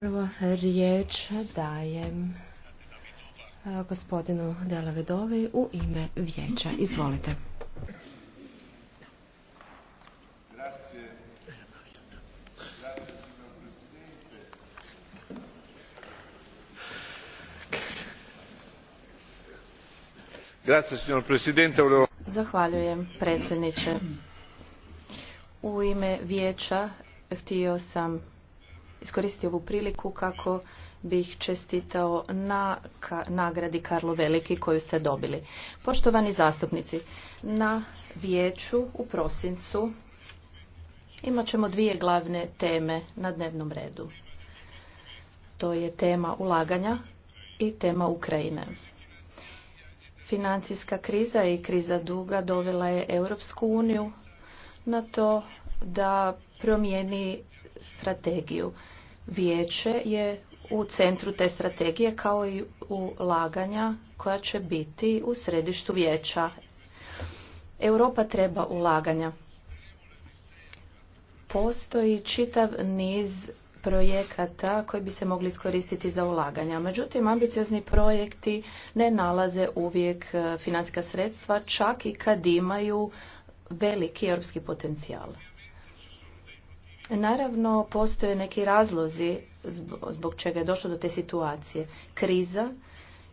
Prvo riječ dajem gospodinu Delavedovi u ime vijeća. Izvolite. Zahvaljujem predsjedniče. U ime vijeća htio sam iskoristi ovu priliku kako bih čestitao na nagradi Karlo Veliki koju ste dobili. Poštovani zastupnici, na vijeću u prosincu imat ćemo dvije glavne teme na dnevnom redu. To je tema ulaganja i tema Ukrajine. Financijska kriza i kriza duga dovela je Europsku uniju na to da promijeni strategiju. Vijeće je u centru te strategije kao i ulaganja koja će biti u središtu vijeća. Europa treba ulaganja. Postoji čitav niz projekata koji bi se mogli iskoristiti za ulaganja. Međutim, ambiciozni projekti ne nalaze uvijek e, financijska sredstva, čak i kad imaju veliki europski potencijal. Naravno, postoje neki razlozi zbog čega je došlo do te situacije. Kriza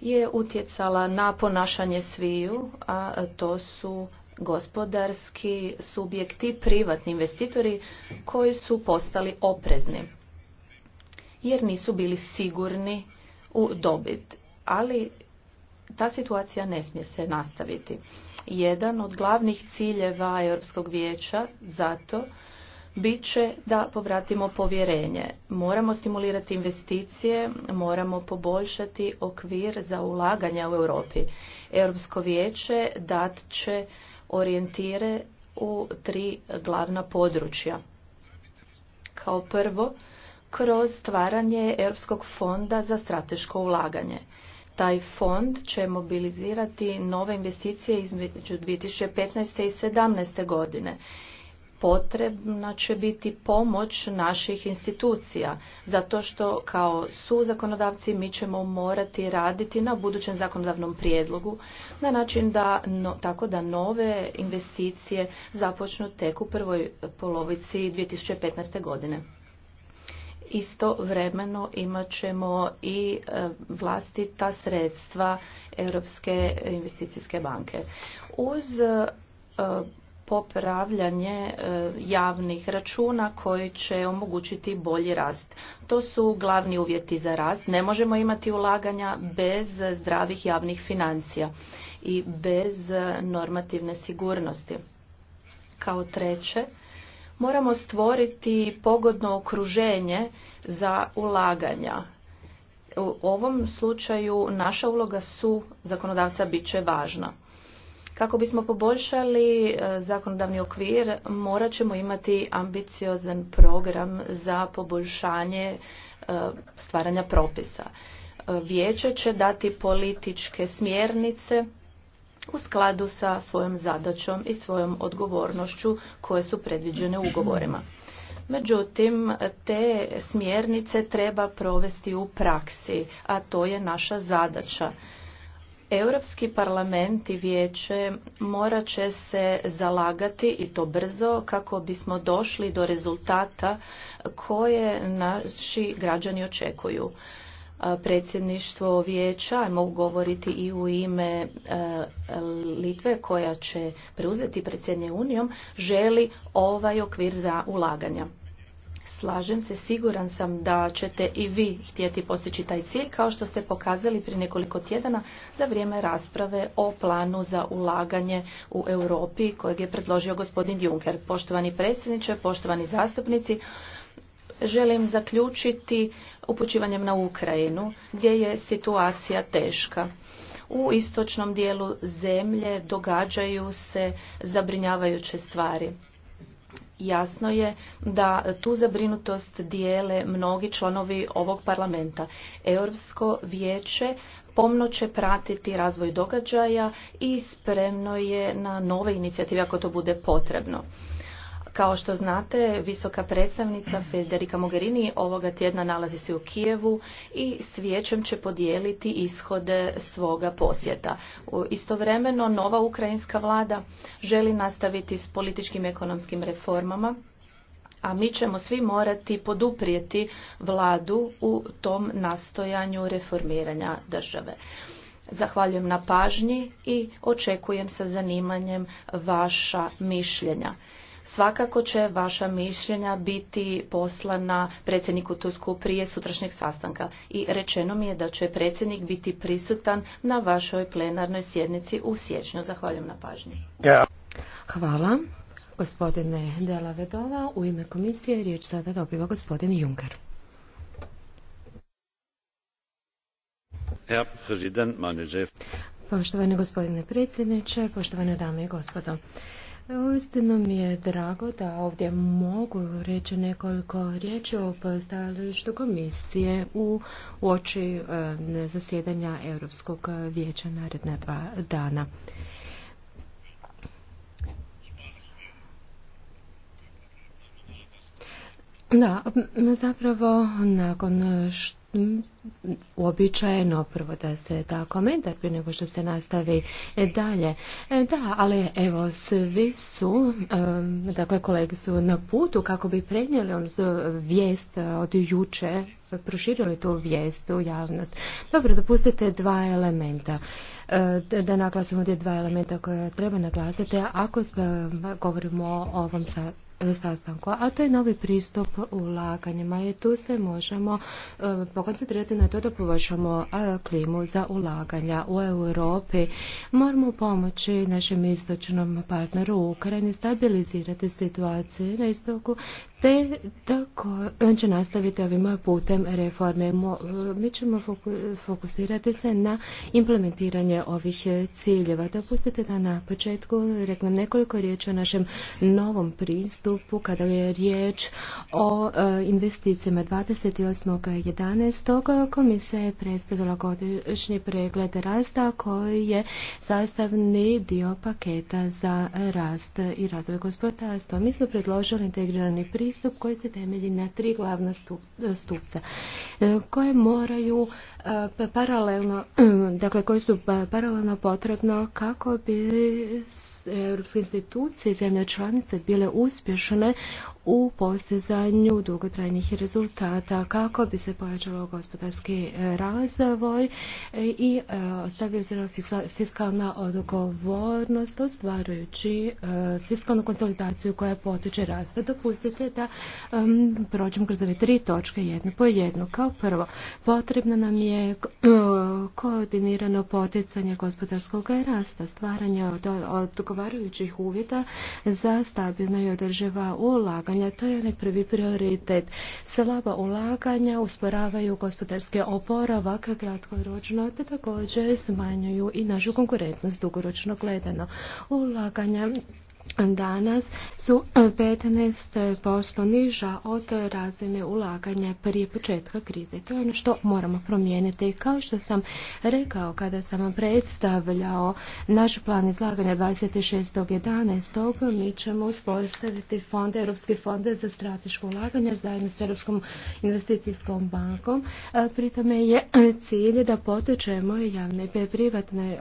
je utjecala na ponašanje sviju, a to su gospodarski subjekti, privatni investitori koji su postali oprezni jer nisu bili sigurni u dobit. Ali ta situacija ne smije se nastaviti. Jedan od glavnih ciljeva Europskog vijeća zato bit će da povratimo povjerenje. Moramo stimulirati investicije, moramo poboljšati okvir za ulaganja u Europi. Europsko vijeće dat će orijentire u tri glavna područja. Kao prvo, kroz stvaranje Europskog fonda za strateško ulaganje. Taj fond će mobilizirati nove investicije između 2015. i 2017. godine potrebna će biti pomoć naših institucija, zato što kao su zakonodavci mi ćemo morati raditi na budućem zakonodavnom prijedlogu na način da, tako da nove investicije započnu tek u prvoj polovici 2015. godine. Istovremeno imat ćemo i e, vlastita sredstva Europske investicijske banke. Uz e, popravljanje e, javnih računa koji će omogućiti bolji rast. To su glavni uvjeti za rast. Ne možemo imati ulaganja bez zdravih javnih financija i bez normativne sigurnosti. Kao treće, moramo stvoriti pogodno okruženje za ulaganja. U ovom slučaju naša uloga su zakonodavca bit će važna. Kako bismo poboljšali e, zakonodavni okvir, morat ćemo imati ambiciozan program za poboljšanje e, stvaranja propisa. E, vijeće će dati političke smjernice u skladu sa svojom zadaćom i svojom odgovornošću koje su predviđene ugovorima. Međutim, te smjernice treba provesti u praksi, a to je naša zadaća. Europski parlament i vijeće morat će se zalagati i to brzo kako bismo došli do rezultata koje naši građani očekuju. Predsjedništvo vijeća, mogu govoriti i u ime e, Litve koja će preuzeti predsjednje Unijom, želi ovaj okvir za ulaganja. Slažem se, siguran sam da ćete i vi htjeti postići taj cilj kao što ste pokazali prije nekoliko tjedana za vrijeme rasprave o planu za ulaganje u Europi kojeg je predložio gospodin Juncker. Poštovani predsjedniče, poštovani zastupnici, želim zaključiti upućivanjem na Ukrajinu gdje je situacija teška. U istočnom dijelu zemlje događaju se zabrinjavajuće stvari jasno je da tu zabrinutost dijele mnogi članovi ovog parlamenta. Europsko vijeće pomno će pratiti razvoj događaja i spremno je na nove inicijative ako to bude potrebno. Kao što znate, visoka predstavnica Federica Mogherini ovoga tjedna nalazi se u Kijevu i svijećem će podijeliti ishode svoga posjeta. Istovremeno, nova ukrajinska vlada želi nastaviti s političkim i ekonomskim reformama, a mi ćemo svi morati poduprijeti vladu u tom nastojanju reformiranja države. Zahvaljujem na pažnji i očekujem sa zanimanjem vaša mišljenja. Svakako će vaša mišljenja biti poslana predsjedniku Tusku prije sutrašnjeg sastanka i rečeno mi je da će predsjednik biti prisutan na vašoj plenarnoj sjednici u siječnju. Zahvaljujem na pažnji. Hvala. Gospodine Dela Vedova, u ime komisije riječ sada dobiva gospodin Juncker. Herr Poštovani gospodine predsjedniče, poštovane dame i gospodo. Uistinu mi je drago da ovdje mogu reći nekoliko riječi o stajalištu komisije u oči e, zasjedanja Europskog vijeća naredna dva dana. Da, zapravo nakon uobičajeno prvo da se da komentar prije nego što se nastavi dalje. E, da, ali evo svi su, dakle kolege su na putu kako bi prenijeli on vijest od juče, proširili tu vijest u javnost. Dobro, dopustite dva elementa. E, da naglasimo ovdje dva elementa koja treba naglasiti ako e, govorimo o ovom sastanku, a to je novi pristup ulaganjima i tu se možemo e, pokoncentrirati na to da poboljšamo e, klimu za ulaganja u Europi. Moramo pomoći našem istočnom partneru u Ukrajini stabilizirati situaciju na istoku te tako on će nastaviti ovim putem reforme. E, mi ćemo fokusirati se na implementiranje ovih ciljeva. Dopustite da na početku rekla nekoliko riječi o našem novom pristupu kada je riječ o e, investicijama 28.11. komisija je predstavila godišnji pregled rasta koji je sastavni dio paketa za rast i razvoj gospodarstva. Mi smo predložili integrirani pristup pristup koji se temelji na tri glavna e, stupca e, koje moraju e, pa paralelno, dakle koji su pa, paralelno potrebno kako bi europske institucije i zemlje članice bile uspješne u postizanju dugotrajnih rezultata kako bi se pojačalo gospodarski e, razvoj e, i e, se fiskalna odgovornost ostvarujući fiskalnu konsolidaciju koja potiče rasta. Dopustite da prođem kroz ove tri točke jednu po jednu. Kao prvo, potrebno nam je koordinirano poticanje gospodarskog rasta, stvaranje odgovarajućih uvjeta za stabilno i održiva ulaganja ulaganja. To je onaj prvi prioritet. Slaba ulaganja usporavaju gospodarski oporavak kratkoročno, te također smanjuju i našu konkurentnost dugoročno gledano. Ulaganja danas su 15% niža od razine ulaganja prije početka krize. To je ono što moramo promijeniti. Kao što sam rekao kada sam vam predstavljao naš plan izlaganja 26.11. mi ćemo uspostaviti fond, Europski fond za strateško ulaganje zajedno s Europskom investicijskom bankom. Pri tome je cilj da potičemo javne privatne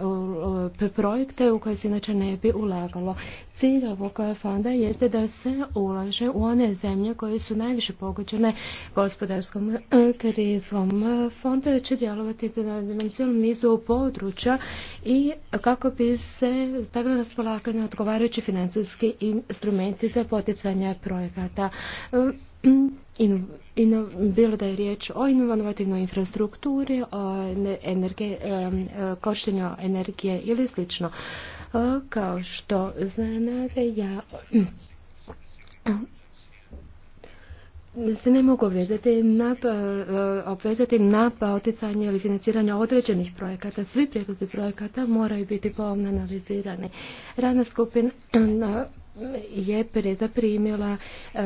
projekte u koje se inače ne bi ulagalo. Cilj cilj ovog fonda jeste da se ulaže u one zemlje koje su najviše pogođene gospodarskom eh, krizom. Fond će djelovati na cijelom nizu područja i kako bi se stavili raspolaganje odgovarajući financijski instrumenti za poticanje projekata. Eh, bilo da je riječ o inovativnoj infrastrukturi, o eh, koštenju energije ili slično. Kao što znate, ja se ne mogu obvezati na, pa, e, obvezati na poticanje ili financiranje određenih projekata. Svi prijedlozi projekata moraju biti pomno analizirani. Radna skupina je zaprimila e,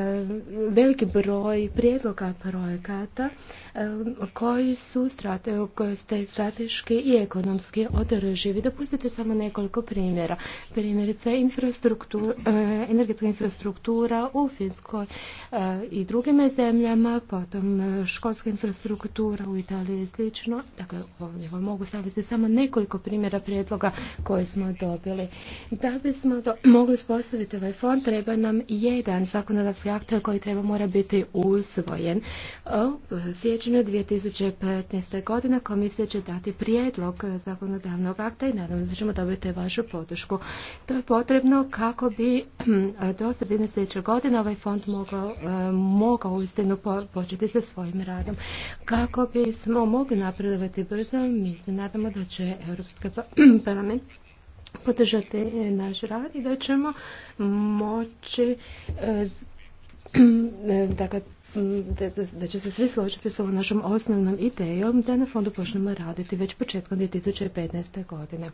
veliki broj prijedloga projekata e, koji su strateški i ekonomski održivi. Dopustite samo nekoliko primjera. Primjerice, infrastruktura, e, energetska infrastruktura u Finskoj i drugim zemljama, potom školska infrastruktura u Italiji i slično. Dakle, ovdje vam mogu savjeti samo nekoliko primjera prijedloga koje smo dobili. Da bismo mogli spostaviti ovaj fond, treba nam jedan zakonodavski akt koji treba mora biti usvojen. U siječnju 2015. godine komisija će dati prijedlog zakonodavnog akta i nadam se da ćemo dobiti vašu podušku. To je potrebno kako bi hm, do sredine sljedećeg godina ovaj fond mogao, e, mogao uistinu početi sa svojim radom. Kako bismo mogli napredovati brzo, mi se nadamo da će Europski pa-, parlament podržati naš rad i da ćemo moći e, dakle, da će se svi složiti s ovom našom osnovnom idejom da na fondu počnemo raditi već početkom 2015. godine.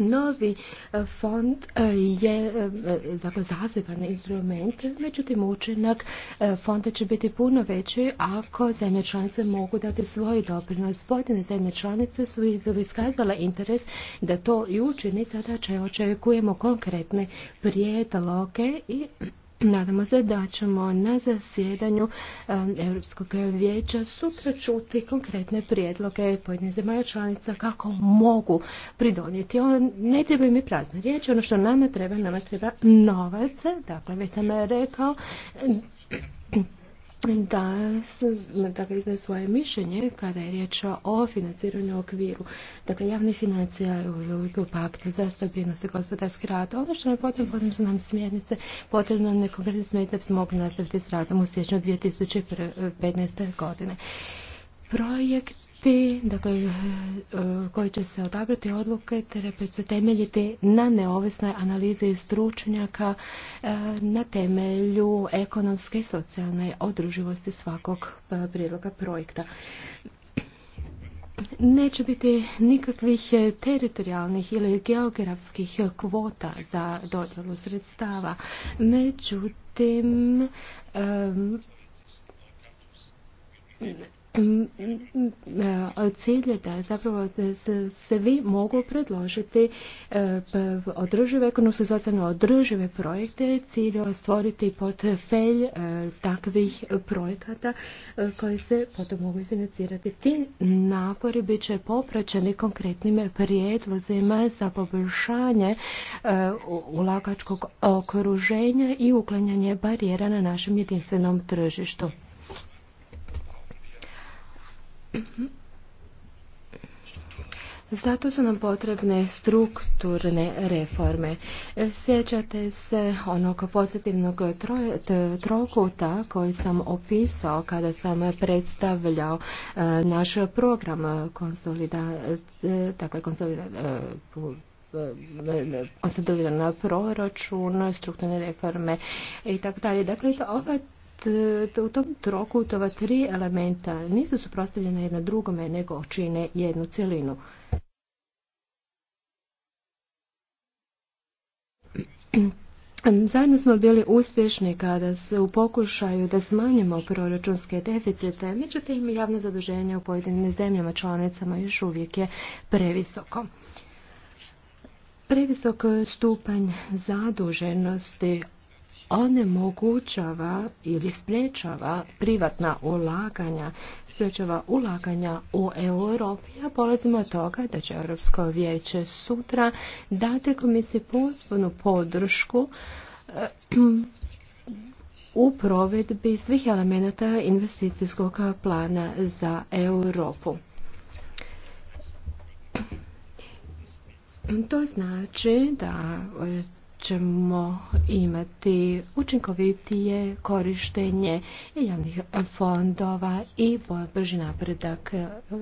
Novi e, fond e, je dakle, zaseban instrument, međutim učinak e, fonda će biti puno veći ako zemlje članice mogu dati svoj doprinos. Pojedine zemlje članice su iskazale interes da to i učini, sada će očekujemo konkretne prijedloge i Nadamo se da ćemo na zasjedanju um, Europskog vijeća sutra čuti konkretne prijedloge pojedinih zemalja članica kako mogu pridonijeti. Ne trebaju mi prazne riječi, ono što nama treba, nama treba novac. Dakle, već sam rekao da su, dakle, svoje mišljenje kada je riječ o financiranju okviru. Dakle, javne financija je u paktu za stabilnost i gospodarski rad. Ono što nam potrebno, potrebno su nam smjernice, potrebno nam nekonkretne smjernice da se mogli nastaviti s radom u sjećanju 2015. godine projekti dakle, e, e, koji će se odabrati odluke će se temeljiti na neovisnoj analizi stručnjaka e, na temelju ekonomske i socijalne održivosti svakog prijedloga projekta. Neće biti nikakvih teritorijalnih ili geografskih kvota za dodjelu sredstava. Međutim, cilj je da zapravo svi mogu predložiti e, održive, ekonomske socijalno održive projekte, cilj je stvoriti portfelj e, takvih projekata e, koji se potom mogu financirati. Ti napori bit će popraćeni konkretnim prijedlozima za poboljšanje ulagačkog okruženja i uklanjanje barijera na našem jedinstvenom tržištu. Zato su nam potrebne strukturne reforme. Sjećate se onog pozitivnog trokuta koji sam opisao kada sam predstavljao e, naš program konsolida, e, dakle, e, proračun, strukturne reforme i tako dalje. Dakle, ova u tom troku tova tri elementa nisu suprotstavljena jedna drugome, nego čine jednu cjelinu. Zajedno smo bili uspješni kada se u pokušaju da smanjimo proračunske deficite, međutim javno zaduženje u pojedinim zemljama članicama još uvijek je previsoko. Previsok stupanj zaduženosti onemogućava ili sprečava privatna ulaganja, sprečava ulaganja u Europi, Ja polazimo od toga da će Europsko vijeće sutra dati komisiji potpunu podršku eh, u provedbi svih elemenata investicijskog plana za Europu. To znači da eh, ćemo imati učinkovitije korištenje javnih fondova i brži napredak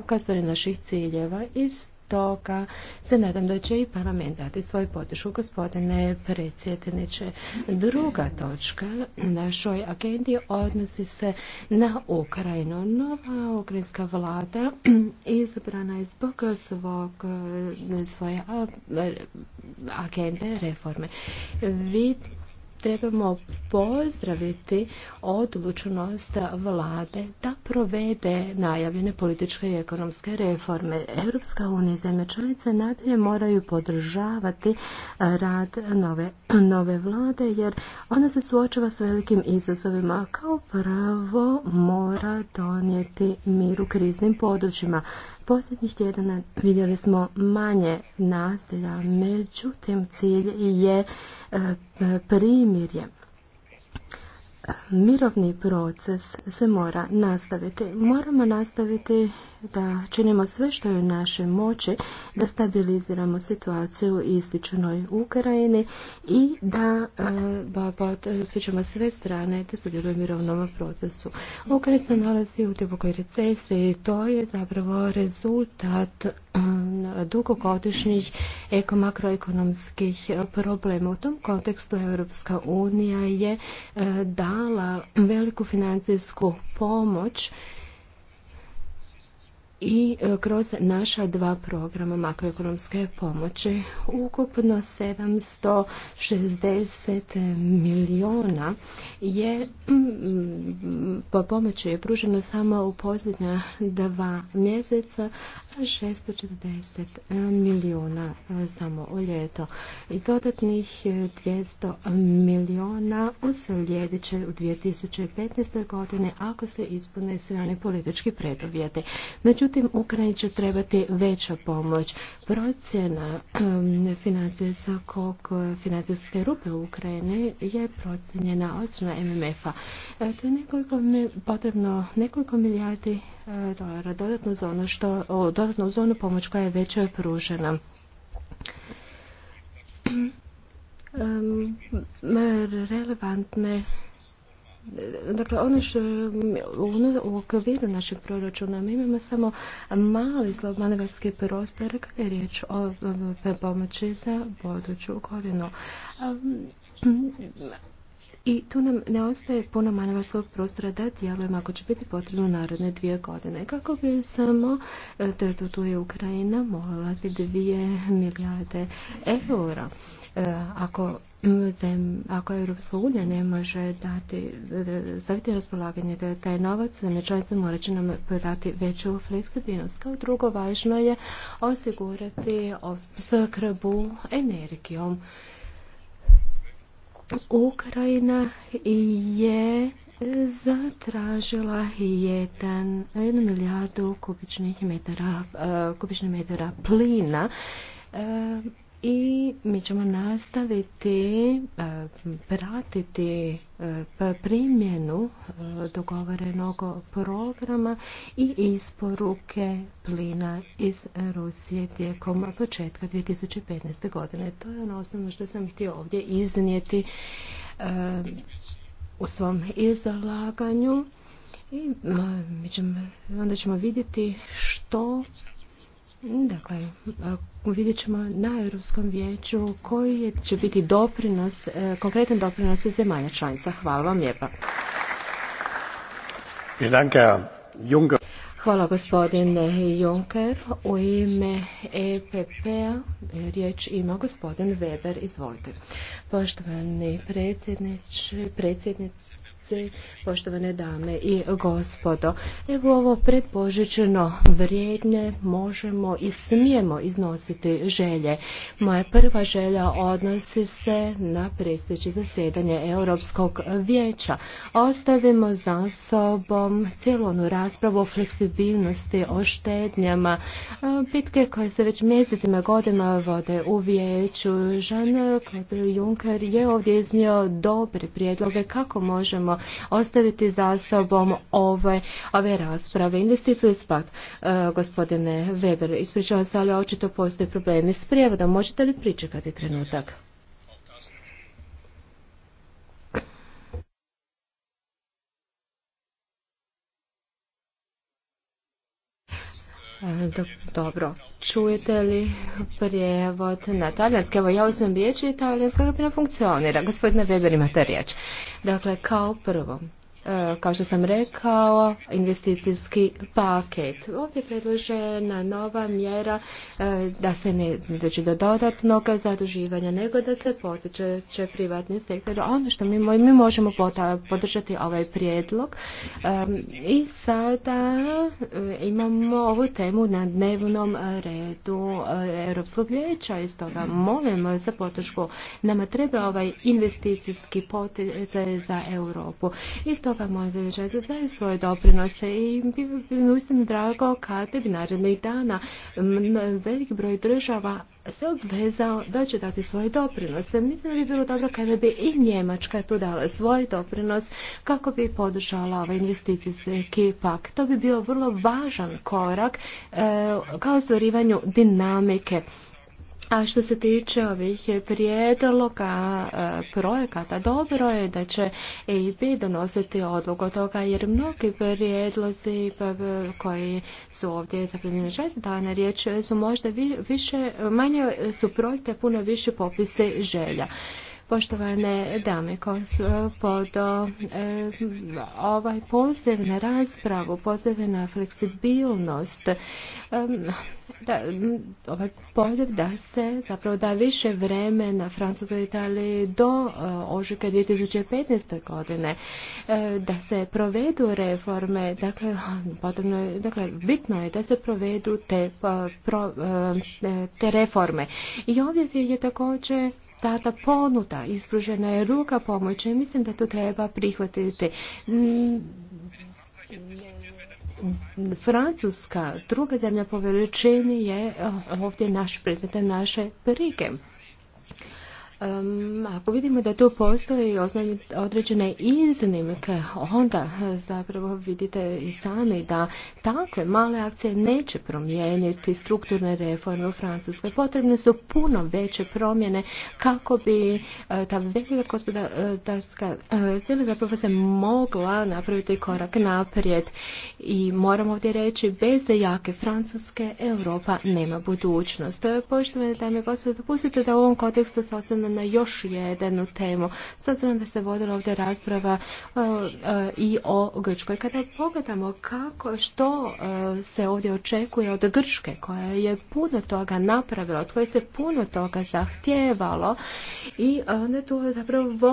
ka naših ciljeva. Iz toga se nadam da će i parlament dati svoju podršku gospodine predsjedniče. Druga točka našoj agendi odnosi se na Ukrajinu. Nova ukrajinska vlada izabrana je zbog svog, eh, svoje eh, agende reforme. Vidite trebamo pozdraviti odlučnost vlade da provede najavljene političke i ekonomske reforme. Europska unija i zemlje članice nadalje moraju podržavati rad nove, nove vlade jer ona se suočava s velikim izazovima kao pravo mora donijeti mir u kriznim područjima. Posljednjih tjedana vidjeli smo manje nasilja, međutim cilj je je Mirovni proces se mora nastaviti. Moramo nastaviti da činimo sve što je u našoj moći, da stabiliziramo situaciju u ističenoj Ukrajini i da potičemo e, sve strane da sudjeluju u mirovnom procesu. Ukrajina se nalazi u tijepokoj recesiji i to je zapravo rezultat dugogodišnjih makroekonomskih e, problema. U tom kontekstu Europska unija je e, dala veliku financijsku pomoć i e, kroz naša dva programa makroekonomske pomoći. Ukupno 760 milijuna je mm, po pomoći je pruženo samo u posljednja dva mjeseca 640 milijuna e, samo u ljeto. I dodatnih 200 milijuna uslijedit će u 2015. godine ako se ispune strane politički preduvjeti. Međutim, Međutim, Ukrajini će trebati veća pomoć. Procjena financijskog, eh, financijske rupe u Ukrajini je procjenjena od strane MMF-a. E, to je nekoliko, potrebno nekoliko milijardi eh, dolara dodatno za ono što, dodatno za onu pomoć koja je već pružena. relevantne Dakle, ono što u okviru našeg proračuna mi imamo samo mali manevarski prostor kada je riječ o pomoći za buduću godinu. I tu nam ne ostaje puno manevarskog prostora da djelujemo ako će biti potrebno narodne dvije godine. Kako bi samo, e, to tu, je Ukrajina, molila se dvije milijarde eura. E, ako Zem, ako Europska unija ne može dati, e, staviti raspolaganje da taj novac, zemlje članice morat će nam dati veću fleksibilnost. Kao drugo, važno je osigurati skrbu energijom. Ukrajina je zatražila jedan, jednu milijardu kubičnih metara, e, kubičnih metara plina e, i mi ćemo nastaviti e, pratiti e, primjenu e, dogovorenog programa i isporuke plina iz Rusije tijekom početka 2015. godine. To je ono osnovno što sam htio ovdje iznijeti u svom izlaganju i onda ćemo vidjeti što Dakle, vidjet ćemo na Europskom vijeću koji će biti doprinos, e, konkretan doprinos zemalja članica. Hvala vam lijepa. Hvala gospodin Juncker. U ime epp p-a, e, riječ ima gospodin Weber. Izvolite. Poštovani predsjedniče, predsjedniče, poštovane dame i gospodo. Evo ovo predpožičeno vrijedne možemo i smijemo iznositi želje. Moja prva želja odnosi se na predstavljeće zasjedanje Europskog vijeća. Ostavimo za sobom cijelu onu raspravu o fleksibilnosti, o štednjama, bitke koje se već mjesecima godinama vode u vijeću. Žan Kod Juncker je ovdje iznio dobre prijedloge kako možemo ćemo ostaviti za sobom ove, ove rasprave. Investicijski pak, e, gospodine Weber, ispričavam se, ali očito postoje problemi s prijevodom. Možete li pričekati trenutak? Dobro, čujete li prijevod na talijanski? Evo ja uzmem riječ i talijanska ne funkcionira. Gospodine Weber imate riječ. Dakle, kao prvo, E, kao što sam rekao, investicijski paket. Ovdje je predložena nova mjera e, da se ne dođe do dodatnog zaduživanja, nego da se potiče privatni sektor. Ono što mi, možemo podržati ovaj prijedlog e, i sada imamo ovu temu na dnevnom redu Europskog vijeća i stoga molim za podršku. Nama treba ovaj investicijski poticaj za Europu. Isto toga moja zavičajca daju svoje doprinose i bilo bi drago kada bi narednih dana velik broj država se obvezao da će dati svoje doprinose. Mislim da bi bilo dobro kada bi i Njemačka tu dala svoj doprinos kako bi podržala ovaj investicijski pak. To bi bio vrlo važan korak e, kao ostvarivanju dinamike a što se tiče ovih prijedloga e, projekata, dobro je da će EIB donositi odluku od toga, jer mnogi prijedlozi e, koji su ovdje zaprimljeni šest dana riječ su možda više, manje su projekte, puno više popise želja. Poštovane dame, gospodo, eh, eh, ovaj poziv na raspravu, poziv na fleksibilnost, ovaj poziv da se zapravo da više vremena Francuskoj Italiji do eh, ožujka 2015. godine, da se provedu reforme, dakle, dakle, bitno je da se provedu te, pa, te reforme. I ovdje je također data ponuda, ispružena je ruka pomoći. Mislim da to treba prihvatiti. Mm, Francuska, druga zemlja po je eh, ovdje naš predmet naše prige ako vidimo da tu postoji određene iznimke, onda e, zapravo vidite i sami da takve male akcije neće promijeniti strukturne reforme u Francuskoj. Potrebne su puno veće promjene kako bi e, ta velika gospodarska e, zapravo se mogla napraviti korak naprijed. I moramo ovdje reći, bez jake Francuske Europa nema budućnost. Poštovane dame i gospodo, dopustite da u ovom kontekstu se na još jednu temu. S obzirom da se vodila ovdje rasprava e, e, i o Grčkoj. Kada pogledamo kako, što e, se ovdje očekuje od Grčke koja je puno toga napravila, od koje se puno toga zahtijevalo i onda tu zapravo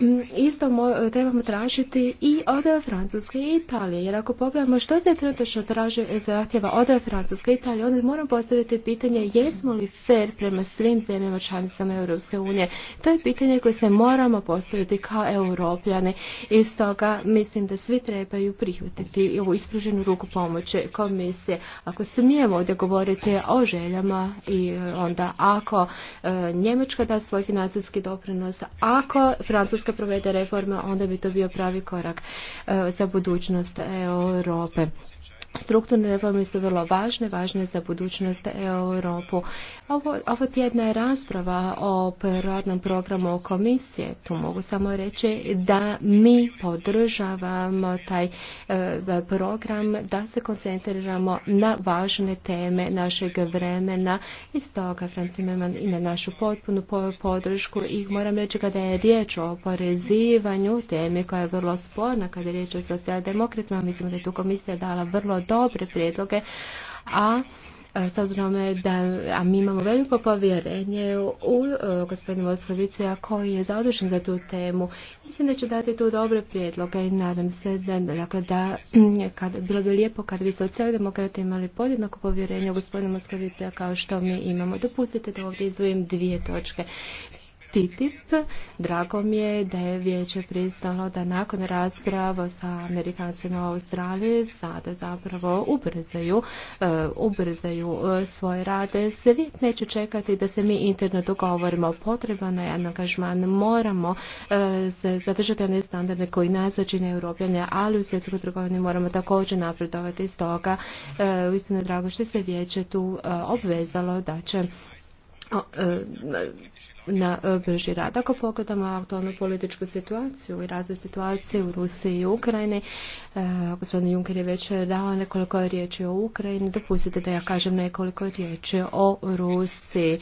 Mm, isto trebamo tražiti i od Francuske i Italije. Jer ako pogledamo što se trenutno traže zahtjeva od Francuske i Italije, onda moramo postaviti pitanje jesmo li fair prema svim zemljama članicama Europske unije. To je pitanje koje se moramo postaviti kao europljani i stoga mislim da svi trebaju prihvatiti ovu ispruženu ruku pomoći komisije. Ako smijemo ovdje govoriti o željama i e, onda ako e, Njemačka da svoj financijski doprinos, ako Francuska Francuska provede reforme, onda bi to bio pravi korak e, za budućnost Europe. Strukturne reforme su vrlo važne, važne za budućnost Europu. Ovo, ovo tjedna je rasprava o radnom programu komisije. Tu mogu samo reći da mi podržavamo taj e, program, da se koncentriramo na važne teme našeg vremena. I stoga Franci Meman ima našu potpunu podršku i moram reći kada je riječ o porezivanju teme koja je vrlo sporna, kada je riječ o socijaldemokratima, mislim da je tu komisija dala vrlo dobre prijedloge, a s obzirom da a mi imamo veliko povjerenje u gospodinu e, gospodina koji je zadužen za tu temu. Mislim da će dati tu dobre prijedloge i nadam se da, dakle, da kad, bilo bi lijepo kad bi socijaldemokrati imali podjednako povjerenje u gospodina Moskovića kao što mi imamo. Dopustite da ovdje izdvojim dvije točke. TTIP. Drago mi je da je vijeće pristalo da nakon rasprava sa Amerikancima u Australiji sada zapravo ubrzaju, e, ubrzaju e, svoje rade. Svijet neće čekati da se mi interno dogovorimo. Potreban je angažman. Moramo e, zadržati one standarde koji nas začine europljanje, ali u svjetskoj trgovini moramo također napredovati iz toga. Uistinu drago što se vijeće tu obvezalo da će na e, brži rad. Ako pogledamo aktualnu političku situaciju i razvoj situacije u Rusiji i Ukrajini, e, gospodin Juncker je već dao nekoliko riječi o Ukrajini, dopustite da ja kažem nekoliko riječi o Rusiji.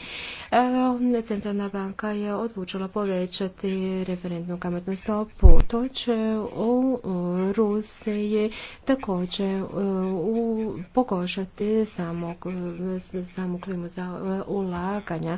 E, centralna banka je odlučila povećati referentnu kamatnu stopu. To će u Rusiji također u, pokošati samu klimu za ulaganja.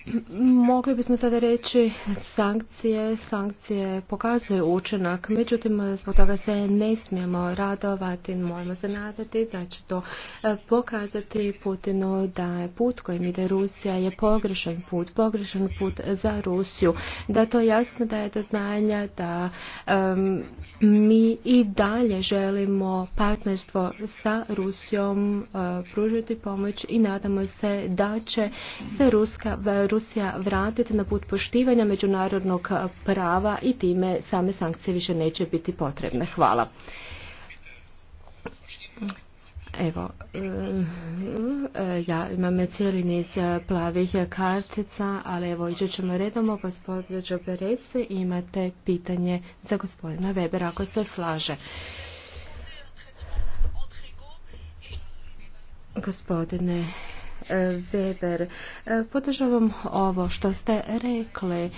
Mogli bismo sada reći sankcije, sankcije pokazuju učinak, međutim zbog toga se ne smijemo radovati, moramo se nadati da će to e, pokazati Putinu da je put kojim ide Rusija je pogrešan put, pogrešan put za Rusiju, da to jasno daje do znanja da mi i dalje želimo partnerstvo sa Rusijom, e, pružiti pomoć i nadamo se da će se Ruska Rusija vratiti na put poštivanja međunarodnog prava i time same sankcije više neće biti potrebne. Hvala. Evo, ja imam cijeli niz plavih kartica, ali evo ići ćemo redom. Džoberese i imate pitanje za gospodina Webera, ako se slaže. Gospodine Weber. E, podržavam ovo što ste rekli, e,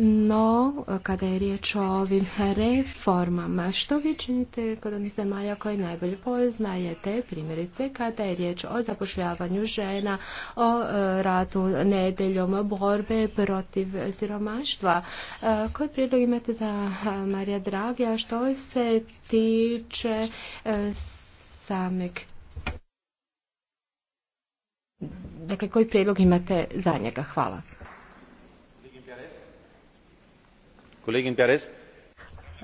no kada je riječ o ovim reformama, što vi činite kod onih zemalja koje najbolje poznajete, primjerice kada je riječ o zapošljavanju žena, o e, radu nedeljom, borbe protiv siromaštva. Koji prijedlog imate za Marija Dragija što se tiče sameg Dakle, koji prijedlog imate za njega? Hvala. Kolegin Pjares.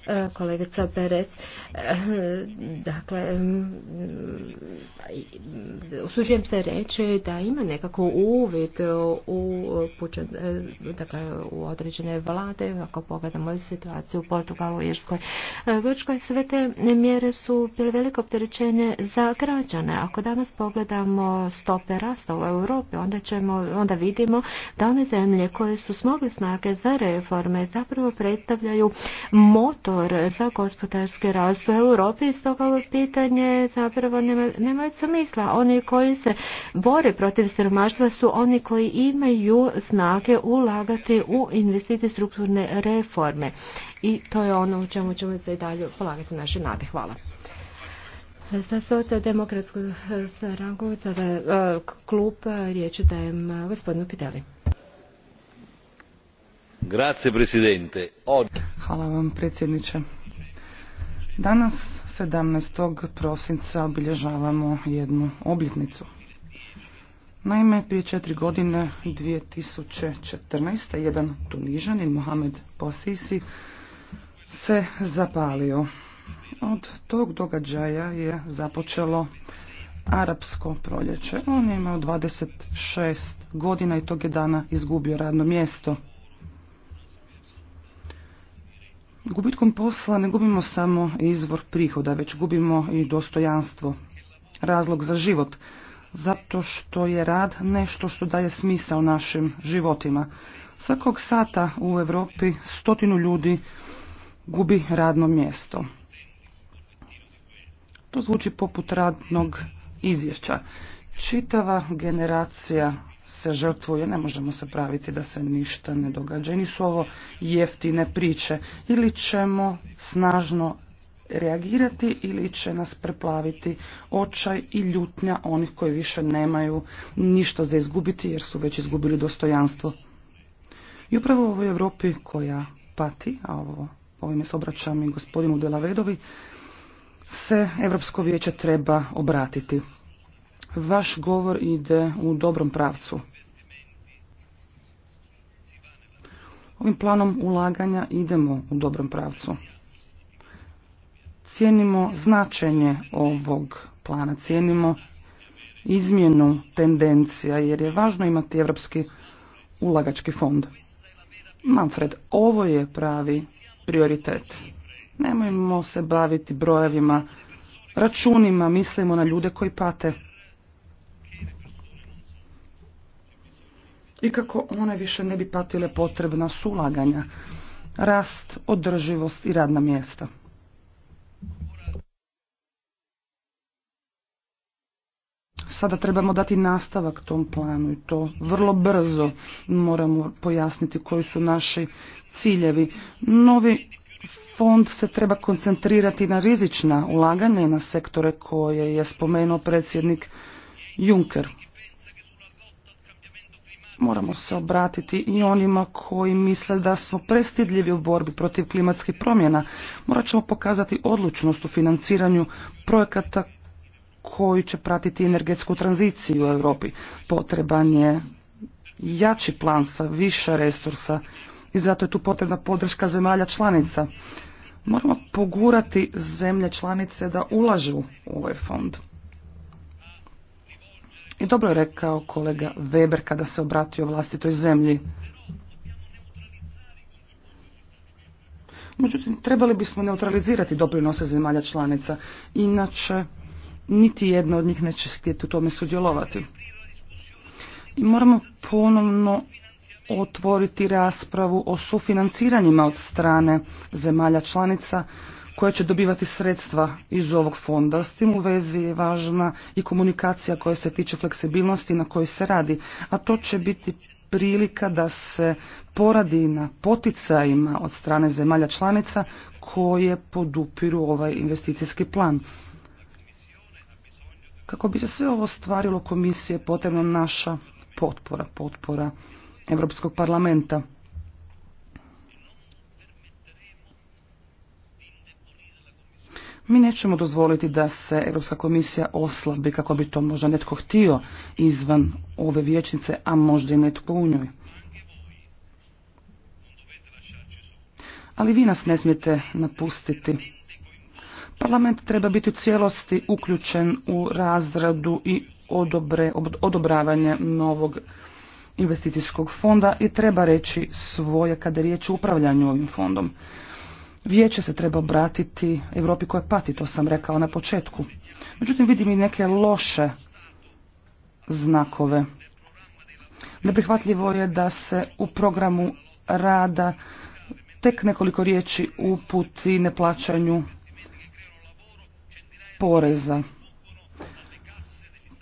E, kolegica Perec, e, Dakle, usuđujem se reći da ima nekako uvid u, e, dakle, u određene vlade, ako pogledamo situaciju u Portugalu, Irskoj, Grčkoj, sve te mjere su bile veliko opterećenje za građane. Ako danas pogledamo stope rasta u Europi, onda, ćemo, onda vidimo da one zemlje koje su smogli snage za reforme zapravo predstavljaju moto motor za gospodarski u Europi i stoga ovo pitanje zapravo nema, smisla. Oni koji se bore protiv siromaštva su oni koji imaju snage ulagati u investicije strukturne reforme. I to je ono u čemu ćemo se i dalje polagati naše nade. Hvala. Za sota stranku, sada e, klub, riječ dajem e, gospodinu Pideli. Hvala vam predsjedniče. Danas 17. prosinca obilježavamo jednu obljetnicu. Naime, prije četiri godine, 2014. jedan tunižanin, Mohamed Posisi, se zapalio. Od tog događaja je započelo arapsko proljeće. On je imao 26 godina i tog je dana izgubio radno mjesto. Gubitkom posla ne gubimo samo izvor prihoda, već gubimo i dostojanstvo, razlog za život, zato što je rad nešto što daje smisao našim životima. Svakog sata u Europi stotinu ljudi gubi radno mjesto. To zvuči poput radnog izvješća. Čitava generacija se žrtvuje, ne možemo se praviti da se ništa ne događa. I nisu ovo jeftine priče. Ili ćemo snažno reagirati ili će nas preplaviti očaj i ljutnja onih koji više nemaju ništa za izgubiti jer su već izgubili dostojanstvo. I upravo u ovoj Europi koja pati, a ovo, ovime se obraćam i gospodinu Delavedovi, se Europsko vijeće treba obratiti. Vaš govor ide u dobrom pravcu. Ovim planom ulaganja idemo u dobrom pravcu. Cijenimo značenje ovog plana, cijenimo izmjenu tendencija jer je važno imati Europski ulagački fond. Manfred, ovo je pravi prioritet. Nemojmo se baviti brojevima, računima, mislimo na ljude koji pate. i kako one više ne bi patile potrebna su ulaganja, rast, održivost i radna mjesta. Sada trebamo dati nastavak tom planu i to vrlo brzo moramo pojasniti koji su naši ciljevi. Novi fond se treba koncentrirati na rizična ulaganja i na sektore koje je spomenuo predsjednik Juncker moramo se obratiti i onima koji misle da smo prestidljivi u borbi protiv klimatskih promjena. Morat ćemo pokazati odlučnost u financiranju projekata koji će pratiti energetsku tranziciju u Europi. Potreban je jači plan sa više resursa i zato je tu potrebna podrška zemalja članica. Moramo pogurati zemlje članice da ulažu u ovaj fond. I dobro je rekao kolega Weber kada se obratio vlastitoj zemlji. Međutim, trebali bismo neutralizirati doprinose zemalja članica, inače niti jedna od njih neće htjeti u tome sudjelovati. I moramo ponovno otvoriti raspravu o sufinanciranjima od strane zemalja članica koje će dobivati sredstva iz ovog fonda. S tim u vezi je važna i komunikacija koja se tiče fleksibilnosti na kojoj se radi, a to će biti prilika da se poradi na poticajima od strane zemalja članica koje podupiru ovaj investicijski plan. Kako bi se sve ovo stvarilo komisije potrebna naša potpora, potpora Europskog parlamenta. Mi nećemo dozvoliti da se Europska komisija oslabi kako bi to možda netko htio izvan ove vijećnice, a možda i netko u njoj. Ali vi nas ne smijete napustiti. Parlament treba biti u cijelosti uključen u razradu i odobre, odobravanje novog investicijskog fonda i treba reći svoje kada je riječ o upravljanju ovim fondom. Vijeće se treba obratiti Europi koja pati, to sam rekao na početku. Međutim, vidim i neke loše znakove. Neprihvatljivo je da se u programu rada tek nekoliko riječi uputi neplaćanju poreza.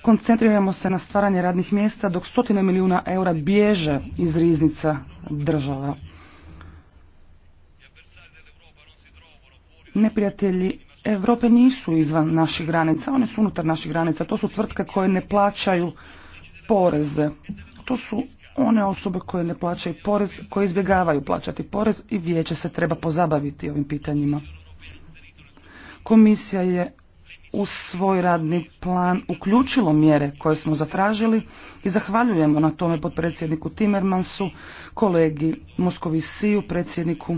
Koncentriramo se na stvaranje radnih mjesta dok stotine milijuna eura bježe iz riznica država. neprijatelji Europe nisu izvan naših granica, one su unutar naših granica. To su tvrtke koje ne plaćaju poreze. To su one osobe koje ne plaćaju porez, koje izbjegavaju plaćati porez i vijeće se treba pozabaviti ovim pitanjima. Komisija je u svoj radni plan uključilo mjere koje smo zatražili i zahvaljujemo na tome potpredsjedniku Timmermansu, kolegi Siju, predsjedniku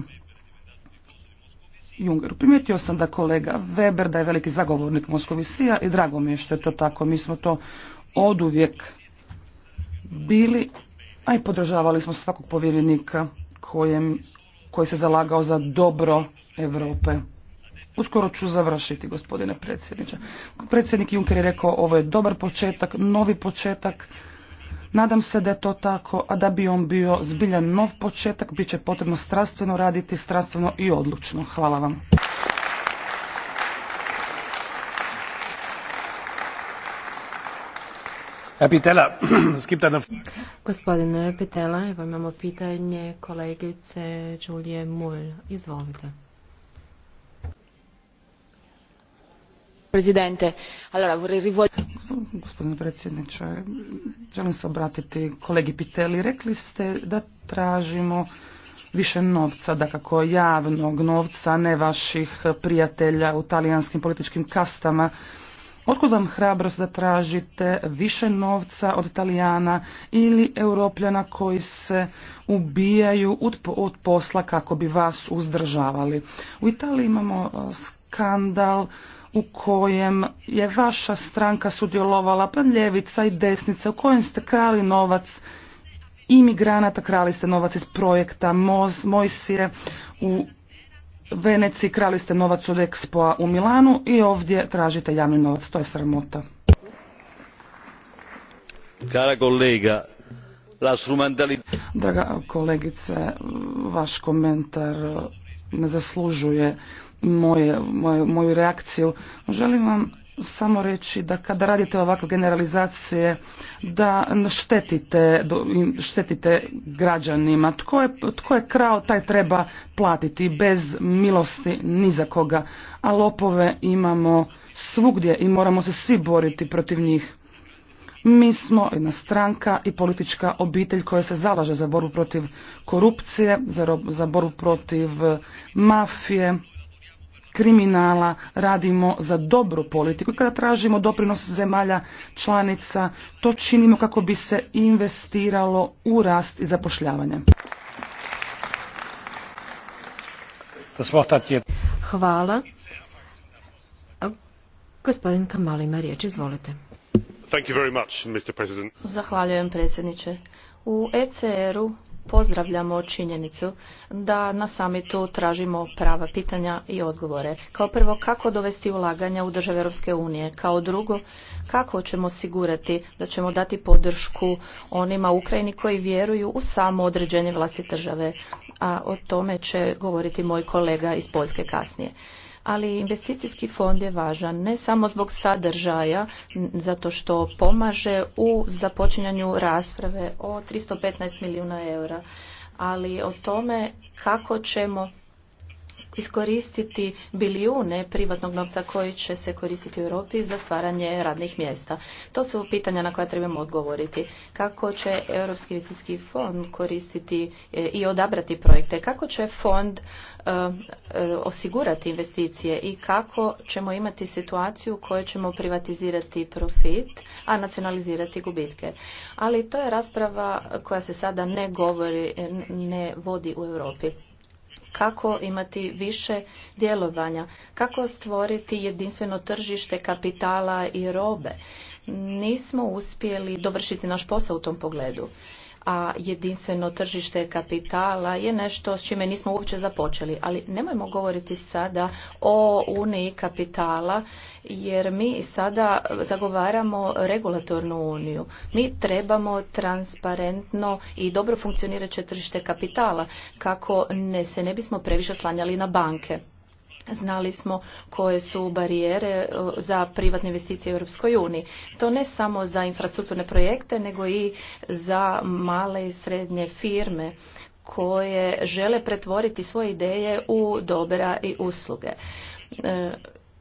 Jungeru. Primijetio sam da kolega Weber da je veliki zagovornik Moskovisija i drago mi je što je to tako. Mi smo to oduvijek bili, a i podržavali smo svakog povjerenika kojem, koji se zalagao za dobro Europe. Uskoro ću završiti, gospodine predsjedniče. Predsjednik Juncker je rekao, ovo je dobar početak, novi početak, Nadam se da je to tako, a da bi on bio zbiljan nov početak, bit će potrebno strastveno raditi, strastveno i odlučno. Hvala vam. Gospodine Pitela, evo imamo pitanje kolegice Julije Mulj. Izvolite. Presidente, allora vorrei rivolgere gospodine predsjedniče. Želim se obratiti kolegi Piteli. Rekli ste da tražimo više novca, da kako javnog novca, ne vaših prijatelja u talijanskim političkim kastama. Otkud vam hrabrost da tražite više novca od Italijana ili Europljana koji se ubijaju od posla kako bi vas uzdržavali? U Italiji imamo skandal u kojem je vaša stranka sudjelovala, pa ljevica i desnica, u kojem ste krali novac imigranata, krali ste novac iz projekta Mojsije u Veneciji, krali ste novac od Expoa u Milanu i ovdje tražite javni novac. To je sramota. kolega, la Draga kolegice, vaš komentar ne zaslužuje moje, moju, moju reakciju. Želim vam samo reći da kada radite ovakve generalizacije da štetite, štetite građanima. Tko je, tko je krao taj treba platiti bez milosti ni za koga. A lopove imamo svugdje i moramo se svi boriti protiv njih. Mi smo jedna stranka i politička obitelj koja se zalaže za borbu protiv korupcije, za, za borbu protiv mafije kriminala radimo za dobru politiku i kada tražimo doprinos zemalja članica, to činimo kako bi se investiralo u rast i zapošljavanje. Hvala. Gospodin Kamal ima riječ, izvolite. Zahvaljujem predsjedniče. U ECR-u pozdravljamo činjenicu da na samitu tražimo prava pitanja i odgovore. Kao prvo, kako dovesti ulaganja u države Europske unije? Kao drugo, kako ćemo osigurati da ćemo dati podršku onima u Ukrajini koji vjeruju u samo određenje vlasti države? A o tome će govoriti moj kolega iz Poljske kasnije ali investicijski fond je važan ne samo zbog sadržaja, zato što pomaže u započinjanju rasprave o 315 milijuna eura, ali o tome kako ćemo iskoristiti bilijune privatnog novca koji će se koristiti u Europi za stvaranje radnih mjesta. To su pitanja na koja trebamo odgovoriti. Kako će Europski investicijski fond koristiti eh, i odabrati projekte? Kako će fond eh, eh, osigurati investicije i kako ćemo imati situaciju u kojoj ćemo privatizirati profit, a nacionalizirati gubitke. Ali to je rasprava koja se sada ne govori, ne vodi u Europi kako imati više djelovanja, kako stvoriti jedinstveno tržište kapitala i robe. Nismo uspjeli dovršiti naš posao u tom pogledu a jedinstveno tržište kapitala je nešto s čime nismo uopće započeli. Ali nemojmo govoriti sada o uniji kapitala jer mi sada zagovaramo regulatornu uniju. Mi trebamo transparentno i dobro funkcionirajuće tržište kapitala kako ne, se ne bismo previše slanjali na banke. Znali smo koje su barijere e, za privatne investicije u Europskoj uniji. To ne samo za infrastrukturne projekte, nego i za male i srednje firme koje žele pretvoriti svoje ideje u dobra i usluge. E,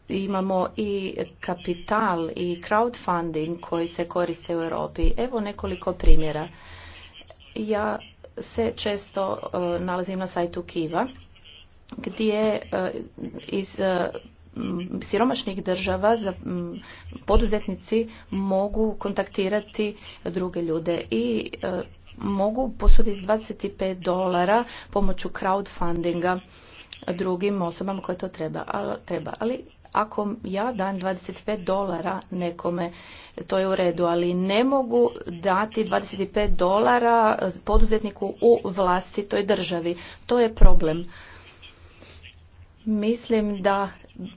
imamo i kapital i crowdfunding koji se koriste u Europi. Evo nekoliko primjera. Ja se često e, nalazim na sajtu Kiva gdje e, iz e, siromašnih država za poduzetnici mogu kontaktirati druge ljude i e, mogu posuditi 25 dolara pomoću crowdfundinga drugim osobama koje to treba. Ali ako ja dam 25 dolara nekome, to je u redu, ali ne mogu dati 25 dolara poduzetniku u vlasti toj državi. To je problem. Mislim da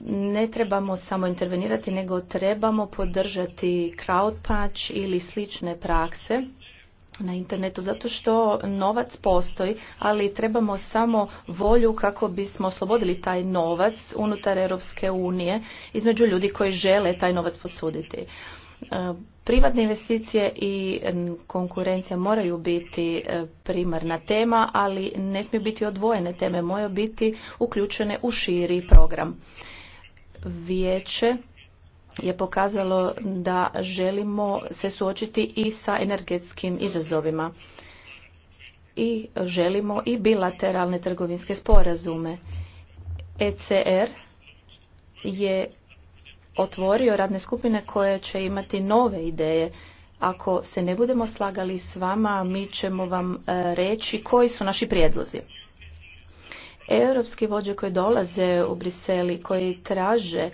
ne trebamo samo intervenirati, nego trebamo podržati crowdpatch ili slične prakse na internetu, zato što novac postoji, ali trebamo samo volju kako bismo oslobodili taj novac unutar Europske unije između ljudi koji žele taj novac posuditi e, Privatne investicije i konkurencija moraju biti e, primarna tema, ali ne smiju biti odvojene teme, moraju biti uključene u širi program. Vijeće je pokazalo da želimo se suočiti i sa energetskim izazovima i želimo i bilateralne trgovinske sporazume. ECR er je otvorio radne skupine koje će imati nove ideje. Ako se ne budemo slagali s vama, mi ćemo vam e, reći koji su naši prijedlozi. Europski vođe koji dolaze u Briseli, koji traže e,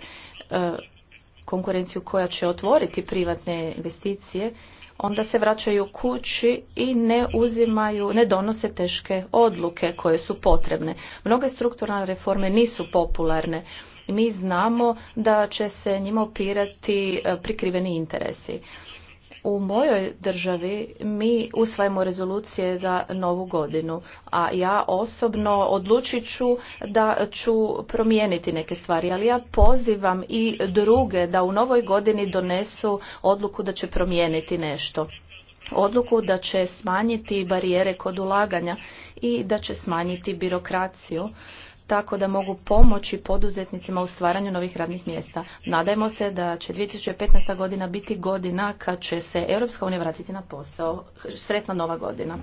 konkurenciju koja će otvoriti privatne investicije, onda se vraćaju kući i ne uzimaju, ne donose teške odluke koje su potrebne. Mnoge strukturalne reforme nisu popularne i mi znamo da će se njima opirati e, prikriveni interesi. U mojoj državi mi usvajamo rezolucije za novu godinu, a ja osobno odlučit ću da ću promijeniti neke stvari, ali ja pozivam i druge da u novoj godini donesu odluku da će promijeniti nešto. Odluku da će smanjiti barijere kod ulaganja i da će smanjiti birokraciju tako da mogu pomoći poduzetnicima u stvaranju novih radnih mjesta. Nadajmo se da će 2015. godina biti godina kad će se Europska unija vratiti na posao. Sretna nova godina.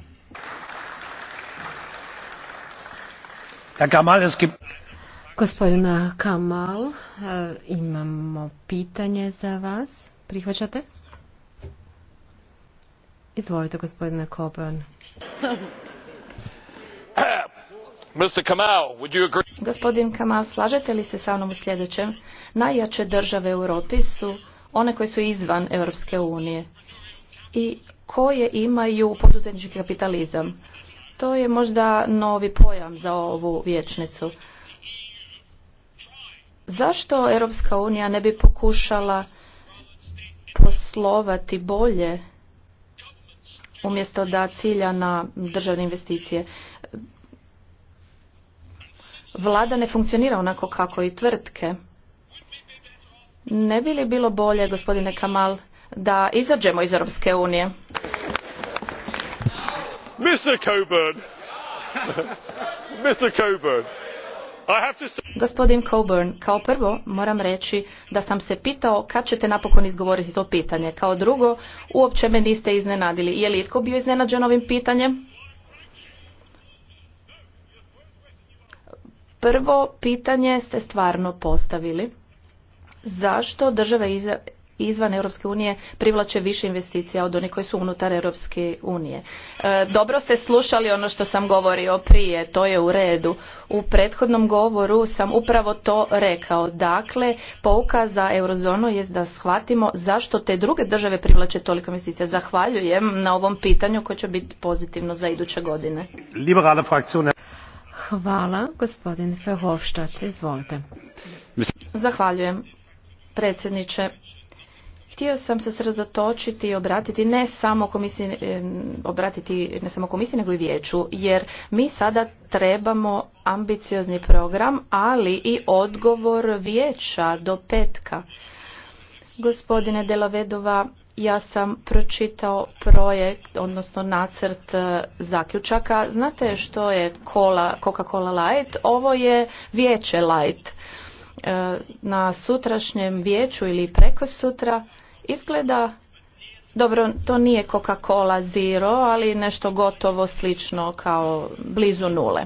Gospodina Kamal, e, imamo pitanje za vas. Prihvaćate? Izvolite, gospodine Koban. Gospodin Kamal, slažete li se sa mnom u sljedećem? Najjače države u Europi su one koje su izvan Europske unije i koje imaju poduzetnički kapitalizam. To je možda novi pojam za ovu vječnicu. Zašto Europska unija ne bi pokušala poslovati bolje umjesto da cilja na državne investicije? vlada ne funkcionira onako kako i tvrtke. Ne bi li bilo bolje, gospodine Kamal, da izađemo iz Europske unije? Mr. Coburn. Mr. Coburn. Gospodin Coburn, kao prvo moram reći da sam se pitao kad ćete napokon izgovoriti to pitanje. Kao drugo, uopće me niste iznenadili. Je li itko bio iznenađen ovim pitanjem? Prvo pitanje ste stvarno postavili. Zašto države izvan Europske unije privlače više investicija od onih koje su unutar Europske unije. E, dobro ste slušali ono što sam govorio prije, to je u redu. U prethodnom govoru sam upravo to rekao. Dakle, pouka za eurozonu je da shvatimo zašto te druge države privlače toliko investicija. Zahvaljujem na ovom pitanju koje će biti pozitivno za iduće godine. Hvala, gospodin izvolite. Zahvaljujem, predsjedniče. Htio sam se sredotočiti i obratiti ne samo komisiji, obratiti ne samo komisiji nego i vijeću, jer mi sada trebamo ambiciozni program, ali i odgovor vijeća do petka. Gospodine Delavedova, ja sam pročitao projekt, odnosno nacrt e, zaključaka. Znate što je Coca-Cola Light? Ovo je vijeće Light. E, na sutrašnjem vijeću ili preko sutra izgleda dobro, to nije Coca-Cola Zero, ali nešto gotovo slično kao blizu nule.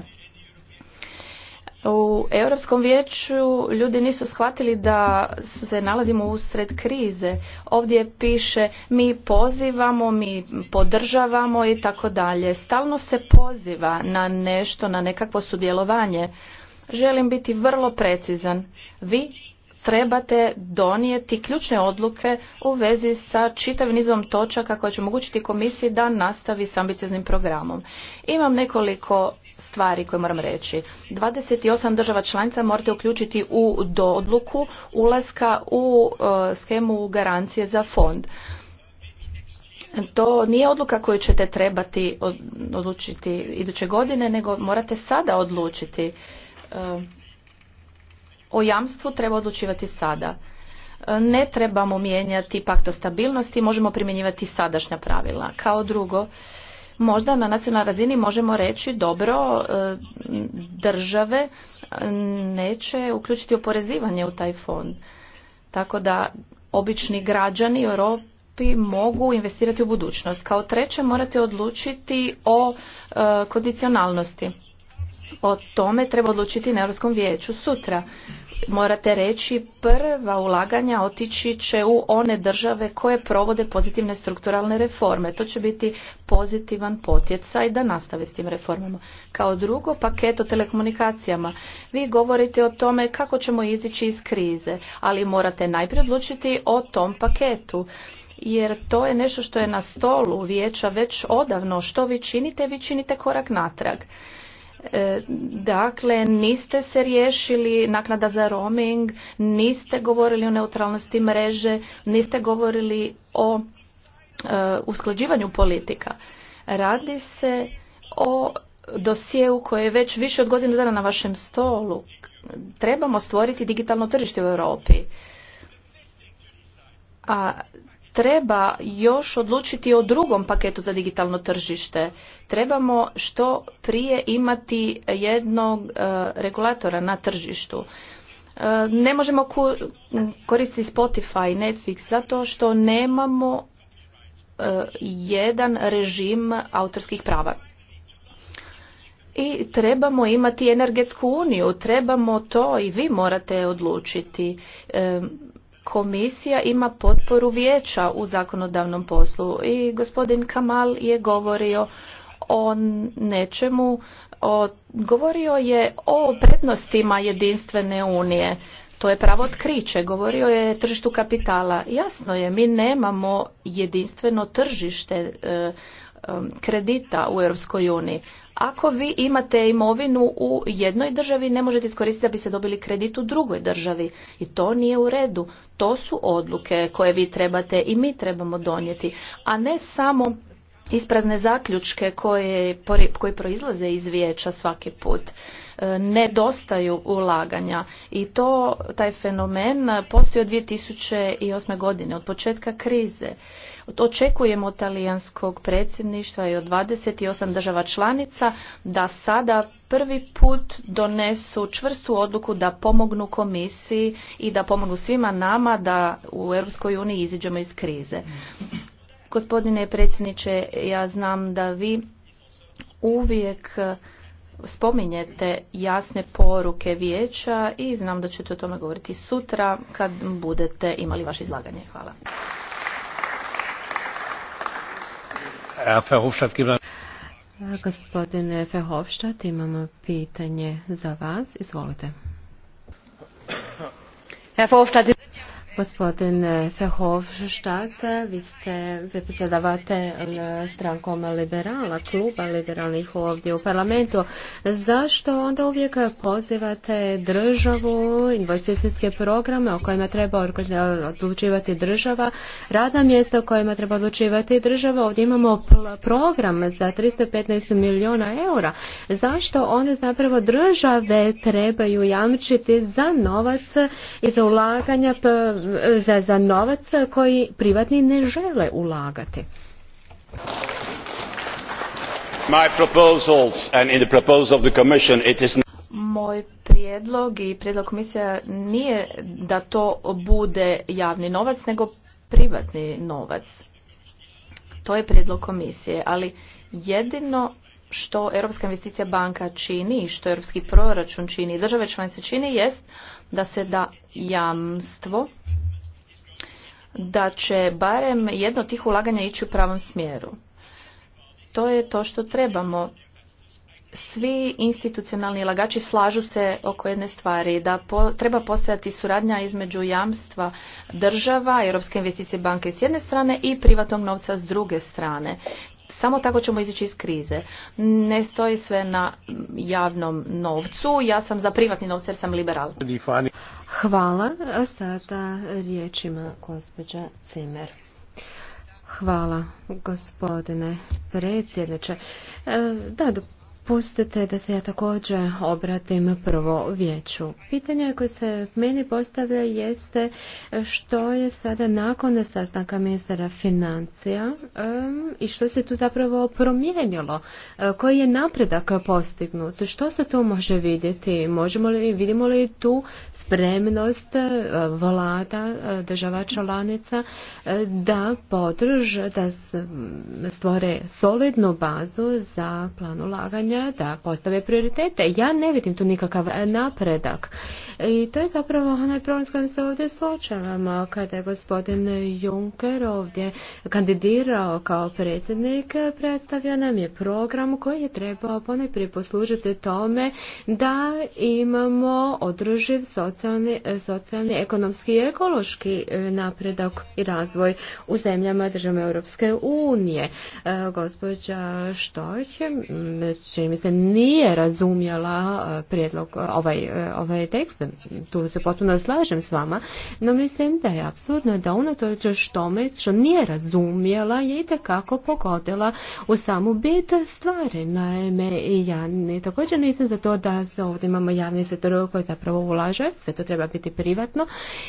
U Europskom vijeću ljudi nisu shvatili da se nalazimo usred krize. Ovdje piše mi pozivamo, mi podržavamo i tako dalje. Stalno se poziva na nešto, na nekakvo sudjelovanje. Želim biti vrlo precizan. Vi trebate donijeti ključne odluke u vezi sa čitavim nizom točaka koje će omogućiti komisiji da nastavi s ambicioznim programom. Imam nekoliko stvari koje moram reći. 28 država članica morate uključiti u do odluku ulaska u e, skemu garancije za fond. To nije odluka koju ćete trebati odlučiti iduće godine, nego morate sada odlučiti e, o jamstvu treba odlučivati sada. Ne trebamo mijenjati pakt o stabilnosti, možemo primjenjivati sadašnja pravila. Kao drugo, možda na nacionalnoj razini možemo reći dobro e, države neće uključiti oporezivanje u taj fond. Tako da obični građani u Europi mogu investirati u budućnost. Kao treće morate odlučiti o e, kondicionalnosti. O tome treba odlučiti na Europskom vijeću sutra morate reći prva ulaganja otići će u one države koje provode pozitivne strukturalne reforme. To će biti pozitivan potjecaj da nastave s tim reformama. Kao drugo, paket o telekomunikacijama. Vi govorite o tome kako ćemo izići iz krize, ali morate najprije odlučiti o tom paketu jer to je nešto što je na stolu vijeća već odavno. Što vi činite? Vi činite korak natrag. E, dakle, niste se riješili naknada za roaming, niste govorili o neutralnosti mreže, niste govorili o e, usklađivanju politika. Radi se o dosjeu koji je već više od godinu dana na vašem stolu. Trebamo stvoriti digitalno tržište u Europi. A treba još odlučiti o drugom paketu za digitalno tržište. Trebamo što prije imati jednog e, regulatora na tržištu. E, ne možemo koristiti Spotify, Netflix zato što nemamo e, jedan režim autorskih prava. I trebamo imati energetsku uniju, trebamo to i vi morate odlučiti komisija ima potporu vijeća u zakonodavnom poslu i gospodin Kamal je govorio o nečemu, o, govorio je o prednostima jedinstvene unije. To je pravo otkriće, govorio je tržištu kapitala. Jasno je, mi nemamo jedinstveno tržište e, kredita u Europskoj uniji. Ako vi imate imovinu u jednoj državi, ne možete iskoristiti da bi se dobili kredit u drugoj državi. I to nije u redu. To su odluke koje vi trebate i mi trebamo donijeti. A ne samo isprazne zaključke koje, koji proizlaze iz vijeća svaki put e, nedostaju ulaganja i to taj fenomen postoji od 2008. godine od početka krize Očekujemo od talijanskog predsjedništva i od 28 država članica da sada prvi put donesu čvrstu odluku da pomognu komisiji i da pomognu svima nama da u EU iziđemo iz krize. Gospodine predsjedniče, ja znam da vi uvijek spominjete jasne poruke vijeća i znam da ćete o tome govoriti sutra kad budete imali vaše izlaganje. Hvala. Gospodine Verhofstadt, imamo pitanje za vas. Izvolite. Herr Verhofstadt, Sie sind ja Gospodin Verhofstadt, vi ste predsjedavate strankom liberala, kluba liberalnih ovdje u parlamentu. Zašto onda uvijek pozivate državu, investicijske programe o kojima treba odlučivati država, radna mjesta o kojima treba odlučivati država? Ovdje imamo program za 315 milijuna eura. Zašto one zapravo države trebaju jamčiti za novac i za ulaganja za, za novac koji privatni ne žele ulagati. moj prijedlog i prijedlog komisija nije da to bude javni novac nego privatni novac. To je prijedlog komisije, ali jedino što Europska investicija banka čini i što Europski proračun čini i države članice čini jest da se da jamstvo da će barem jedno od tih ulaganja ići u pravom smjeru. To je to što trebamo. Svi institucionalni lagači slažu se oko jedne stvari, da treba postojati suradnja između jamstva država, Europske investicije banke s jedne strane i privatnog novca s druge strane. Samo tako ćemo izići iz krize. Ne stoji sve na javnom novcu. Ja sam za privatni novce jer sam liberal. Hvala. A sada riječima gospođa Cimer. Hvala, gospodine predsjedniče. E, da, Pustite da se ja također obratim prvo vijeću. Pitanje koje se meni postavlja jeste što je sada nakon sastanka ministara financija i što se tu zapravo promijenilo, e, koji je napredak postignut, što se tu može vidjeti, možemo li, vidimo li tu spremnost e, vlada e, država članica da podrž, da stvore solidnu bazu za plan ulaganja pitanja, da postave prioritete. Ja ne vidim tu nikakav e, napredak. I to je zapravo onaj problem s kojim se ovdje suočavamo. Kada je gospodin Juncker ovdje kandidirao kao predsjednik, predstavlja nam je program koji je trebao ponajprije poslužiti tome da imamo održiv socijalni, e, ekonomski i ekološki e, napredak i razvoj u zemljama države Europske unije. Gospođa Štojć čini mi nije razumjela e, prijedlog e, ovaj, e, ovaj tekst. Tu se potpuno slažem s vama, no mislim da je apsurdno da unatoč tome što nije razumjela je itekako pogodila u samu bit stvari. Naime, i ja također nisam za to da se ovdje imamo javni sektor koji zapravo ulaže, sve to treba biti privatno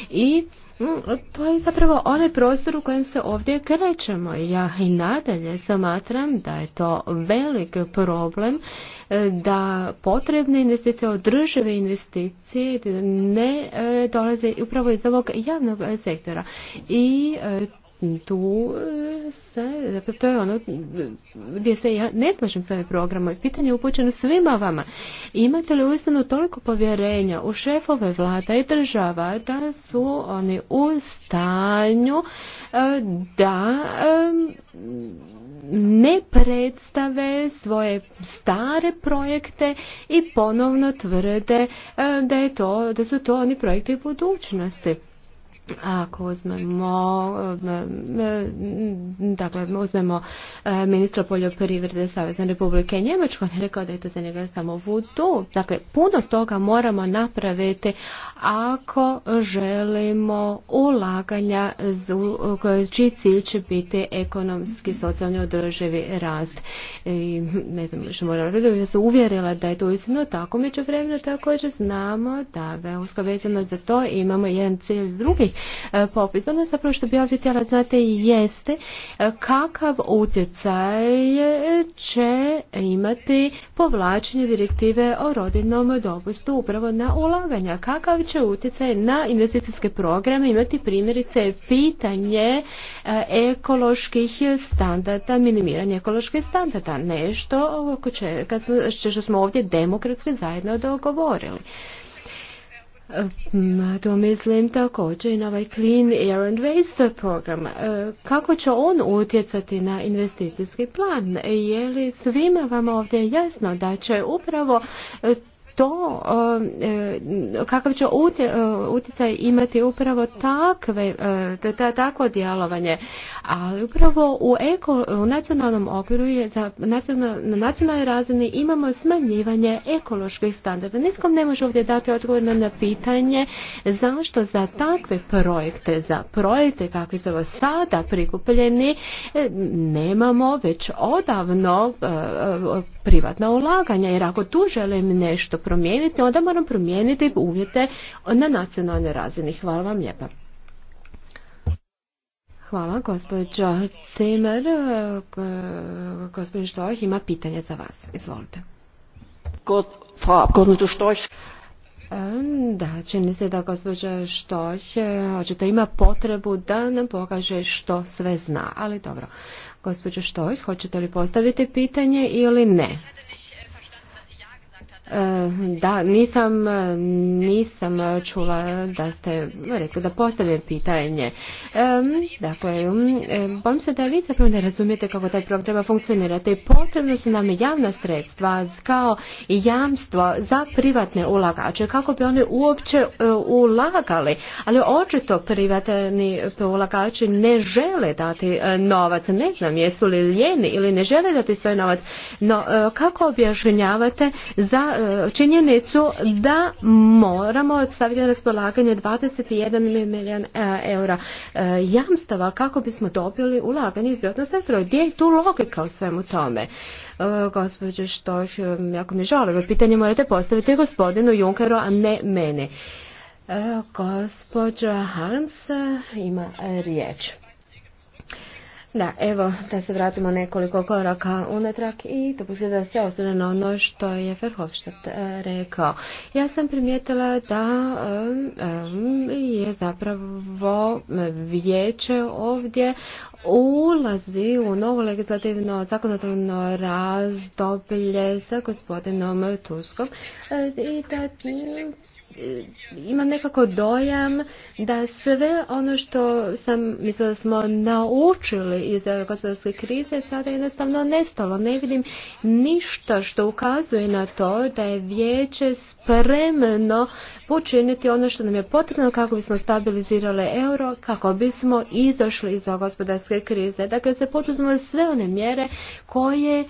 i Mm, to je zapravo onaj prostor u kojem se ovdje krećemo. Ja i nadalje smatram da je to velik problem e, da potrebne investicije, održive investicije ne e, dolaze upravo iz ovog javnog sektora. I e, tu se, to je ono gdje se ja ne slažem s ovim programom. Pitanje je upućeno svima vama. Imate li uistinu toliko povjerenja u šefove vlada i država da su oni u stanju e, da e, ne predstave svoje stare projekte i ponovno tvrde e, da, da su to oni projekti budućnosti ako uzmemo eh, dakle uzmemo eh, ministra poljoprivrede Savezne Republike Njemačko on je rekao da je to za njega samo vudu. Dakle, puno toga moramo napraviti ako želimo ulaganja čiji cilj će biti ekonomski, socijalni održivi rast. I, ne znam što moram ja sam uvjerila da je to istino tako, vremenu također znamo da usko vezano za to imamo jedan cilj drugih E, popis. Ono zapravo što bi ovdje htjela znate jeste e, kakav utjecaj će imati povlačenje direktive o rodinnom dopustu upravo na ulaganja. Kakav će utjecaj na investicijske programe imati primjerice pitanje e, ekoloških standarda, minimiranje ekoloških standarda, nešto oko što smo ovdje demokratski zajedno dogovorili. To mislim također i na ovaj Clean Air and Waste program. E, kako će on utjecati na investicijski plan? Je li svima vam ovdje jasno da će upravo to eh, eh, kakav će eh, utjecaj imati upravo takve, ta, takvo djelovanje. Ali upravo u, nacionalnom okviru je za nacional, na nacionalnoj razini imamo smanjivanje ekoloških standarda. Nitko ne može ovdje dati odgovor na pitanje zašto za takve projekte, za projekte kakvi su sada prikupljeni, nemamo već odavno privatna ulaganja. Jer ako tu želim nešto promijeniti, onda moram promijeniti uvjete na nacionalnoj razini. Hvala vam lijepa. Hvala, gospođa Cemer. E, Gospodin Štojh ima pitanje za vas. Izvolite. E, da, čini se da gospođa Štojh e, očito ima potrebu da nam pokaže što sve zna, ali dobro. Gospođo Štojh, hoćete li postaviti pitanje ili ne? E, da, nisam, nisam čula da ste rekli da postavljam pitanje. E, dakle, um, e, bojim se da vi zapravo ne razumijete kako taj program funkcionira. Te potrebno su nam javna sredstva kao jamstvo za privatne ulagače, kako bi oni uopće ulagali. Ali očito privatni ulagači ne žele dati novac. Ne znam, jesu li ljeni ili ne žele dati svoj novac. No, kako objašnjavate za E, činjenicu da moramo staviti na raspolaganje 21 milijun e, eura e, jamstava kako bismo dobili ulaganje iz privatnog sektora. Gdje je tu logika u svemu tome? Gospođo što jako mi žali, pitanje morate postaviti gospodinu Junkeru, a ne mene. Gospođa Harms ima riječ. Da, evo da se vratimo nekoliko koraka unatrag i dopustite da se osvrne na ono što je Verhofstadt e, rekao. Ja sam primijetila da e, e, je zapravo vijeće ovdje ulazi u novo legislativno zakonodavno razdoblje sa gospodinom Tuskom i da imam nekako dojam da sve ono što sam mislila da smo naučili iz gospodarske krize sada jednostavno nestalo. Ne vidim ništa što ukazuje na to da je vijeće spremno počiniti ono što nam je potrebno kako bismo stabilizirali euro, kako bismo izašli iz gospodarske krize. Dakle, se poduzimo sve one mjere koje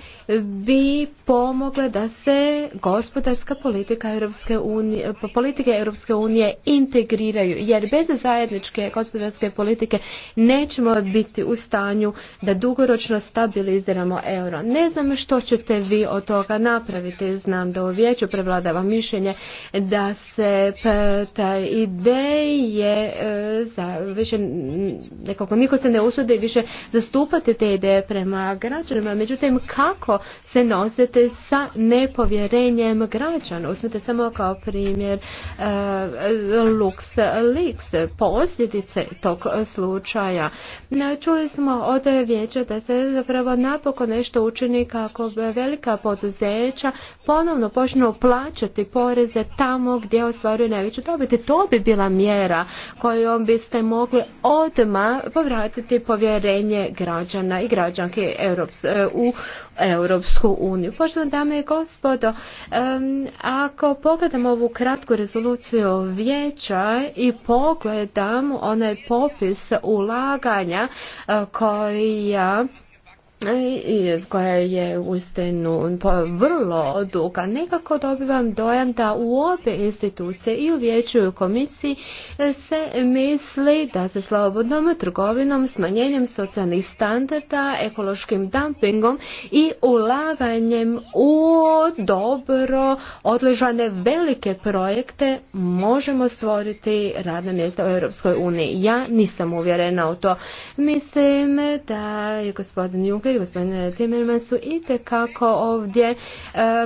bi pomogle da se gospodarska politika Europske unije, politika politike Europske unije integriraju, jer bez zajedničke gospodarske politike nećemo biti u stanju da dugoročno stabiliziramo euro. Ne znam što ćete vi od toga napraviti, znam da u vijeću prevladava mišljenje da se ta ideje e, za više nekako niko se ne usudi više zastupati te ideje prema građanima. Međutim, kako se nosite sa nepovjerenjem građana? Uzmite samo kao primjer Eh, Lux Leaks, posljedice tog slučaja. Čuli smo od vijeća da se zapravo napokon nešto učini kako velika poduzeća ponovno počnu plaćati poreze tamo gdje ostvaruju najveću dobit. To bi bila mjera kojom biste mogli odmah povratiti povjerenje građana i građanke u Europsku uniju. Poštovane dame i gospodo, ako pogledamo ovu kratku rezultatu rezoluciju vijeća i pogledam onaj popis ulaganja e, koja koja je uistinu vrlo duga. Nekako dobivam dojam da u obje institucije i u vijeću i u komisiji e, se misli da se slobodnom trgovinom, smanjenjem socijalnih standarda, ekološkim dumpingom i ulaganjem u dobro odležane velike projekte možemo stvoriti radne mjesta u Europskoj uniji. Ja nisam uvjerena u to. Mislim da je gospodin Juncker i gospodin Timmerman su itekako ovdje e,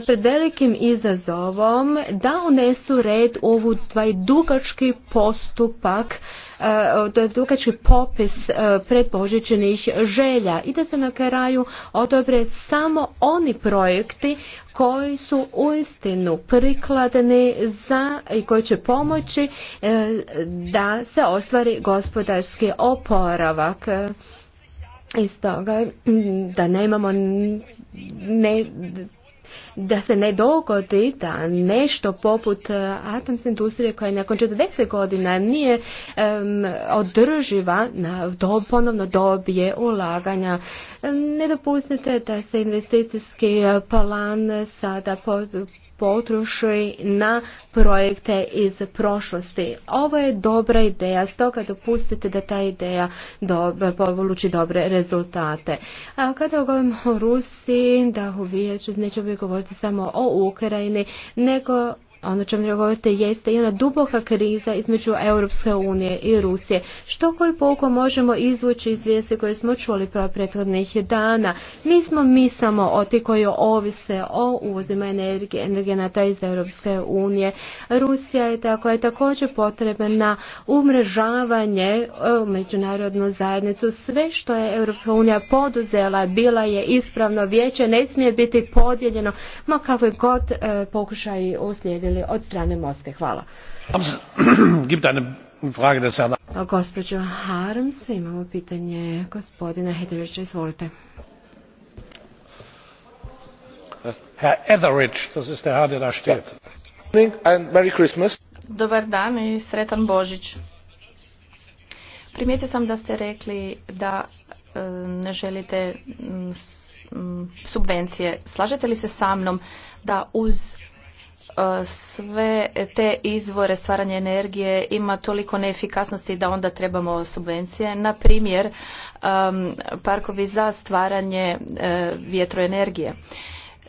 pred velikim izazovom da unesu red u ovaj dugački postupak E, dugački popis e, predpožičenih želja i da se na kraju odobre samo oni projekti koji su uistinu prikladni za i koji će pomoći e, da se ostvari gospodarski oporavak. Iz toga da nemamo ne, da se ne dogodi da nešto poput e, atomske industrije koja je nakon 40 godina nije održiva na, ponovno dobije ulaganja. Ne dopustite da se investicijski plan sada pod, potroši na projekte iz prošlosti. Ovo je dobra ideja, stoga dopustite da ta ideja povoluči dobre rezultate. A kada govorimo o Rusiji, da uvijek neću uvijek govoriti samo o Ukrajini, nego ono čemu govorite jeste jedna duboka kriza između Europske unije i Rusije. Što koji pouku možemo izvući iz vijesti koje smo čuli prethodnih dana? Nismo mi samo o ti koji ovise o uvozima energije, energenata iz Europske unije. Rusija je tako koja je također potrebna umrežavanje e, u međunarodnu zajednicu. Sve što je Europska unija poduzela bila je ispravno vijeće, ne smije biti podijeljeno, ma kako god e, pokušaj uslijedi iznijeli od strane Moskve. Hvala. Gospođo Harms, imamo pitanje gospodina Hedrića. izvolite. Herr Etheridge, das ist der Herr, Dobar dan i sretan Božić. Primijetio sam da ste rekli da e, ne želite subvencije. Slažete li se sa mnom da uz E, sve te izvore stvaranja energije ima toliko neefikasnosti da onda trebamo subvencije. Na primjer, e, parkovi za stvaranje e, vjetroenergije.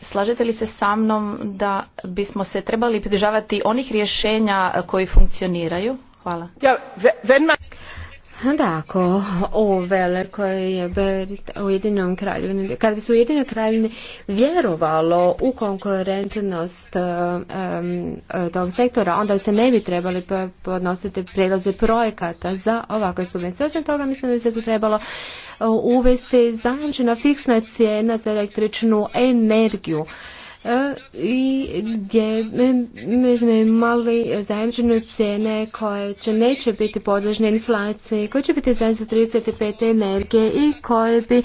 Slažete li se sa mnom da bismo se trebali pridržavati onih rješenja koji funkcioniraju? Hvala. Da, ako o velikoj je jedinom kraljevini, kad bi se Ujedinoj kraljevini vjerovalo u konkurentnost e, e, tog sektora, onda se ne bi trebali podnositi prilaze projekata za ovakve subvencije. Osim toga, mislim da bi se to trebalo e, uvesti zajamčena fiksna cijena za električnu energiju. E, i gdje smo imali zajemčene cijene koje će, neće biti podložne inflaciji, koje će biti zajedno 35 energije i koje bi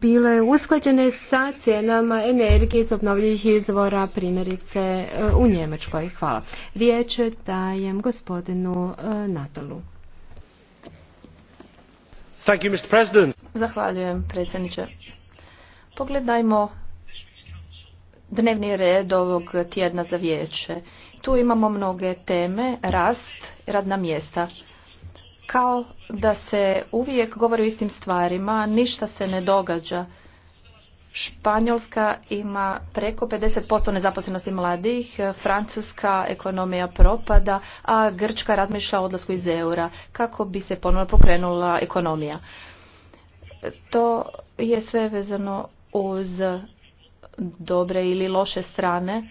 bile usklađene sa cijenama energije iz obnovljivih izvora, primjerice e, u Njemačkoj. Hvala. Riječ dajem gospodinu e, Natalu. Thank you, Mr. President. Zahvaljujem, predsjedniče. Pogledajmo dnevni red ovog tjedna za vijeće. Tu imamo mnoge teme, rast, radna mjesta. Kao da se uvijek govori o istim stvarima, ništa se ne događa. Španjolska ima preko 50% nezaposlenosti mladih, francuska ekonomija propada, a Grčka razmišlja o odlasku iz eura kako bi se ponovno pokrenula ekonomija. To je sve vezano uz dobre ili loše strane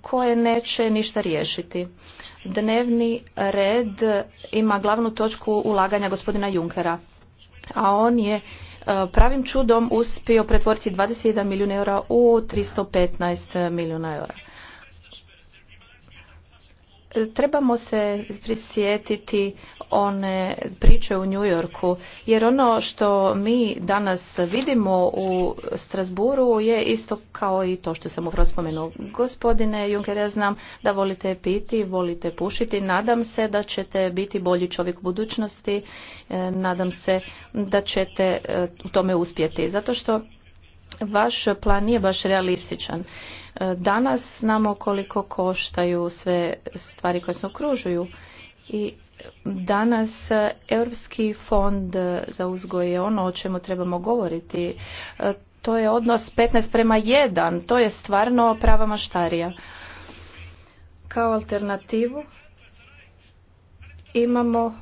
koje neće ništa riješiti. Dnevni red ima glavnu točku ulaganja gospodina Junkera, a on je e, pravim čudom uspio pretvoriti 21 milijuna eura u 315 milijuna eura. Trebamo se prisjetiti one priče u New Yorku, jer ono što mi danas vidimo u Strasburu je isto kao i to što sam upravo spomenuo. Gospodine Juncker, ja znam da volite piti, volite pušiti. Nadam se da ćete biti bolji čovjek u budućnosti. E, nadam se da ćete e, u tome uspjeti, zato što vaš plan nije baš realističan. E, danas znamo koliko koštaju sve stvari koje se okružuju i danas Europski fond za uzgoj je ono o čemu trebamo govoriti. E, to je odnos 15 prema 1, to je stvarno prava maštarija. Kao alternativu imamo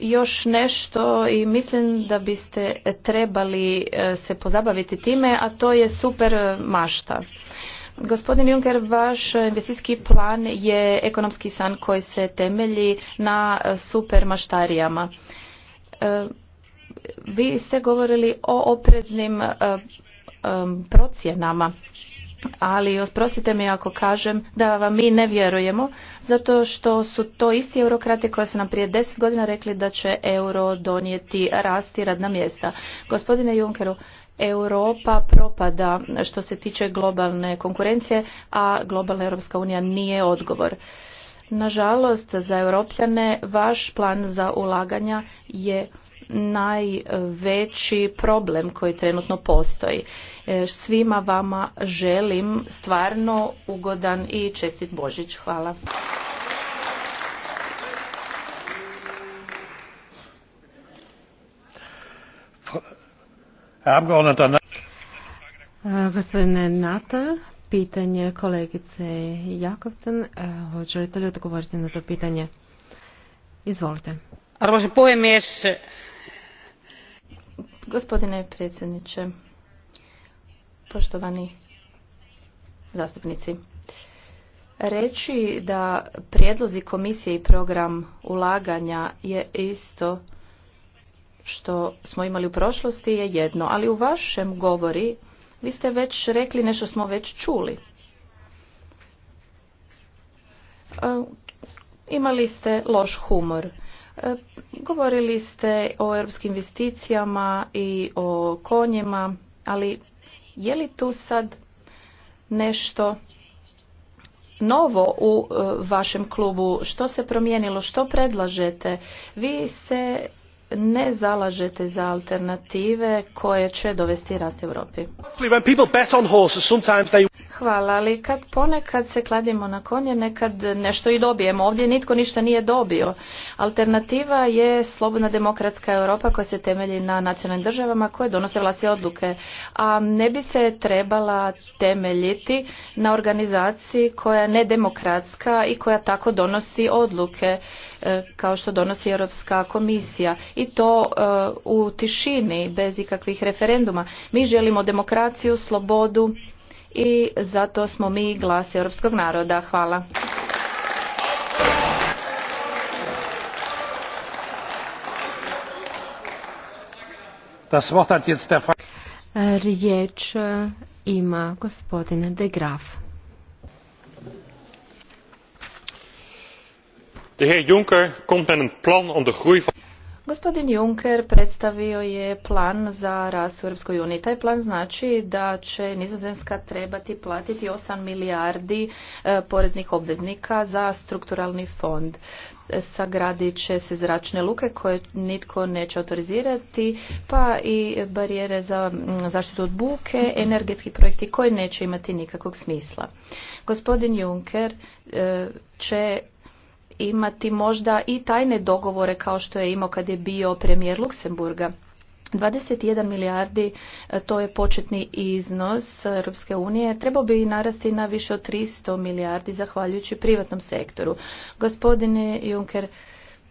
još nešto i mislim da biste trebali e, se pozabaviti time, a to je super mašta. Gospodin Juncker, vaš investicijski plan je ekonomski san koji se temelji na e, supermaštarijama. E, vi ste govorili o opreznim e, procjenama, ali osprostite mi ako kažem da vam mi ne vjerujemo, zato što su to isti eurokrati koji su nam prije deset godina rekli da će euro donijeti rast i radna mjesta. Gospodine Junkeru, Europa propada što se tiče globalne konkurencije, a globalna Europska unija nije odgovor. Nažalost, za europljane vaš plan za ulaganja je najveći problem koji trenutno postoji. E, svima vama želim stvarno ugodan i čestit Božić. Hvala. Hvala. E, gospodine Nata, pitanje kolegice Jakovcen. E, hoćete li odgovoriti na to pitanje? Izvolite. Arvoisa pojemješ. Gospodine predsjedniče, poštovani zastupnici, reći da prijedlozi komisije i program ulaganja je isto što smo imali u prošlosti je jedno, ali u vašem govori vi ste već rekli nešto smo već čuli. E, imali ste loš humor. E, govorili ste o europskim investicijama i o konjima, ali je li tu sad nešto novo u e, vašem klubu? Što se promijenilo? Što predlažete? Vi se ne zalažete za alternative koje će dovesti rast Europi. Hvala, ali kad ponekad se kladimo na konje, nekad nešto i dobijemo. Ovdje nitko ništa nije dobio. Alternativa je slobodna demokratska Europa koja se temelji na nacionalnim državama koje donose vlastne odluke. A ne bi se trebala temeljiti na organizaciji koja je nedemokratska i koja tako donosi odluke e, kao što donosi Europska komisija i to e, u tišini bez ikakvih referenduma. Mi želimo demokraciju, slobodu, i zato smo mi glas europskog naroda. Hvala. Das Wort hat jetzt der Riječ e, ima gospodine De Graf. De heer Juncker komt met een plan om de groei van... Gospodin Juncker predstavio je plan za rast u Europskoj uniji. Taj plan znači da će Nizozemska trebati platiti 8 milijardi e, poreznih obveznika za strukturalni fond e, sagradit će se zračne luke koje nitko neće autorizirati, pa i barijere za zaštitu od buke, energetski projekti koji neće imati nikakvog smisla. Gospodin Juncker e, će imati možda i tajne dogovore kao što je imao kad je bio premijer Luksemburga. 21 milijardi, e, to je početni iznos Europske unije, trebao bi narasti na više od 300 milijardi zahvaljujući privatnom sektoru. Gospodine Juncker,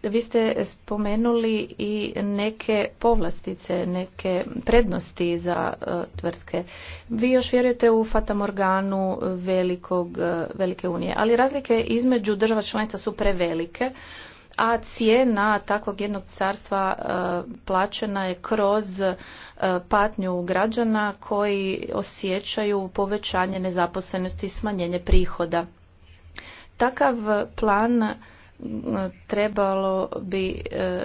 vi ste spomenuli i neke povlastice, neke prednosti za e, tvrtke. Vi još vjerujete u fatamorganu velikog, e, velike unije, ali razlike između država članica su prevelike, a cijena takvog jednog carstva e, plaćena je kroz patnju građana koji osjećaju povećanje nezaposlenosti i smanjenje prihoda. Takav plan trebalo bi e,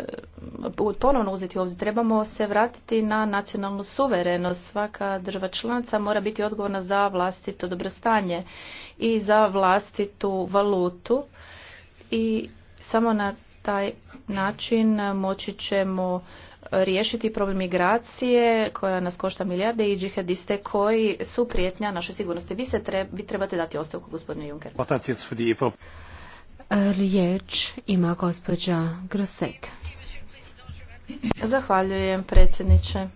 ponovno uzeti u obzir. Trebamo se vratiti na nacionalnu suverenost. Svaka država članica mora biti odgovorna za vlastito dobrostanje i za vlastitu valutu i samo na taj način moći ćemo riješiti problem migracije koja nas košta milijarde i džihadiste koji su prijetnja našoj sigurnosti. Vi, se vi trebate dati ostavku, gospodine Juncker. Riječ ima gospođa Groset. Zahvaljujem predsjedniče.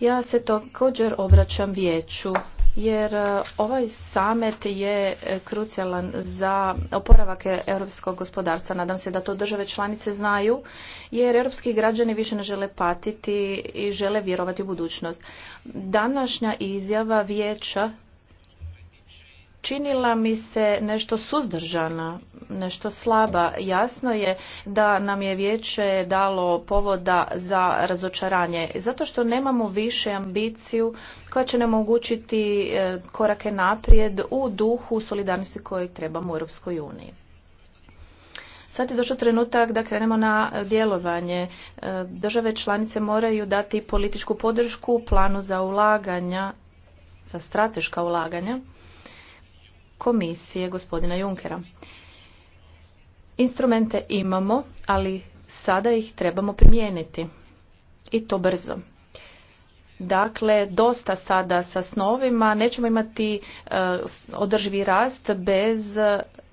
Ja se također obraćam vijeću jer e, ovaj samet je e, krucijalan za oporavak europskog gospodarstva. Nadam se da to države članice znaju, jer europski građani više ne žele patiti i žele vjerovati u budućnost. Današnja izjava vijeća činila mi se nešto suzdržana, nešto slaba. Jasno je da nam je vijeće dalo povoda za razočaranje, zato što nemamo više ambiciju koja će nam omogućiti e, korake naprijed u duhu solidarnosti kojeg trebamo u Europskoj uniji. Sad je došao trenutak da krenemo na djelovanje. E, države članice moraju dati političku podršku planu za ulaganja, za strateška ulaganja komisije gospodina Junkera. Instrumente imamo, ali sada ih trebamo primijeniti i to brzo. Dakle, dosta sada sa snovima, nećemo imati e, održivi rast bez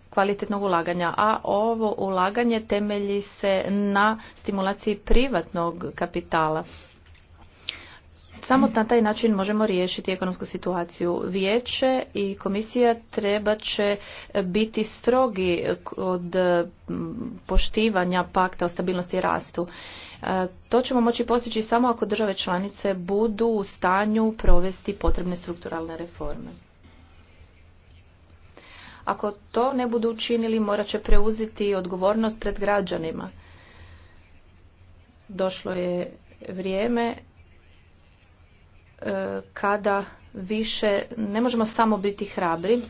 kvalitetnog ulaganja, a ovo ulaganje temelji se na stimulaciji privatnog kapitala. Samo na taj način možemo riješiti ekonomsku situaciju. Vijeće i komisija treba će biti strogi od poštivanja pakta o stabilnosti i rastu. E, to ćemo moći postići samo ako države članice budu u stanju provesti potrebne strukturalne reforme. Ako to ne budu učinili, morat će preuzeti odgovornost pred građanima. Došlo je vrijeme E, kada više ne možemo samo biti hrabri.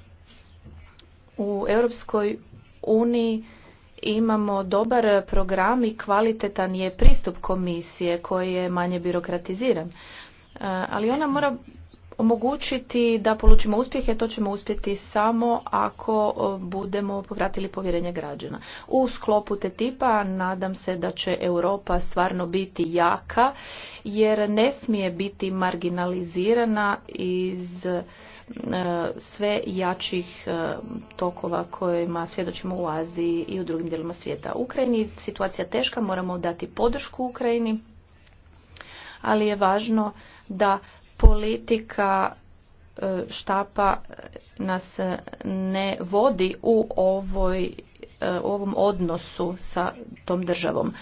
U Europskoj uniji imamo dobar program i kvalitetan je pristup komisije koji je manje birokratiziran. E, ali ona mora omogućiti da polučimo uspjehe, to ćemo uspjeti samo ako e, budemo povratili povjerenje građana. U sklopu te tipa nadam se da će Europa stvarno biti jaka jer ne smije biti marginalizirana iz e, sve jačih e, tokova kojima svjedočimo u Aziji i u drugim dijelima svijeta. U Ukrajini situacija teška, moramo dati podršku Ukrajini, ali je važno da politika e, štapa nas ne vodi u ovoj, e, ovom odnosu sa tom državom.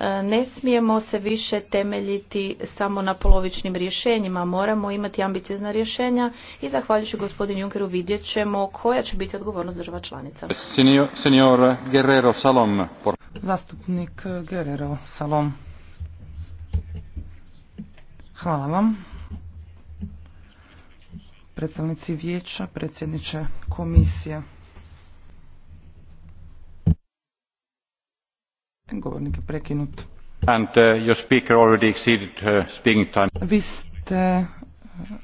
E, ne smijemo se više temeljiti samo na polovičnim rješenjima, moramo imati ambiciozna rješenja i zahvaljujući gospodinu Junckeru vidjet ćemo koja će biti odgovornost država članica. Guerrero Salom. Zastupnik Guerrero Salom. Hvala vam predstavnici vijeća, predsjedniče komisije. Govornik je prekinut. Uh, uh, Vi ste uh,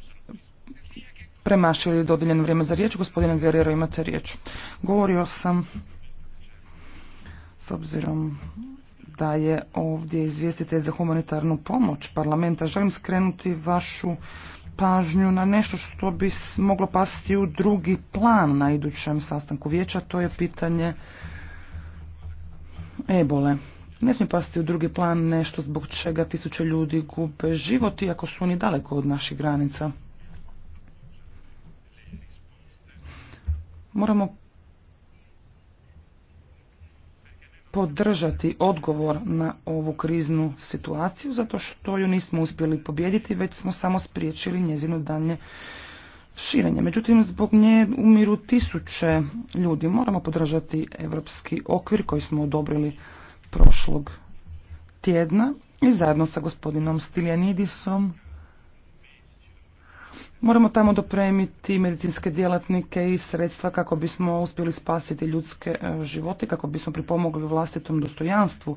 premašili dodijeljeno vrijeme za riječ. Gospodine Guerrero, imate riječ. Govorio sam s obzirom da je ovdje izvjestitelj za humanitarnu pomoć parlamenta. Želim skrenuti vašu pažnju na nešto što bi moglo pasti u drugi plan na idućem sastanku vijeća, to je pitanje ebole. Ne smije pasti u drugi plan nešto zbog čega tisuće ljudi gube život, iako su oni daleko od naših granica. Moramo podržati odgovor na ovu kriznu situaciju zato što ju nismo uspjeli pobijediti već smo samo spriječili njezino danje širenje. Međutim, zbog nje umiru tisuće ljudi. Moramo podržati evropski okvir koji smo odobrili prošlog tjedna i zajedno sa gospodinom Stiljanidisom Moramo tamo dopremiti medicinske djelatnike i sredstva kako bismo uspjeli spasiti ljudske e, živote, kako bismo pripomogli vlastitom dostojanstvu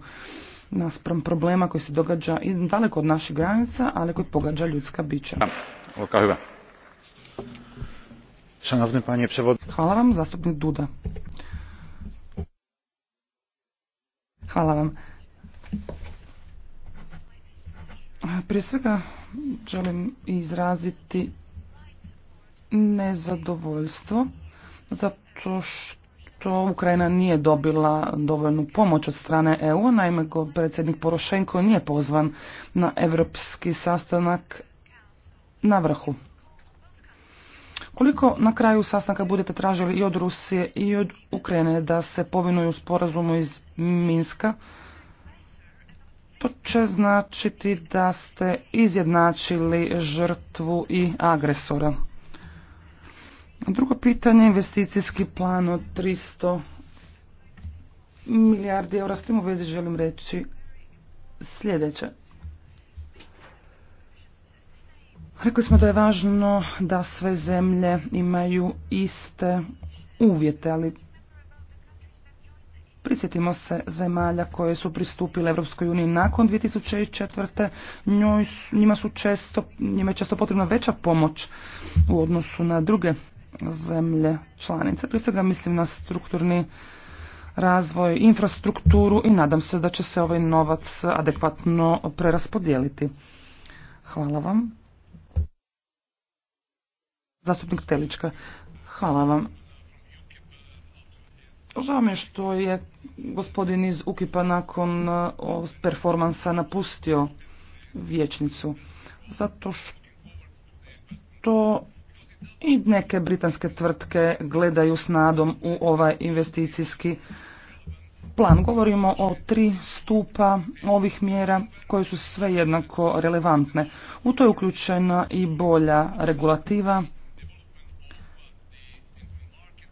naspram problema koji se događa i daleko od naših granica, ali koji pogađa ljudska bića. Hvala vam, zastupnik Duda. Hvala vam. Prije svega želim izraziti nezadovoljstvo zato što Ukrajina nije dobila dovoljnu pomoć od strane EU. Naime, predsjednik Porošenko nije pozvan na evropski sastanak na vrhu. Koliko na kraju sastanka budete tražili i od Rusije i od Ukrajine da se povinuju sporazumu iz Minska, to će značiti da ste izjednačili žrtvu i agresora. Drugo pitanje, investicijski plan od 300 milijardi eura. S tim u vezi želim reći sljedeće. Rekli smo da je važno da sve zemlje imaju iste uvjete, ali prisjetimo se zemalja koje su pristupile Europskoj uniji nakon 2004. njima su često, njima je često potrebna veća pomoć u odnosu na druge zemlje članice. Prije svega mislim na strukturni razvoj, infrastrukturu i nadam se da će se ovaj novac adekvatno preraspodijeliti. Hvala vam. Zastupnik Telička, hvala vam. Žao mi je što je gospodin iz Ukipa nakon e, performansa napustio vječnicu. Zato što i neke britanske tvrtke gledaju s nadom u ovaj investicijski plan. Govorimo o tri stupa ovih mjera koje su sve jednako relevantne. U to je uključena i bolja regulativa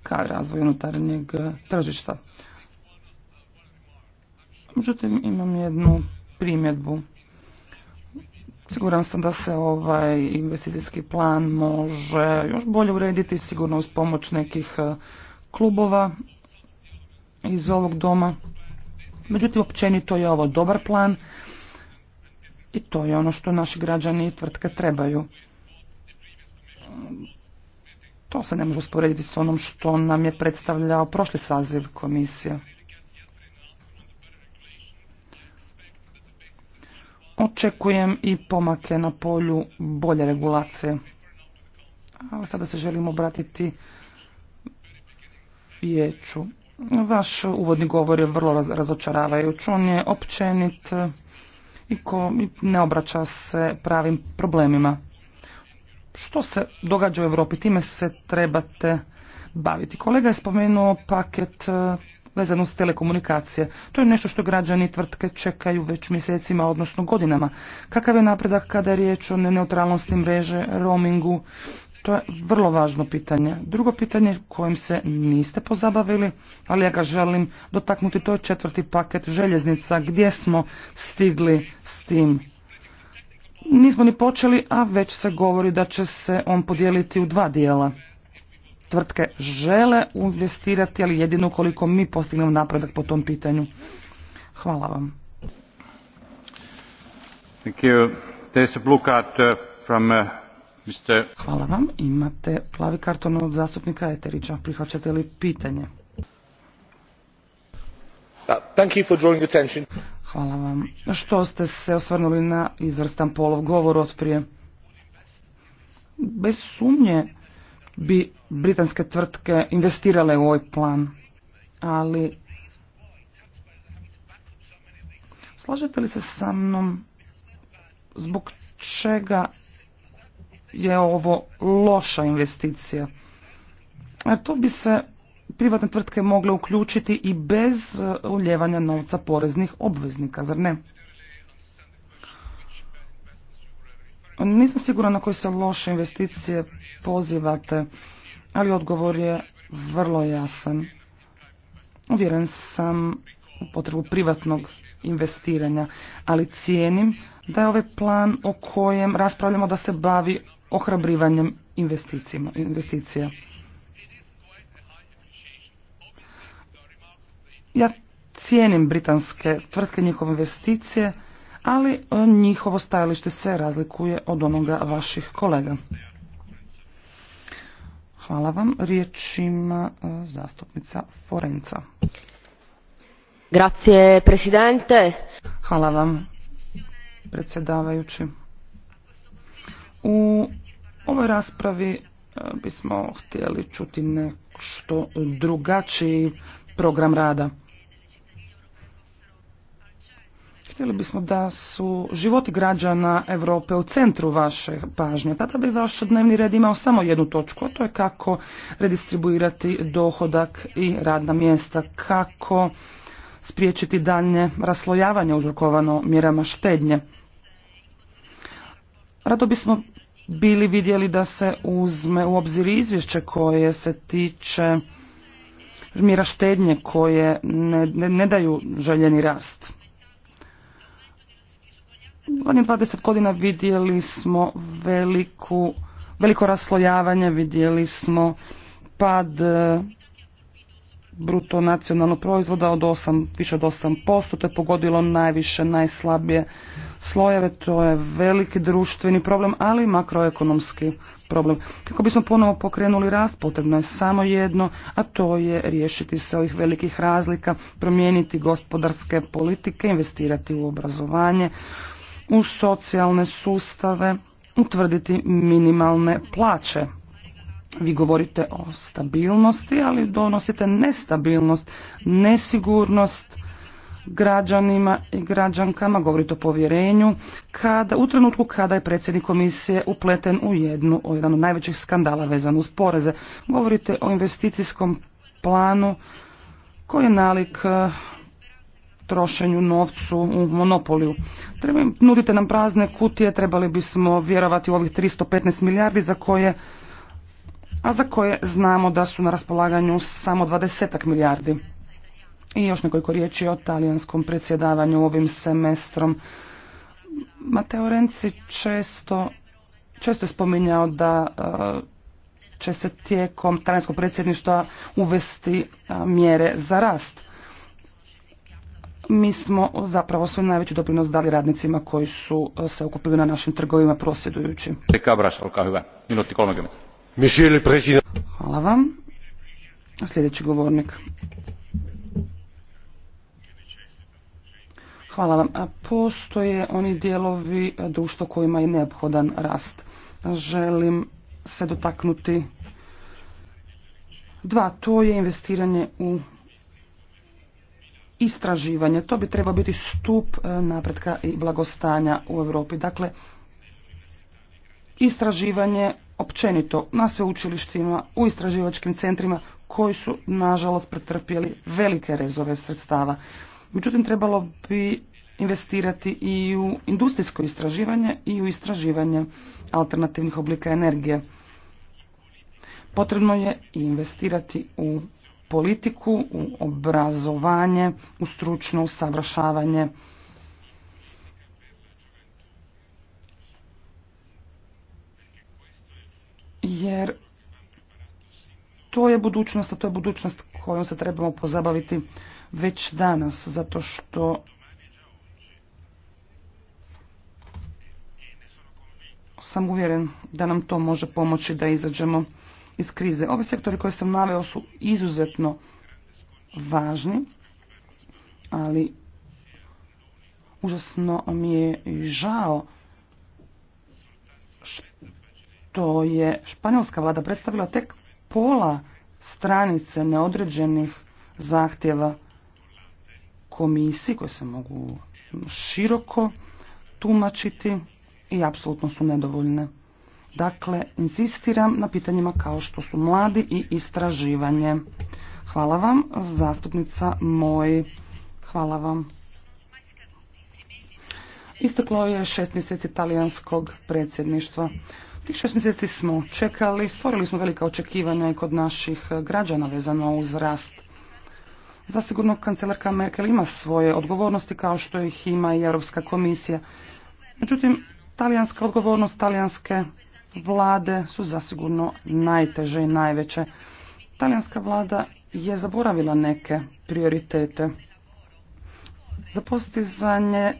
ka razvoju unutarnjeg tržišta. Međutim, imam jednu primjedbu. Siguran sam da se ovaj investicijski plan može još bolje urediti, sigurno uz pomoć nekih e, klubova iz ovog doma. Međutim, općenito je ovo dobar plan i to je ono što naši građani i tvrtke trebaju. To se ne može usporediti s onom što nam je predstavljao prošli saziv komisije. očekujem i pomake na polju bolje regulacije. sada se želim obratiti vijeću. Vaš uvodni govor je vrlo razočaravajuć. On je općenit i ne obraća se pravim problemima. Što se događa u Europi? Time se trebate baviti. Kolega je spomenuo paket vezano s telekomunikacije. To je nešto što građani i tvrtke čekaju već mjesecima, odnosno godinama. Kakav je napredak kada je riječ o neutralnosti mreže, roamingu? To je vrlo važno pitanje. Drugo pitanje kojim se niste pozabavili, ali ja ga želim dotaknuti, to je četvrti paket željeznica. Gdje smo stigli s tim? Nismo ni počeli, a već se govori da će se on podijeliti u dva dijela tvrtke žele investirati, ali jedino koliko mi postignemo napredak po tom pitanju. Hvala vam. Thank you. A uh, uh, Hvala vam. Imate plavi karton od zastupnika Eterića. Prihvaćate li pitanje? Uh, thank you Hvala vam. Što ste se osvrnuli na izvrstan polov govor otprije? Bez sumnje, bi britanske tvrtke investirale u ovaj plan. Ali slažete li se sa mnom zbog čega je ovo loša investicija? A e, to bi se privatne tvrtke mogle uključiti i bez uljevanja novca poreznih obveznika, zar ne? Nisam sigurna na koje se loše investicije pozivate, ali odgovor je vrlo jasan. Uvjeren sam u potrebu privatnog investiranja, ali cijenim da je ovaj plan o kojem raspravljamo da se bavi ohrabrivanjem investicija. Ja cijenim britanske tvrtke, njihove investicije, ali e, njihovo stajalište se razlikuje od onoga vaših kolega. Hvala vam. Riječ ima e, zastupnica Forenca. Grazie, presidente. Hvala vam, predsjedavajući. U ovoj raspravi e, bismo htjeli čuti nešto drugačiji program rada. Htjeli bismo da su životi građana Europe u centru vaše pažnje. Tada bi vaš dnevni red imao samo jednu točku, a to je kako redistribuirati dohodak i radna mjesta, kako spriječiti daljnje raslojavanje uzrokovano mjerama štednje. Rado bismo bili vidjeli da se uzme u obzir izvješće koje se tiče mjera štednje koje ne, ne, ne daju željeni rast zadnjih 20 godina vidjeli smo veliku, veliko raslojavanje, vidjeli smo pad e, bruto nacionalnog proizvoda od 8, više od 8%, to je pogodilo najviše, najslabije slojeve, to je veliki društveni problem, ali i makroekonomski problem. Kako bismo ponovo pokrenuli rast, potrebno je samo jedno, a to je riješiti se ovih velikih razlika, promijeniti gospodarske politike, investirati u obrazovanje, u socijalne sustave, utvrditi minimalne plaće. Vi govorite o stabilnosti, ali donosite nestabilnost, nesigurnost građanima i građankama, govorite o povjerenju, kada, u trenutku kada je predsjednik komisije upleten u jednu, o jedan od najvećih skandala vezan uz poreze. Govorite o investicijskom planu koji je nalik trošenju novcu u monopoliju. Treba, nudite nam prazne kutije, trebali bismo vjerovati u ovih 315 milijardi za koje a za koje znamo da su na raspolaganju samo 20 milijardi. I još nekoliko riječi o talijanskom predsjedavanju ovim semestrom. Mateo Renci često, često je spominjao da e, će se tijekom talijanskog predsjedništva uvesti e, mjere za rast mi smo zapravo svoj najveći doprinos dali radnicima koji su e, se okupili na našim trgovima prosjedujući. Hvala vam. Sljedeći govornik. Hvala vam. Postoje oni dijelovi e, društva kojima je neophodan rast. Želim se dotaknuti dva. To je investiranje u istraživanje. To bi trebao biti stup e, napretka i blagostanja u Europi. Dakle, istraživanje općenito na sveučilištima, u istraživačkim centrima koji su nažalost pretrpjeli velike rezove sredstava. Međutim, trebalo bi investirati i u industrijsko istraživanje i u istraživanje alternativnih oblika energije. Potrebno je investirati u politiku, u obrazovanje, u stručno usavršavanje. Jer to je budućnost, a to je budućnost kojom se trebamo pozabaviti već danas, zato što sam uvjeren da nam to može pomoći da izađemo iz krize. Ovi sektori koje sam naveo su izuzetno važni, ali užasno mi je žao što je španjolska vlada predstavila tek pola stranice neodređenih zahtjeva komisiji koje se mogu široko tumačiti i apsolutno su nedovoljne. Dakle, insistiram na pitanjima kao što su mladi i istraživanje. Hvala vam, zastupnica moj. Hvala vam. Isteklo je šest mjeseci talijanskog predsjedništva. Tih šest mjeseci smo čekali, stvorili smo velika očekivanja i kod naših građana vezano uz rast. Zasigurno kancelarka Merkel ima svoje odgovornosti kao što ih ima i Europska komisija. Međutim, talijanska odgovornost, talijanske vlade su zasigurno najteže i najveće. Talijanska vlada je zaboravila neke prioritete. Za postizanje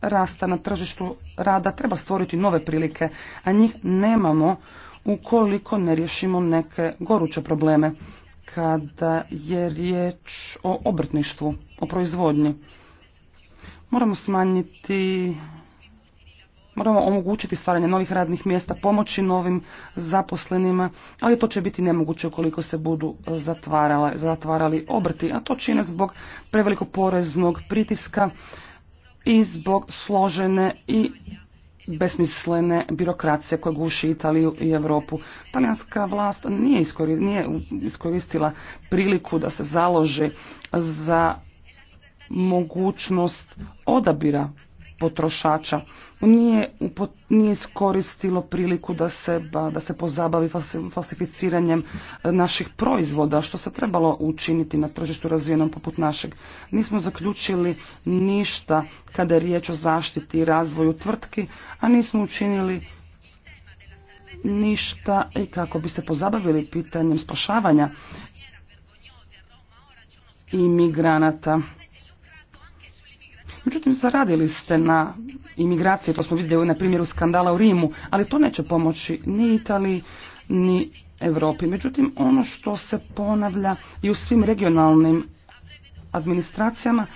rasta na tržištu rada treba stvoriti nove prilike, a njih nemamo ukoliko ne riješimo neke goruće probleme kada je riječ o obrtništvu, o proizvodnji. Moramo smanjiti Moramo omogućiti stvaranje novih radnih mjesta, pomoći novim zaposlenima, ali to će biti nemoguće ukoliko se budu zatvarali obrti, a to čine zbog preveliko poreznog pritiska i zbog složene i besmislene birokracije koja guši Italiju i Europu. Talijanska vlast nije, iskoristila priliku da se založe za mogućnost odabira potrošača. Nije, nije iskoristilo priliku da se, da se pozabavi falsificiranjem e, naših proizvoda, što se trebalo učiniti na tržištu razvijenom poput našeg. Nismo zaključili ništa kada je riječ o zaštiti i razvoju tvrtki, a nismo učinili ništa i kako bi se pozabavili pitanjem spašavanja imigranata. Međutim, zaradili ste na imigracije, to smo vidjeli na primjeru skandala u Rimu, ali to neće pomoći ni Italiji, ni Europi. Međutim, ono što se ponavlja i u svim regionalnim administracijama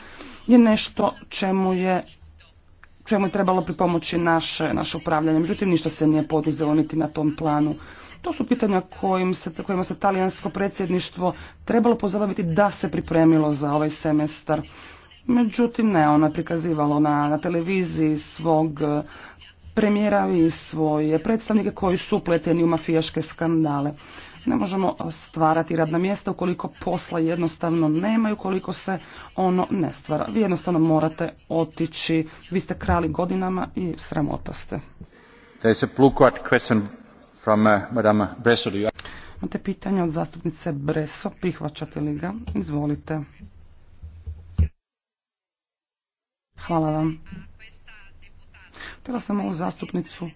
je nešto čemu je čemu je trebalo pripomoći naše, naše upravljanje. Međutim, ništa se nije poduzelo niti na tom planu. To su pitanja kojim se, kojima se talijansko predsjedništvo trebalo pozabaviti da se pripremilo za ovaj semestar. Međutim, ne, ona je prikazivalo na, televiziji svog e, premijera i svoje predstavnike koji su upleteni u mafijaške skandale. Ne možemo stvarati radna mjesta ukoliko posla jednostavno nema i ukoliko se ono ne stvara. Vi jednostavno morate otići. Vi ste krali godinama i sramota ste. Uh, Imate pitanje od zastupnice Breso. Prihvaćate li ga? Izvolite. Hvala vam. Htjela sam ovu zastupnicu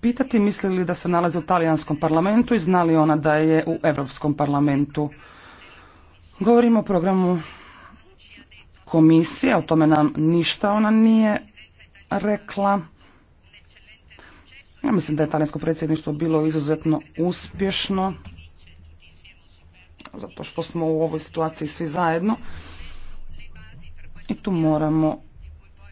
pitati misli li da se nalazi u talijanskom parlamentu i zna li ona da je u Europskom parlamentu. Govorimo o programu komisije, o tome nam ništa ona nije rekla. Ja mislim da je talijansko predsjedništvo bilo izuzetno uspješno, zato što smo u ovoj situaciji svi zajedno i tu moramo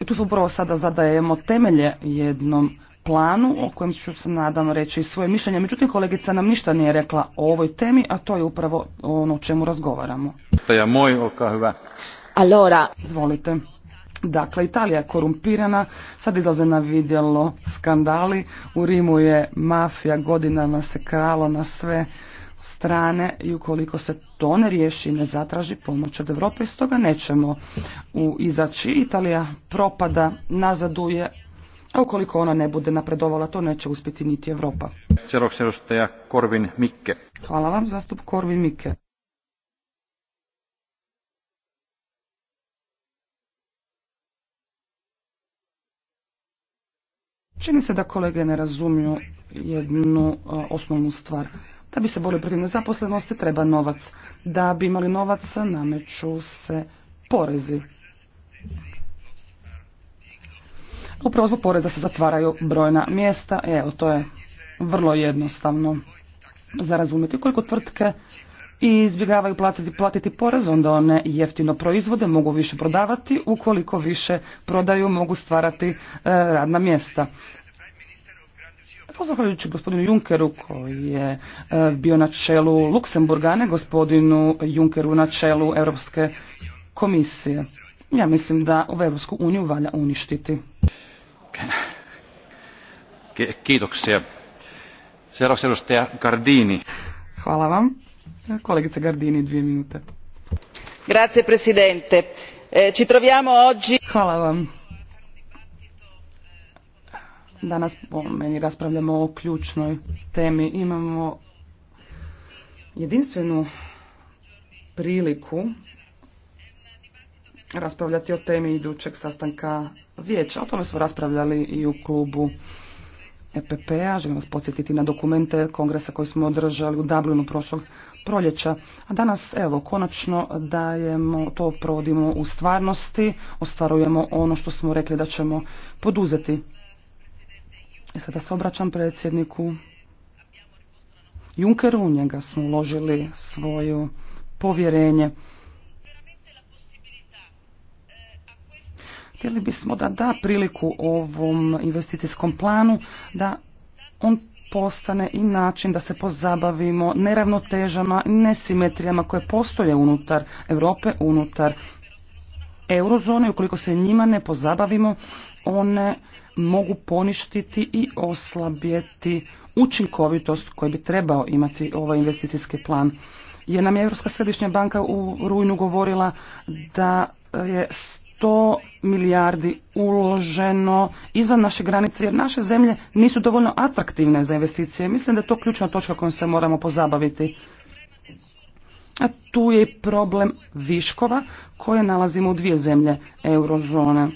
tu se upravo sada zadajemo temelje jednom planu o kojem ću se nadam reći svoje mišljenje. Međutim, kolegica nam ništa nije rekla o ovoj temi, a to je upravo ono o čemu razgovaramo. Ja Izvolite. Dakle, Italija je korumpirana, sad izlaze na vidjelo skandali, u Rimu je mafija godinama se kralo na sve strane i ukoliko se to ne riješi, ne zatraži pomoć od Europe i stoga nećemo u izaći. Italija propada, nazaduje, a ukoliko ona ne bude napredovala, to neće uspjeti niti Europa. Korvin Hvala vam, zastup Korvin Mikke. Čini se da kolege ne razumiju jednu osnovnu stvar. Da bi se bolje protiv nezaposlenosti treba novac. Da bi imali novac nameću se porezi. Upravo zbog poreza se zatvaraju brojna mjesta. Evo, to je vrlo jednostavno za razumjeti. Koliko tvrtke i izbjegavaju platiti, platiti porez, onda one jeftino proizvode, mogu više prodavati, ukoliko više prodaju mogu stvarati e, radna mjesta to zahvaljujući gospodinu Junkeru koji je e, bio na čelu Luksemburgane, gospodinu Junkeru na čelu Europske komisije. Ja mislim da u Europsku uniju valja uništiti. Gardini. Hvala vam. Kolegice Gardini, dvije minute. Grazie, Presidente. E, ci troviamo oggi... Hvala vam, Danas po meni raspravljamo o ključnoj temi. Imamo jedinstvenu priliku raspravljati o temi idućeg sastanka vijeća. O tome smo raspravljali i u klubu EPP-a. Želim vas podsjetiti na dokumente kongresa koji smo održali u Dublinu prošlog proljeća. A danas, evo, konačno dajemo, to provodimo u stvarnosti, ostvarujemo ono što smo rekli da ćemo poduzeti. Sada se obraćam predsjedniku Junkeru, u njega smo uložili svoju povjerenje. Htjeli bismo da da priliku ovom investicijskom planu, da on postane i način da se pozabavimo neravnotežama, nesimetrijama koje postoje unutar Europe, unutar eurozone. Ukoliko se njima ne pozabavimo, one mogu poništiti i oslabjeti učinkovitost koju bi trebao imati ovaj investicijski plan. Jer nam je Europska središnja banka u rujnu govorila da je 100 milijardi uloženo izvan naše granice jer naše zemlje nisu dovoljno atraktivne za investicije. Mislim da je to ključna točka kojom se moramo pozabaviti. A tu je problem viškova koje nalazimo u dvije zemlje eurozone.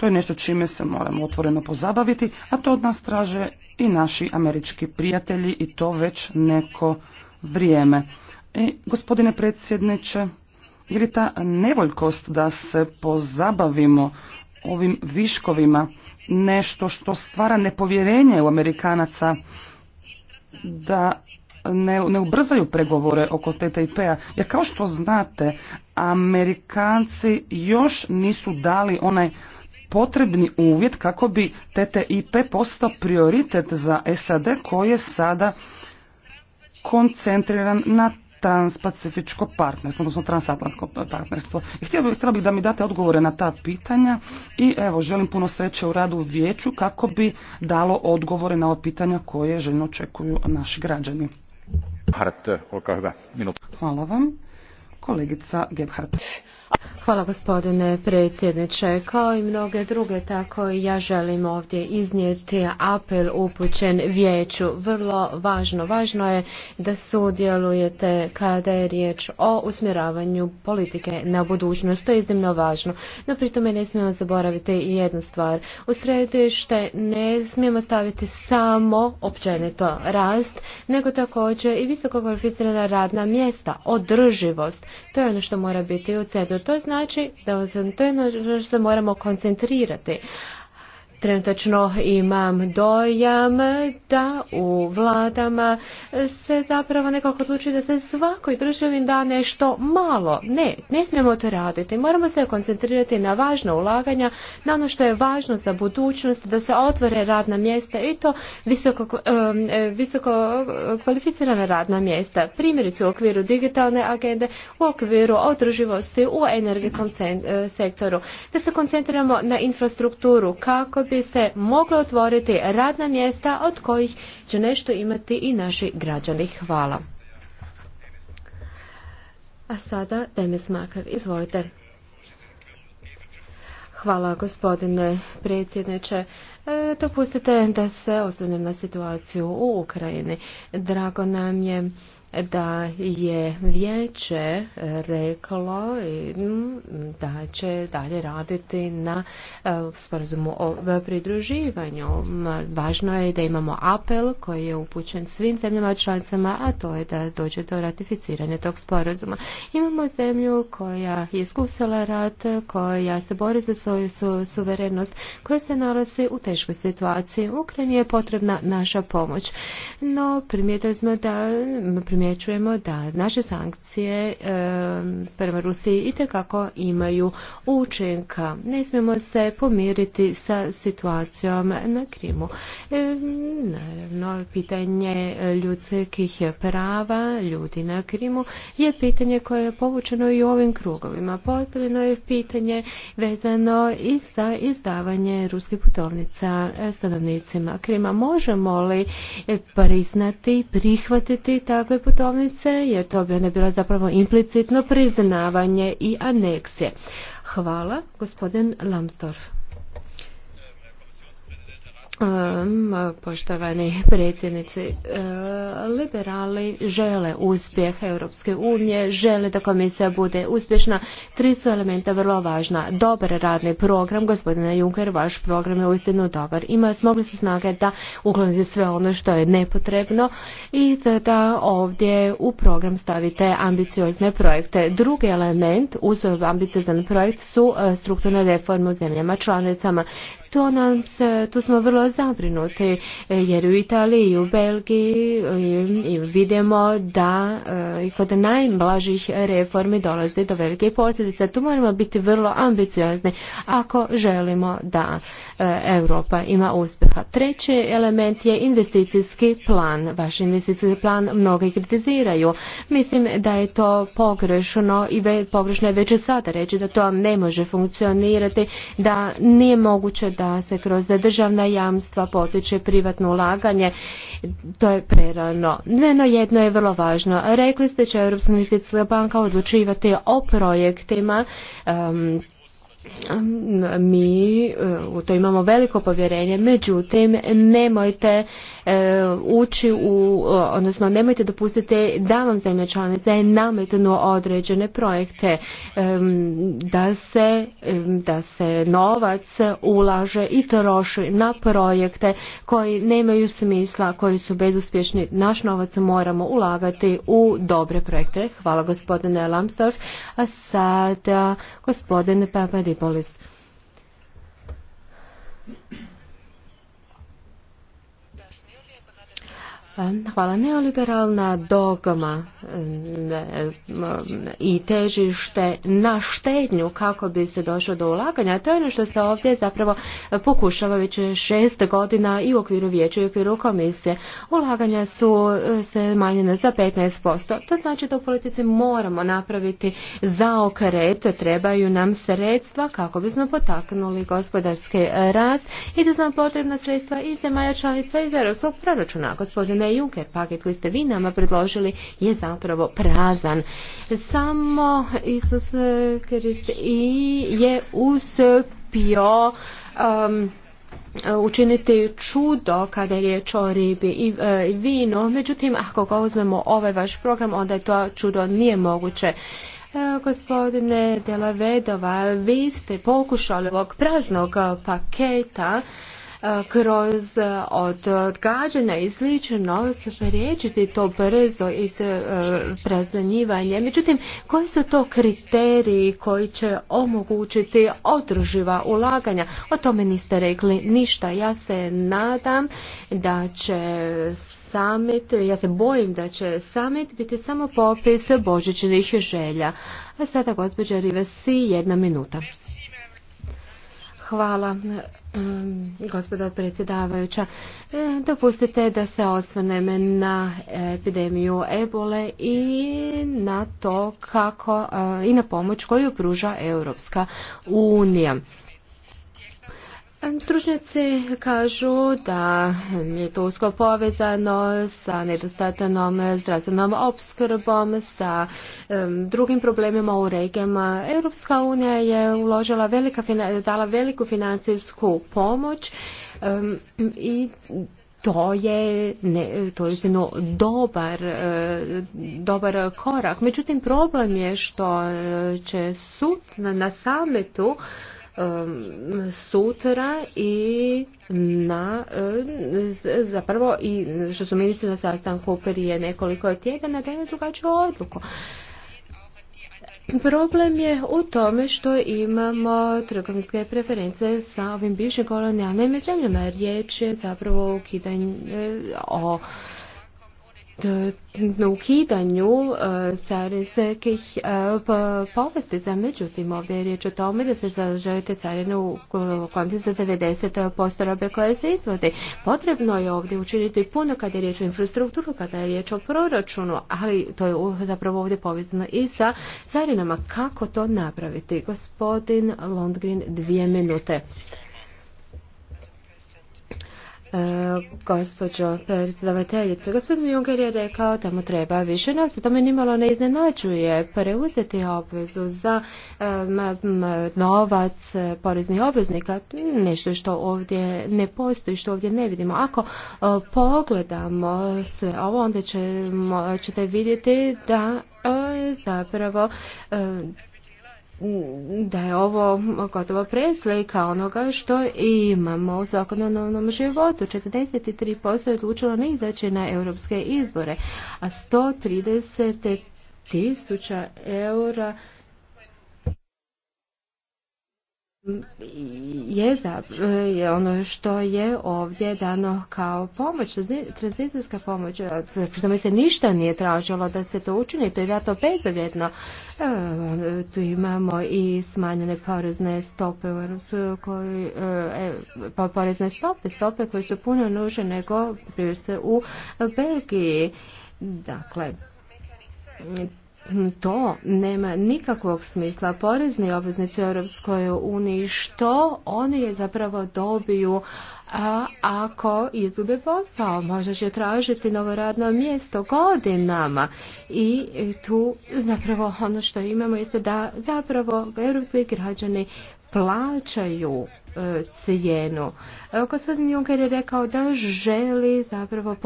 To je nešto čime se moramo otvoreno pozabaviti, a to od nas traže i naši američki prijatelji i to već neko vrijeme. I, e, gospodine predsjedniče, je li ta nevoljkost da se pozabavimo ovim viškovima nešto što stvara nepovjerenje u Amerikanaca da ne, ne ubrzaju pregovore oko TTIP-a, jer kao što znate, Amerikanci još nisu dali onaj potrebni uvjet kako bi TTIP postao prioritet za SAD koji je sada koncentriran na transpacifičko partnerstvo, odnosno transatlansko partnerstvo. I htio bih, htjela bih da mi date odgovore na ta pitanja i evo, želim puno sreće u radu u vijeću kako bi dalo odgovore na ova pitanja koje željno očekuju naši građani. Hvala vam. Kolegica Gebhardt. Hvala gospodine predsjedniče. Kao i mnoge druge, tako i ja želim ovdje iznijeti apel upućen vijeću. Vrlo važno. Važno je da sudjelujete kada je riječ o usmjeravanju politike na budućnost. To je iznimno važno. No pritome ne smijemo zaboraviti i jednu stvar. U središte ne smijemo staviti samo općenito rast, nego također i visoko kvalificirana radna mjesta, održivost. To je ono što mora biti u centru. To je znači da se moramo koncentrirati. Trenutačno imam dojam da u vladama se zapravo nekako odlučuje da se svakoj državi da nešto malo. Ne, ne smijemo to raditi. Moramo se koncentrirati na važna ulaganja, na ono što je važno za budućnost, da se otvore radna mjesta i to visoko, e, visoko kvalificirana radna mjesta. Primjerice u okviru digitalne agende, u okviru održivosti u energetskom e, sektoru. Da se koncentriramo na infrastrukturu kako bi se moglo otvoriti radna mjesta od kojih će nešto imati i naši građani. Hvala. A sada Demis Makar, izvolite. Hvala gospodine predsjedniče. E, dopustite da se osvrnem na situaciju u Ukrajini. Drago nam je da je vijeće reklo mm, da će dalje raditi na e, sporazumu o pridruživanju. Važno je da imamo apel koji je upućen svim zemljama članicama, a to je da dođe do ratificiranja tog sporazuma. Imamo zemlju koja je iskusila rat, koja se bori za svoju suverenost, koja se nalazi u teškoj situaciji. Ukrajini je potrebna naša pomoć. No, primijetili smo da primjećujemo da naše sankcije prema Rusiji itekako imaju učinka. Ne smijemo se pomiriti sa situacijom na Krimu. Naravno, pitanje ljudskih prava ljudi na Krimu je pitanje koje je povučeno i u ovim krugovima. Postavljeno je pitanje vezano i za izdavanje ruskih putovnica stanovnicima Krima. Možemo li priznati, prihvatiti takve putovnice? putovnice, jer to bi onda bilo zapravo implicitno priznavanje i aneksije. Hvala, gospodin Lambsdorff poštovani predsjednici, liberali žele uspjeh Europske unije, žele da komisija bude uspješna. Tri su elementa vrlo važna. Dobar radni program, gospodine Juncker, vaš program je uistinu dobar. Ima smogli se snage da uklonite sve ono što je nepotrebno i da, ovdje u program stavite ambiciozne projekte. Drugi element uz ovaj ambiciozan projekt su e, strukturne reforme u zemljama članicama. To nam se, tu smo vrlo zabrinuti e, jer u Italiji i u Belgiji e, vidimo da e, i kod najblažih reformi dolaze do velike posljedice. Tu moramo biti vrlo ambiciozni ako želimo da E, Europa ima uspjeha. Treći element je investicijski plan. Vaš investicijski plan mnogi kritiziraju. Mislim da je to pogrešno i pogrešno je već i sada reći da to ne može funkcionirati, da nije moguće da se kroz državna jamstva potiče privatno ulaganje. To je prerano. No jedno je vrlo važno. Rekli ste će Europska investicijska banka odlučivati o projektima mi e, u to imamo veliko povjerenje, međutim nemojte E, ući u, odnosno nemojte dopustiti da vam zemlje članice je nametno određene projekte, da se, da se novac ulaže i troši na projekte koji nemaju smisla, koji su bezuspješni. Naš novac moramo ulagati u dobre projekte. Hvala gospodine Lambsdorff. A sada gospodine Papadipolis. Hvala. Neoliberalna dogma e, e, i težište na štednju kako bi se došlo do ulaganja, to je ono što se ovdje zapravo pokušava već šest godina i u okviru vijeća i u okviru komisije. Ulaganja su e, se manjene za 15%. To znači da u politici moramo napraviti zaokret, trebaju nam sredstva kako bismo potaknuli gospodarski rast i tu su nam potrebna sredstva iz zemalja članica iz europskog proračuna. Gospodine Junker Juncker paket koji ste vi nama predložili je zapravo prazan. Samo Isus eh, Krist i je uspio um, učiniti čudo kada je riječ o ribi i e, eh, vino. Međutim, ako ga uzmemo ovaj vaš program, onda je to čudo nije moguće. E, gospodine Delavedova, vi ste pokušali ovog praznog paketa kroz e, odgađanja i slično spriječiti to brzo i praznanjivanje. E, Međutim, koji su to kriteriji koji će omogućiti održiva ulaganja? O tome niste rekli ništa. Ja se nadam da će summit, ja se bojim da će summit biti samo popis božićnih želja. A sada gospođa Rivesi, jedna minuta. Hvala. Mm, gospodo predsjedavajuća, e, dopustite da se osvrnem na epidemiju ebole i na to kako e, i na pomoć koju pruža Europska unija. Stručnjaci kažu da je to usko povezano sa nedostatanom zdravstvenom opskrbom, sa drugim problemima u regijama. Europska unija je uložila velika, dala veliku financijsku pomoć i to je to dobar, e, dobar korak. Međutim, problem je što e, će sud na, na sametu Um, sutra i na um, zapravo i što su ministri na sastanku prije nekoliko tjedana dali drugačiju odluku. Problem je u tome što imamo trgovinske preference sa ovim bivšim kolonijalnim zemljama. Riječ je zapravo o ukidanju e, o na ukidanju e, carinskih e, povestica. Međutim, ovdje je riječ o tome da se zadržavite carinu u za 90% robe koje se izvode. Potrebno je ovdje učiniti puno kada je riječ o infrastrukturu, kada je riječ o proračunu, ali to je zapravo ovdje povezano i sa carinama. Kako to napraviti? Gospodin Londgren, dvije minute gospođo predsjedavateljice. Gospodin Juncker je rekao da mu treba više novca. To me nimalo ne iznenađuje. Preuzeti obvezu za novac poreznih obveznika, nešto što ovdje ne postoji, što ovdje ne vidimo. Ako e, pogledamo sve ovo, onda ćete vidjeti da e, zapravo e, da je ovo gotovo preslika onoga što imamo u zakonodavnom životu. 43% je odlučilo ne izaći na europske izbore, a 130 tisuća eura je je ono što je ovdje dano kao pomoć, tranzicijska pomoć, e, pri se ništa nije tražilo da se to učini, to je to bezovjetno. E, ono, tu imamo i smanjene porezne stope koji, e, porezne stope, stope koje su puno nuže nego u Belgiji. Dakle, Hmm, to nema nikakvog smisla. Porezni obveznici Europskoj uniji što oni je zapravo dobiju ako izgube posao, možda će tražiti novo radno mjesto godinama. I tu zapravo ono što imamo jeste da zapravo europski građani plaćaju e, cijenu Gospodin Juncker je rekao da želi zapravo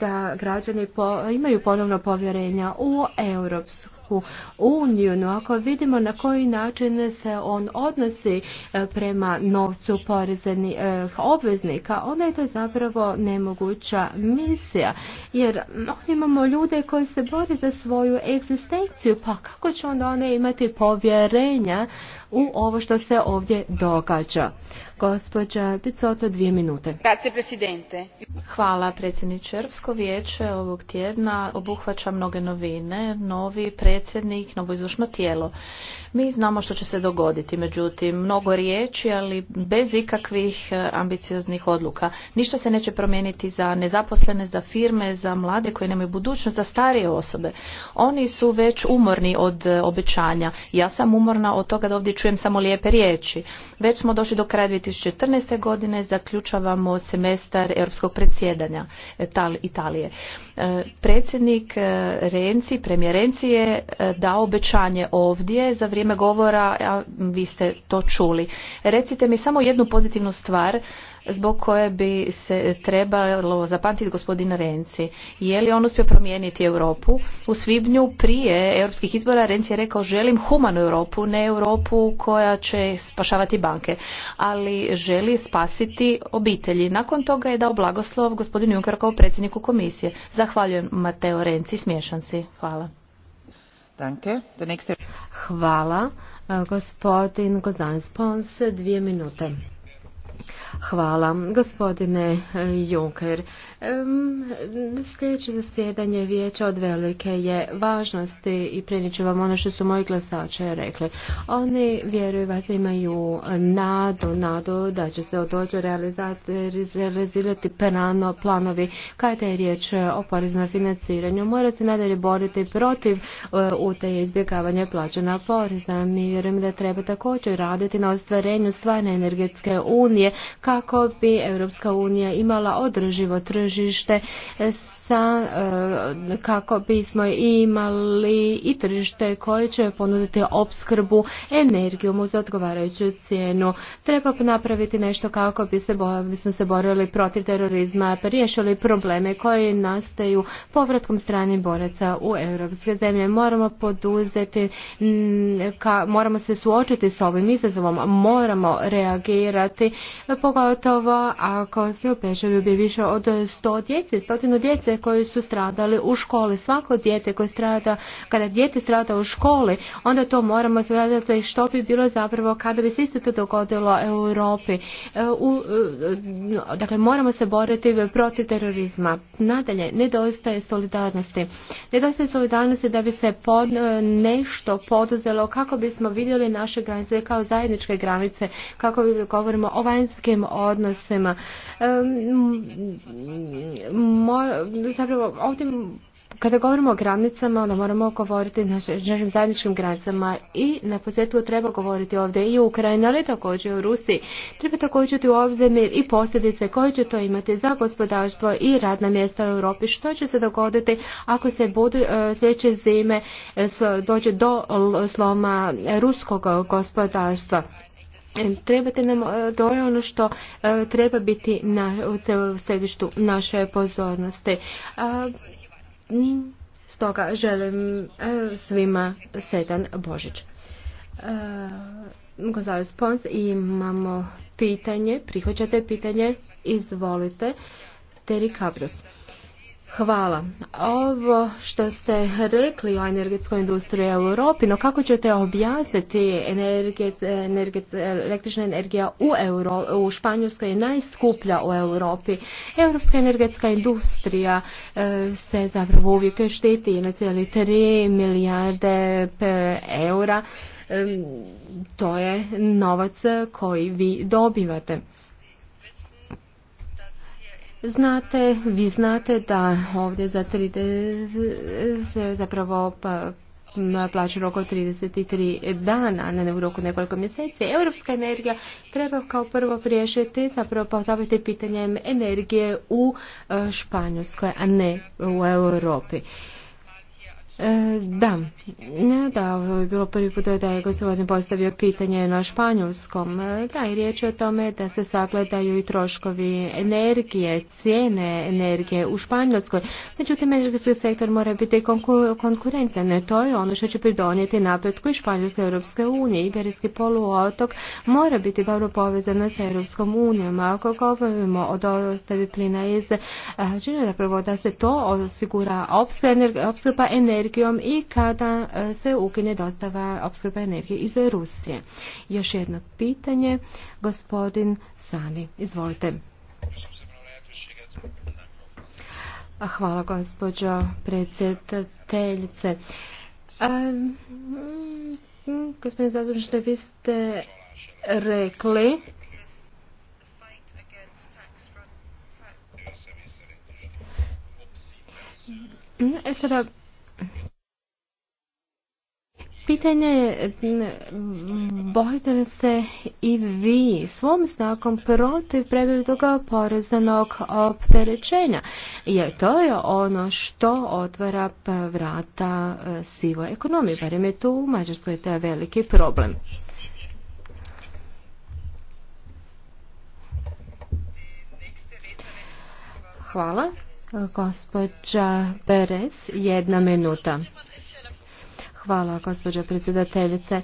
da građani po, imaju ponovno povjerenja u Europsku uniju. No ako vidimo na koji način se on odnosi e, prema novcu poreznih e, obveznika, onda je to zapravo nemoguća misija. Jer no, imamo ljude koji se bore za svoju egzistenciju, pa kako će onda one imati povjerenja u ovo što se ovdje događa dvije minute. Hvala predsjedniče. Europsko vijeće ovog tjedna obuhvaća mnoge novine, novi predsjednik, novo izvršno tijelo. Mi znamo što će se dogoditi, međutim, mnogo riječi, ali bez ikakvih e, ambicioznih odluka. Ništa se neće promijeniti za nezaposlene, za firme, za mlade koji nemaju budućnost, za starije osobe. Oni su već umorni od e, obećanja. Ja sam umorna od toga da ovdje čujem samo lijepe riječi. Već smo došli do kraja 2014. godine zaključavamo semestar europskog predsjedanja e, Italije. E, predsjednik e, Renci, premijer Renci je dao obećanje ovdje za vrijeme govora, a vi ste to čuli. Recite mi samo jednu pozitivnu stvar zbog koje bi se trebalo zapamtiti gospodin Renci. Je li on uspio promijeniti Europu? U svibnju prije europskih izbora Renci je rekao želim humanu Europu, ne Europu koja će spašavati banke, ali želi spasiti obitelji. Nakon toga je dao blagoslov gospodinu Juncker kao predsjedniku komisije. Zahvaljujem Mateo Renci, smiješan si. Hvala. Hvala. Gospodin Gozdan dvije minute. Hvala. Gospodine Juncker, Sljedeće zasjedanje vijeća od velike je važnosti i prenijet vam ono što su moji glasače rekli. Oni vjeruju vas imaju nadu, nadu da će se odođe realizirati penalno planovi kada je riječ o poreznom financiranju. Mora se nadalje boriti protiv e, utaje izbjegavanja na poreza. Mi vjerujem da treba također raditi na ostvarenju stvarne energetske unije kako bi Europska unija imala održivo tržište tržište sa e, kako bismo imali i tržište koje će ponuditi opskrbu energijom uz odgovarajuću cijenu. Treba napraviti nešto kako bismo se borili protiv terorizma, riješili probleme koji nastaju povratkom stranih boraca u europske zemlje. Moramo poduzeti, moramo se suočiti s ovim izazovom, moramo reagirati, pogotovo ako se u bi više od 100 djece, stotinu djece djece koji su stradali u školi. Svako dijete koje strada, kada dijete strada u školi, onda to moramo zgledati što bi bilo zapravo kada bi se isto to dogodilo Europi. E, e, dakle, moramo se boriti protiv terorizma. Nadalje, nedostaje solidarnosti. Nedostaje solidarnosti da bi se e, nešto poduzelo kako bismo vidjeli naše granice kao zajedničke granice, kako govorimo o vanjskim odnosima zapravo ovdje kada govorimo o granicama, onda moramo govoriti o našim zajedničkim granicama i na posjetu treba govoriti ovdje i u Ukrajini, ali također i u Rusiji. Treba također u obzir i posljedice koje će to imati za gospodarstvo i radna mjesta u Europi. Što će se dogoditi ako se budu e, sljedeće zime e, dođe do sloma ruskog gospodarstva? Trebate nam, e, to je ono što e, treba biti na, u središtu naše pozornosti. stoga želim e, svima sretan Božić. Gonzales Pons, imamo pitanje, prihvaćate pitanje, izvolite. Teri Kabros. Hvala. Ovo što ste rekli o energetskoj industriji u Europi, no kako ćete objasniti električna energija u, u Španjolskoj je najskuplja u Europi. Europska energetska industrija e, se zapravo uvijek štiti tri milijarde eura. E, to je novac koji vi dobivate. Znate, vi znate da ovdje za se zapravo pa, plaću roko 33 dana, ne u roku nekoliko mjeseci. Europska energija treba kao prvo priješiti, zapravo postaviti pitanjem energije u e, Španjolskoj, a ne u Europi. E, da, da, ovo je bilo prvi put da je gospodin postavio pitanje na španjolskom. E, da, i riječ je o tome da se sagledaju i troškovi energije, cijene energije u Španjolskoj. Međutim, energetski sektor mora biti konkurentan. To je ono što će pridonijeti napretku i Španjolske Europske unije. Iberijski poluotok mora biti dobro povezan sa Europskom unijom. Ako govorimo o dostavi plina iz zapravo e, da se to osigura opskrba energije energijom i kada e, se ukine dostava opskrba energije iz Rusije. Još jedno pitanje, gospodin Sani, izvolite. Hvala gospođo predsjedateljice. E, mm, gospodin Zadužne, vi ste rekli E sada, Pitanje je, bojite li se i vi svom znakom protiv prevelikog poreznog opterećenja? Jer to je ono što otvara vrata e, sivoj ekonomiji. Barem je tu u Mađarskoj taj veliki problem. Hvala. Gospođa Perez, jedna minuta. Hvala, gospođo predsjedateljice.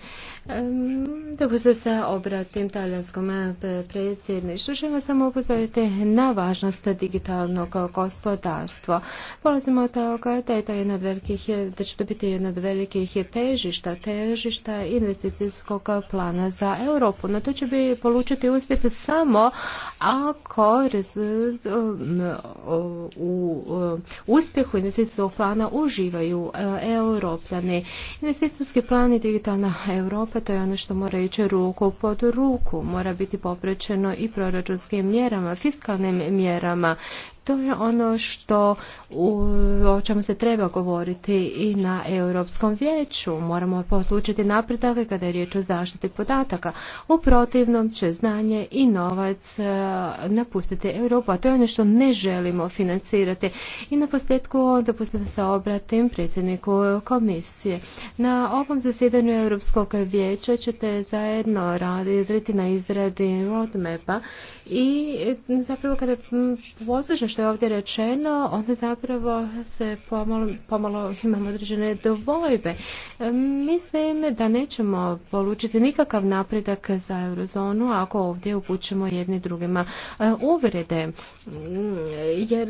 Dopustite se obratim talijanskom eh, predsjedništvu. Želimo samo upozoriti na važnost digitalnog gospodarstva. Polazimo od toga da je to velikih, da će to biti jedna od velikih težišta, težišta investicijskog plana za Europu. No to će bi polučiti uspjeh samo ako u uspjehu investicijskog plana uživaju eh, europljani. Investicijski plan i digitalna Europa Dakle, to je ono što mora ići ruku pod ruku, mora biti poprečeno i proračunskim mjerama, fiskalnim mjerama to je ono što o čemu se treba govoriti i na Europskom vijeću. Moramo poslučiti napredak kada je riječ o zaštiti podataka. U protivnom će znanje i novac e, napustiti Europu, a to je ono što ne želimo financirati. I na posljedku dopustite se obratim predsjedniku komisije. Na ovom zasjedanju Europskog vijeća ćete zajedno raditi na izradi roadmapa i zapravo kada pozvažeš što je ovdje rečeno, onda zapravo se pomalo, pomalo imamo određene dovojbe. E, mislim da nećemo polučiti nikakav napredak za eurozonu ako ovdje upućemo jedni drugima e, uvrede. Mm, jer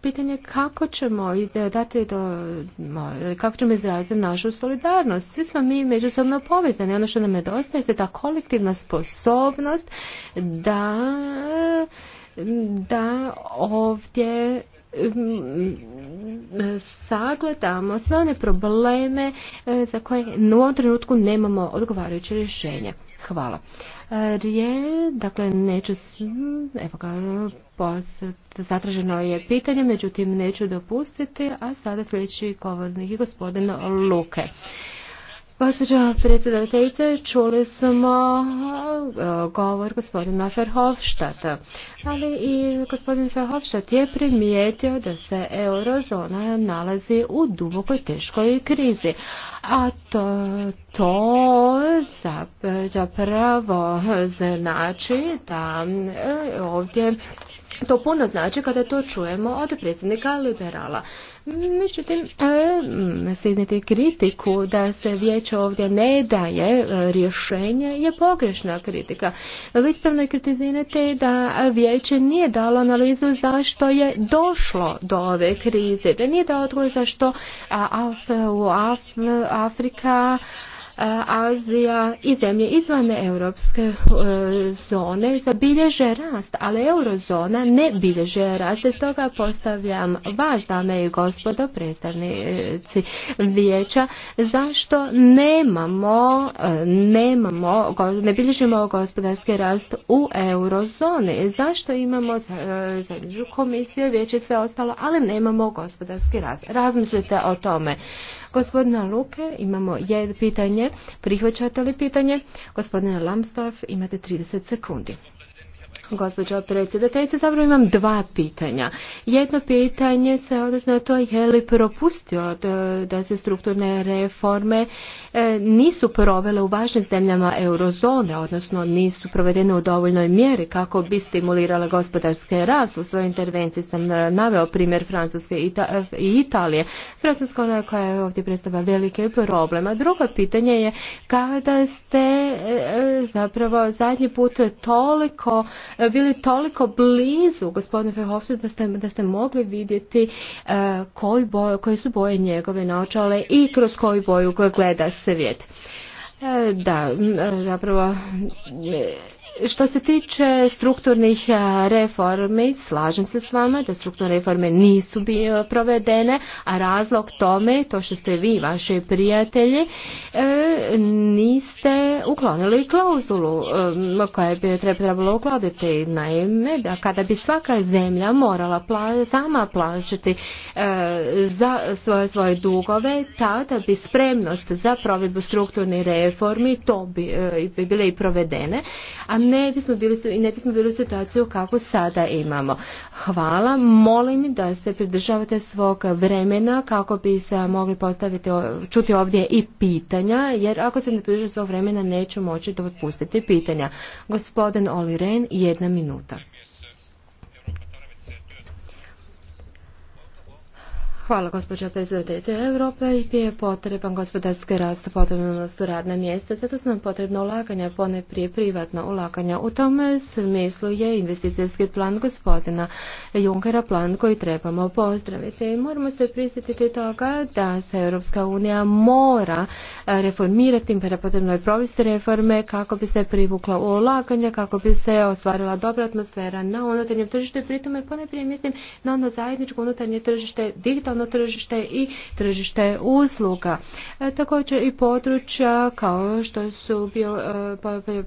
pitanje kako ćemo dati kako ćemo izraziti našu solidarnost. Svi smo mi međusobno povezani. Ono što nam nedostaje je ta kolektivna sposobnost da da ovdje mm, sagledamo sve one probleme e, za koje u ovom trenutku nemamo odgovarajuće rješenje. Hvala. E, rije, dakle, neću, evo ga, zatraženo je pitanje, međutim neću dopustiti, a sada sljedeći govornik je gospodin Luke. Gospođo predsjedateljice, čuli smo e, govor gospodina Verhofštata, ali i gospodin Verhofštat je primijetio da se eurozona nalazi u dubokoj teškoj krizi, a to, to zapravo znači da e, ovdje to puno znači kada to čujemo od predsjednika liberala. Međutim, e, se kritiku da se vijeće ovdje ne daje e, rješenje je pogrešna kritika. Vi ispravno kritizirate da vijeće nije dalo analizu zašto je došlo do ove krize, da nije dao odgovor zašto Af, Afrika E, Azija i zemlje izvan europske e, zone zabilježe rast, ali eurozona ne bilježe rast. Stoga postavljam vas, dame i gospodo, predstavnici vijeća, zašto nemamo, e, nemamo, ne bilježimo gospodarski rast u eurozoni? Zašto imamo komisiju, vijeće sve ostalo, ali nemamo gospodarski rast? Razmislite o tome. Gospodina Luke, imamo je pitanje. Prihvaćate li pitanje? Gospodine Lambsdorff, imate 30 sekundi. Gospođo predsjedateljice, zapravo imam dva pitanja. Jedno pitanje se odnosi na to je li propustio e, da se strukturne reforme e, nisu provele u važnim zemljama eurozone, odnosno nisu provedene u dovoljnoj mjeri kako bi stimulirale gospodarske rast. U svojoj intervenciji sam e, naveo primjer Francuske i Italije. Francuska ona koja je ovdje predstava velike problema. Drugo pitanje je kada ste zapravo zadnji put toliko E, bili toliko blizu gospodine Verhofstu da ste, da ste mogli vidjeti e, koji boje, koje su boje njegove naočale i kroz koju boju koju gleda svijet. E, da, zapravo što se tiče strukturnih reformi, slažem se s vama da strukturne reforme nisu bio provedene, a razlog tome, to što ste vi, vaši prijatelji, e, niste uklonili klauzulu e, koja bi trebalo ukloniti. Naime, da kada bi svaka zemlja morala sama plaćati e, za svoje, svoje dugove, tada bi spremnost za provedbu strukturnih reformi, to bi, bi bile i provedene, a ne bismo bili i ne bismo bili u situaciju kako sada imamo. Hvala, molim da se pridržavate svog vremena kako bi se mogli postaviti, čuti ovdje i pitanja, jer ako se ne pridržavate svog vremena neću moći dopustiti pitanja. Gospodin Oli Ren, jedna minuta. Hvala gospođa predsjedateljice Europe i je potreban gospodarski rast, potrebno su radna mjesta, zato su nam potrebno ulaganja, pone prije privatno ulaganja. U tome smislu je investicijski plan gospodina Junkera, plan koji trebamo pozdraviti. Moramo se prisjetiti toga da se Europska unija mora reformirati, potrebno je provesti reforme kako bi se privukla ulaganja, kako bi se ostvarila dobra atmosfera na unutarnjem tržištu i tome pone mislim na ono zajedničko unutarnje tržište digitalno tržište i tržište usluga. E, također i područja kao što su bio,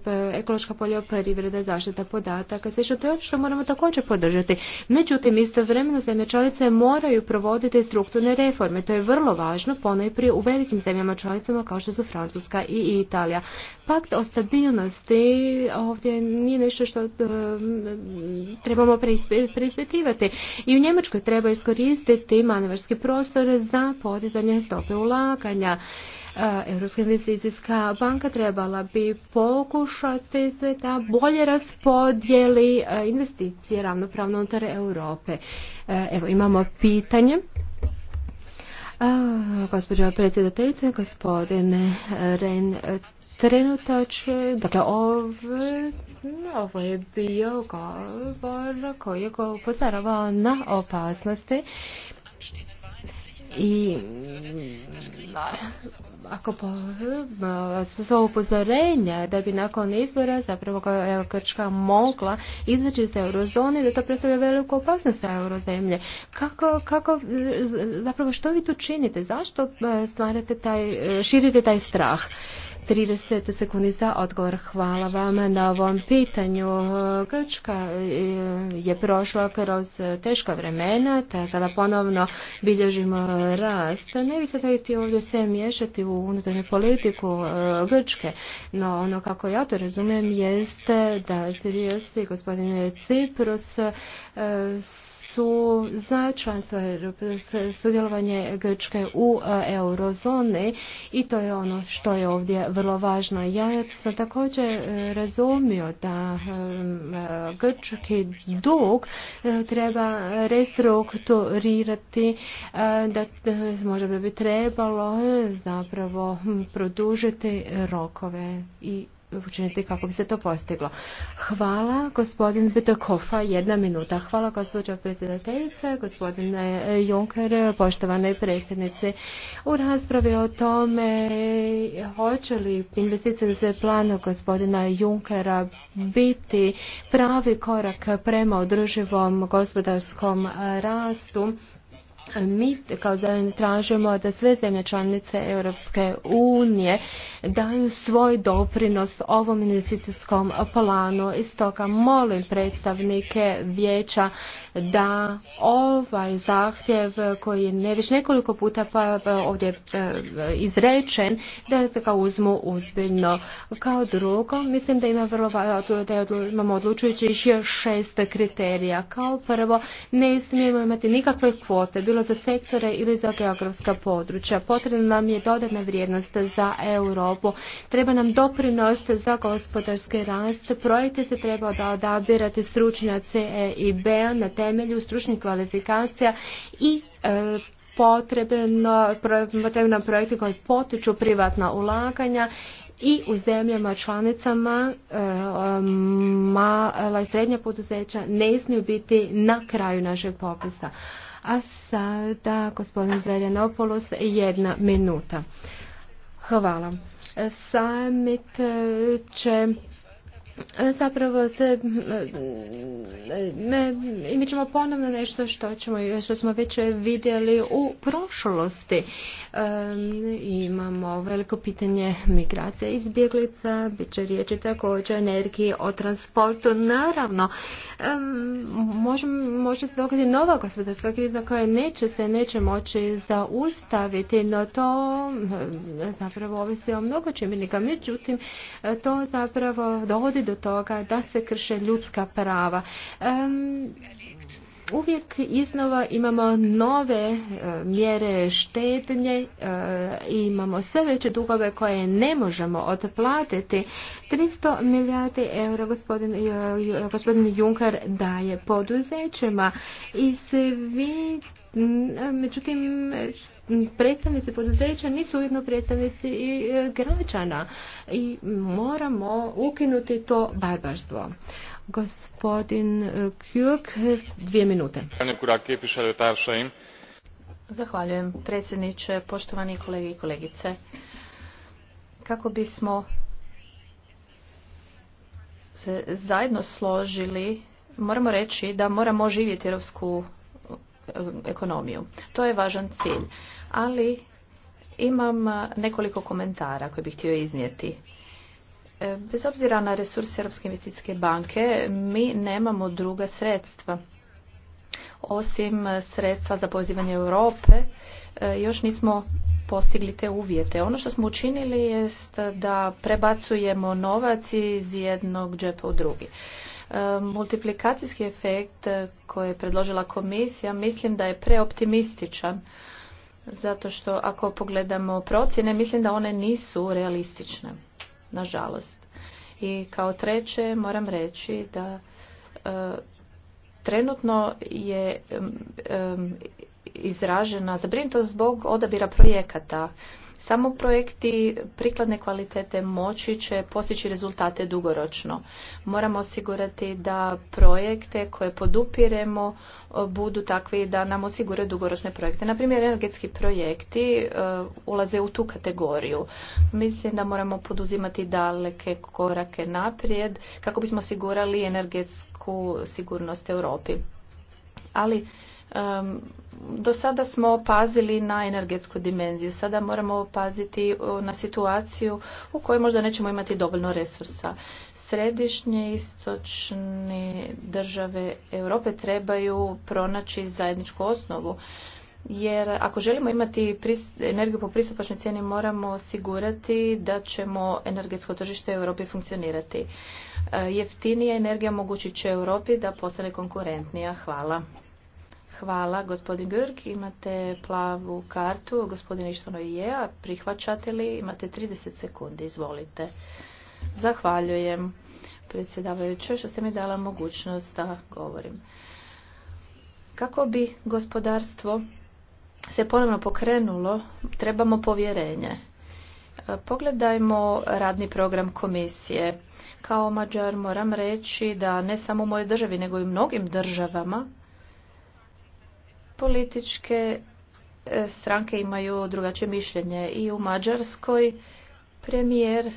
e, ekološka poljoprivreda, zaštita podataka, sve što to je ono što moramo također podržati. Međutim, istovremeno zemlje članice moraju provoditi strukturne reforme. To je vrlo važno, ponajprije u velikim zemljama članicama kao što su Francuska i Italija. Pakt o stabilnosti ovdje nije nešto što e, trebamo preispitivati. I u Njemačkoj treba iskoristiti manove manevarski prostor za podizanje stope ulaganja. E, Europska investicijska banka trebala bi pokušati se da bolje raspodijeli e, investicije ravnopravno unutar Europe. E, evo imamo pitanje. Gospođo predsjedateljice, gospodine Ren, trenutač, dakle ovo je bio govor koji je na opasnosti i mm, ako po, upozorenja da bi nakon izbora zapravo Krčka mogla izaći iz eurozone da to predstavlja veliku opasnost za eurozemlje. Kako, kako, zapravo što vi tu činite? Zašto e, stvarate taj, e, širite taj strah? 30 sekundi za odgovor. Hvala vam na ovom pitanju. Grčka eh, je prošla kroz teška vremena, tada ponovno bilježimo rast. Ne bi se ti ovdje sve miješati u unutarnju politiku eh, Grčke, no ono kako ja to razumijem jeste da Sirius gospodine gospodine Ciprus eh, su za članstvo sudjelovanje Grčke u e, eurozoni i to je ono što je ovdje vrlo važno. Ja sam također e, razumio da e, grčki dug treba restrukturirati, da možda bi trebalo zapravo produžiti rokove i učiniti kako bi se to postiglo. Hvala gospodin Bitokofa, jedna minuta. Hvala gospođo predsjedateljice, gospodine Juncker, poštovane predsjednice. U raspravi o tome hoće li za plan gospodina Junkera biti pravi korak prema održivom gospodarskom rastu mi kao da tražimo da sve zemlje članice Europske unije daju svoj doprinos ovom investicijskom planu i stoga molim predstavnike vijeća da ovaj zahtjev koji je ne već nekoliko puta pa, pa ovdje e, izrečen da ga uzmu uzbiljno. Kao drugo, mislim da ima vrlo da imamo odlučujući još šest kriterija. Kao prvo, ne smijemo imati nikakve kvote, bilo za sektore ili za geografska područja. Potrebna nam je dodatna vrijednost za Europu. Treba nam doprinos za gospodarski rast. Projekte se treba da odabirati stručnjaci e i B na temelju stručnih kvalifikacija i e, potrebno, potrebno projekte koji potiču privatna ulaganja i u zemljama članicama e, mala i srednja poduzeća ne smiju biti na kraju našeg popisa. A sada gospodin Zeljanopoulos, jedna minuta. Hvala. Summit eh, će eh, zapravo se eh, ne, mi ćemo ponovno nešto što, ćemo, što smo već vidjeli u prošlosti. imamo veliko pitanje migracije izbjeglica, bit će riječi također energiji o transportu. Naravno, može, se dogoditi nova gospodarska kriza koja neće se neće moći zaustaviti, no to zapravo ovisi o mnogo čimbenika. Međutim, to zapravo dovodi do toga da se krše ljudska prava uvijek iznova imamo nove e, mjere štednje e, i imamo sve veće dugove koje ne možemo otplatiti. 300 milijardi eura gospodin, e, gospodin Juncker daje poduzećima i svi međutim predstavnici poduzeća nisu ujedno predstavnici i građana i moramo ukinuti to barbarstvo. Gospodin e, Kjurk, dvije minute. Zahvaljujem predsjedniče, poštovani kolege i kolegice. Kako bismo se zajedno složili, moramo reći da moramo živjeti europsku e, ekonomiju. To je važan cilj. Ali imam nekoliko komentara koje bih htio iznijeti. E, bez obzira na resurse Europske investicijske banke, mi nemamo druga sredstva. Osim e, sredstva za pozivanje Europe, e, još nismo postigli te uvjete. Ono što smo učinili jest da prebacujemo novac iz jednog džepa u drugi. Multiplikacijski efekt koji je predložila komisija mislim da je preoptimističan zato što ako pogledamo procjene mislim da one nisu realistične nažalost. I kao treće moram reći da e, trenutno je izražena zabrinutost zbog odabira projekata samo projekti prikladne kvalitete moći će postići rezultate dugoročno. Moramo osigurati da projekte koje podupiremo budu takvi da nam osiguraju dugoročne projekte. Naprimjer, energetski projekti e, ulaze u tu kategoriju. Mislim da moramo poduzimati daleke korake naprijed kako bismo osigurali energetsku sigurnost Europi. Ali do sada smo pazili na energetsku dimenziju, sada moramo paziti na situaciju u kojoj možda nećemo imati dovoljno resursa. Središnje istočne države Europe trebaju pronaći zajedničku osnovu jer ako želimo imati energiju po pristupačnoj cijeni moramo osigurati da ćemo energetsko tržište u Europi funkcionirati. E, jeftinija energija omogućit će Europi da postane konkurentnija. Hvala. Hvala, gospodin Grg. Imate plavu kartu, gospodin Ištvano i je, prihvaćate li? Imate 30 sekundi, izvolite. Zahvaljujem predsjedavajuće što ste mi dala mogućnost da govorim. Kako bi gospodarstvo se ponovno pokrenulo, trebamo povjerenje. Pogledajmo radni program komisije. Kao Mađar moram reći da ne samo u mojoj državi, nego i u mnogim državama Političke e, stranke imaju drugačije mišljenje i u Mađarskoj premijer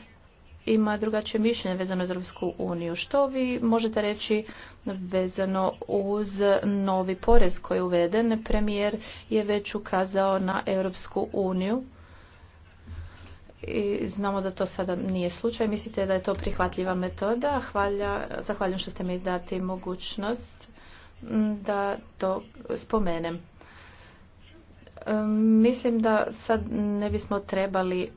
ima drugačije mišljenje vezano za Europsku uniju. Što vi možete reći vezano uz novi porez koji je uveden? Premijer je već ukazao na Europsku uniju i znamo da to sada nije slučaj. Mislite da je to prihvatljiva metoda? Hvala, zahvaljujem što ste mi dati mogućnost da to spomenem. Mislim da sad ne bismo trebali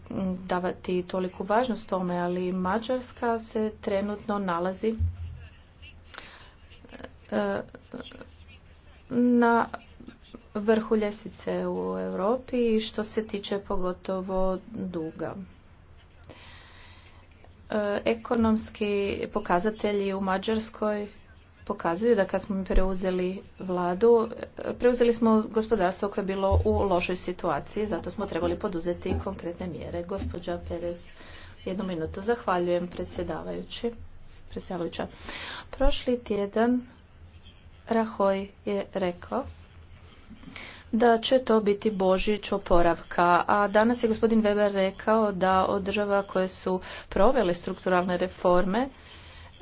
davati toliku važnost tome, ali Mađarska se trenutno nalazi na vrhu ljestvice u Europi i što se tiče pogotovo duga. Ekonomski pokazatelji u Mađarskoj pokazuju da kad smo preuzeli vladu, preuzeli smo gospodarstvo koje je bilo u lošoj situaciji, zato smo trebali poduzeti konkretne mjere. Gospođa Perez, jednu minutu. Zahvaljujem predsjedavajući. Predsjedavajuća. Prošli tjedan Rahoj je rekao da će to biti božić oporavka, a danas je gospodin Weber rekao da od država koje su provele strukturalne reforme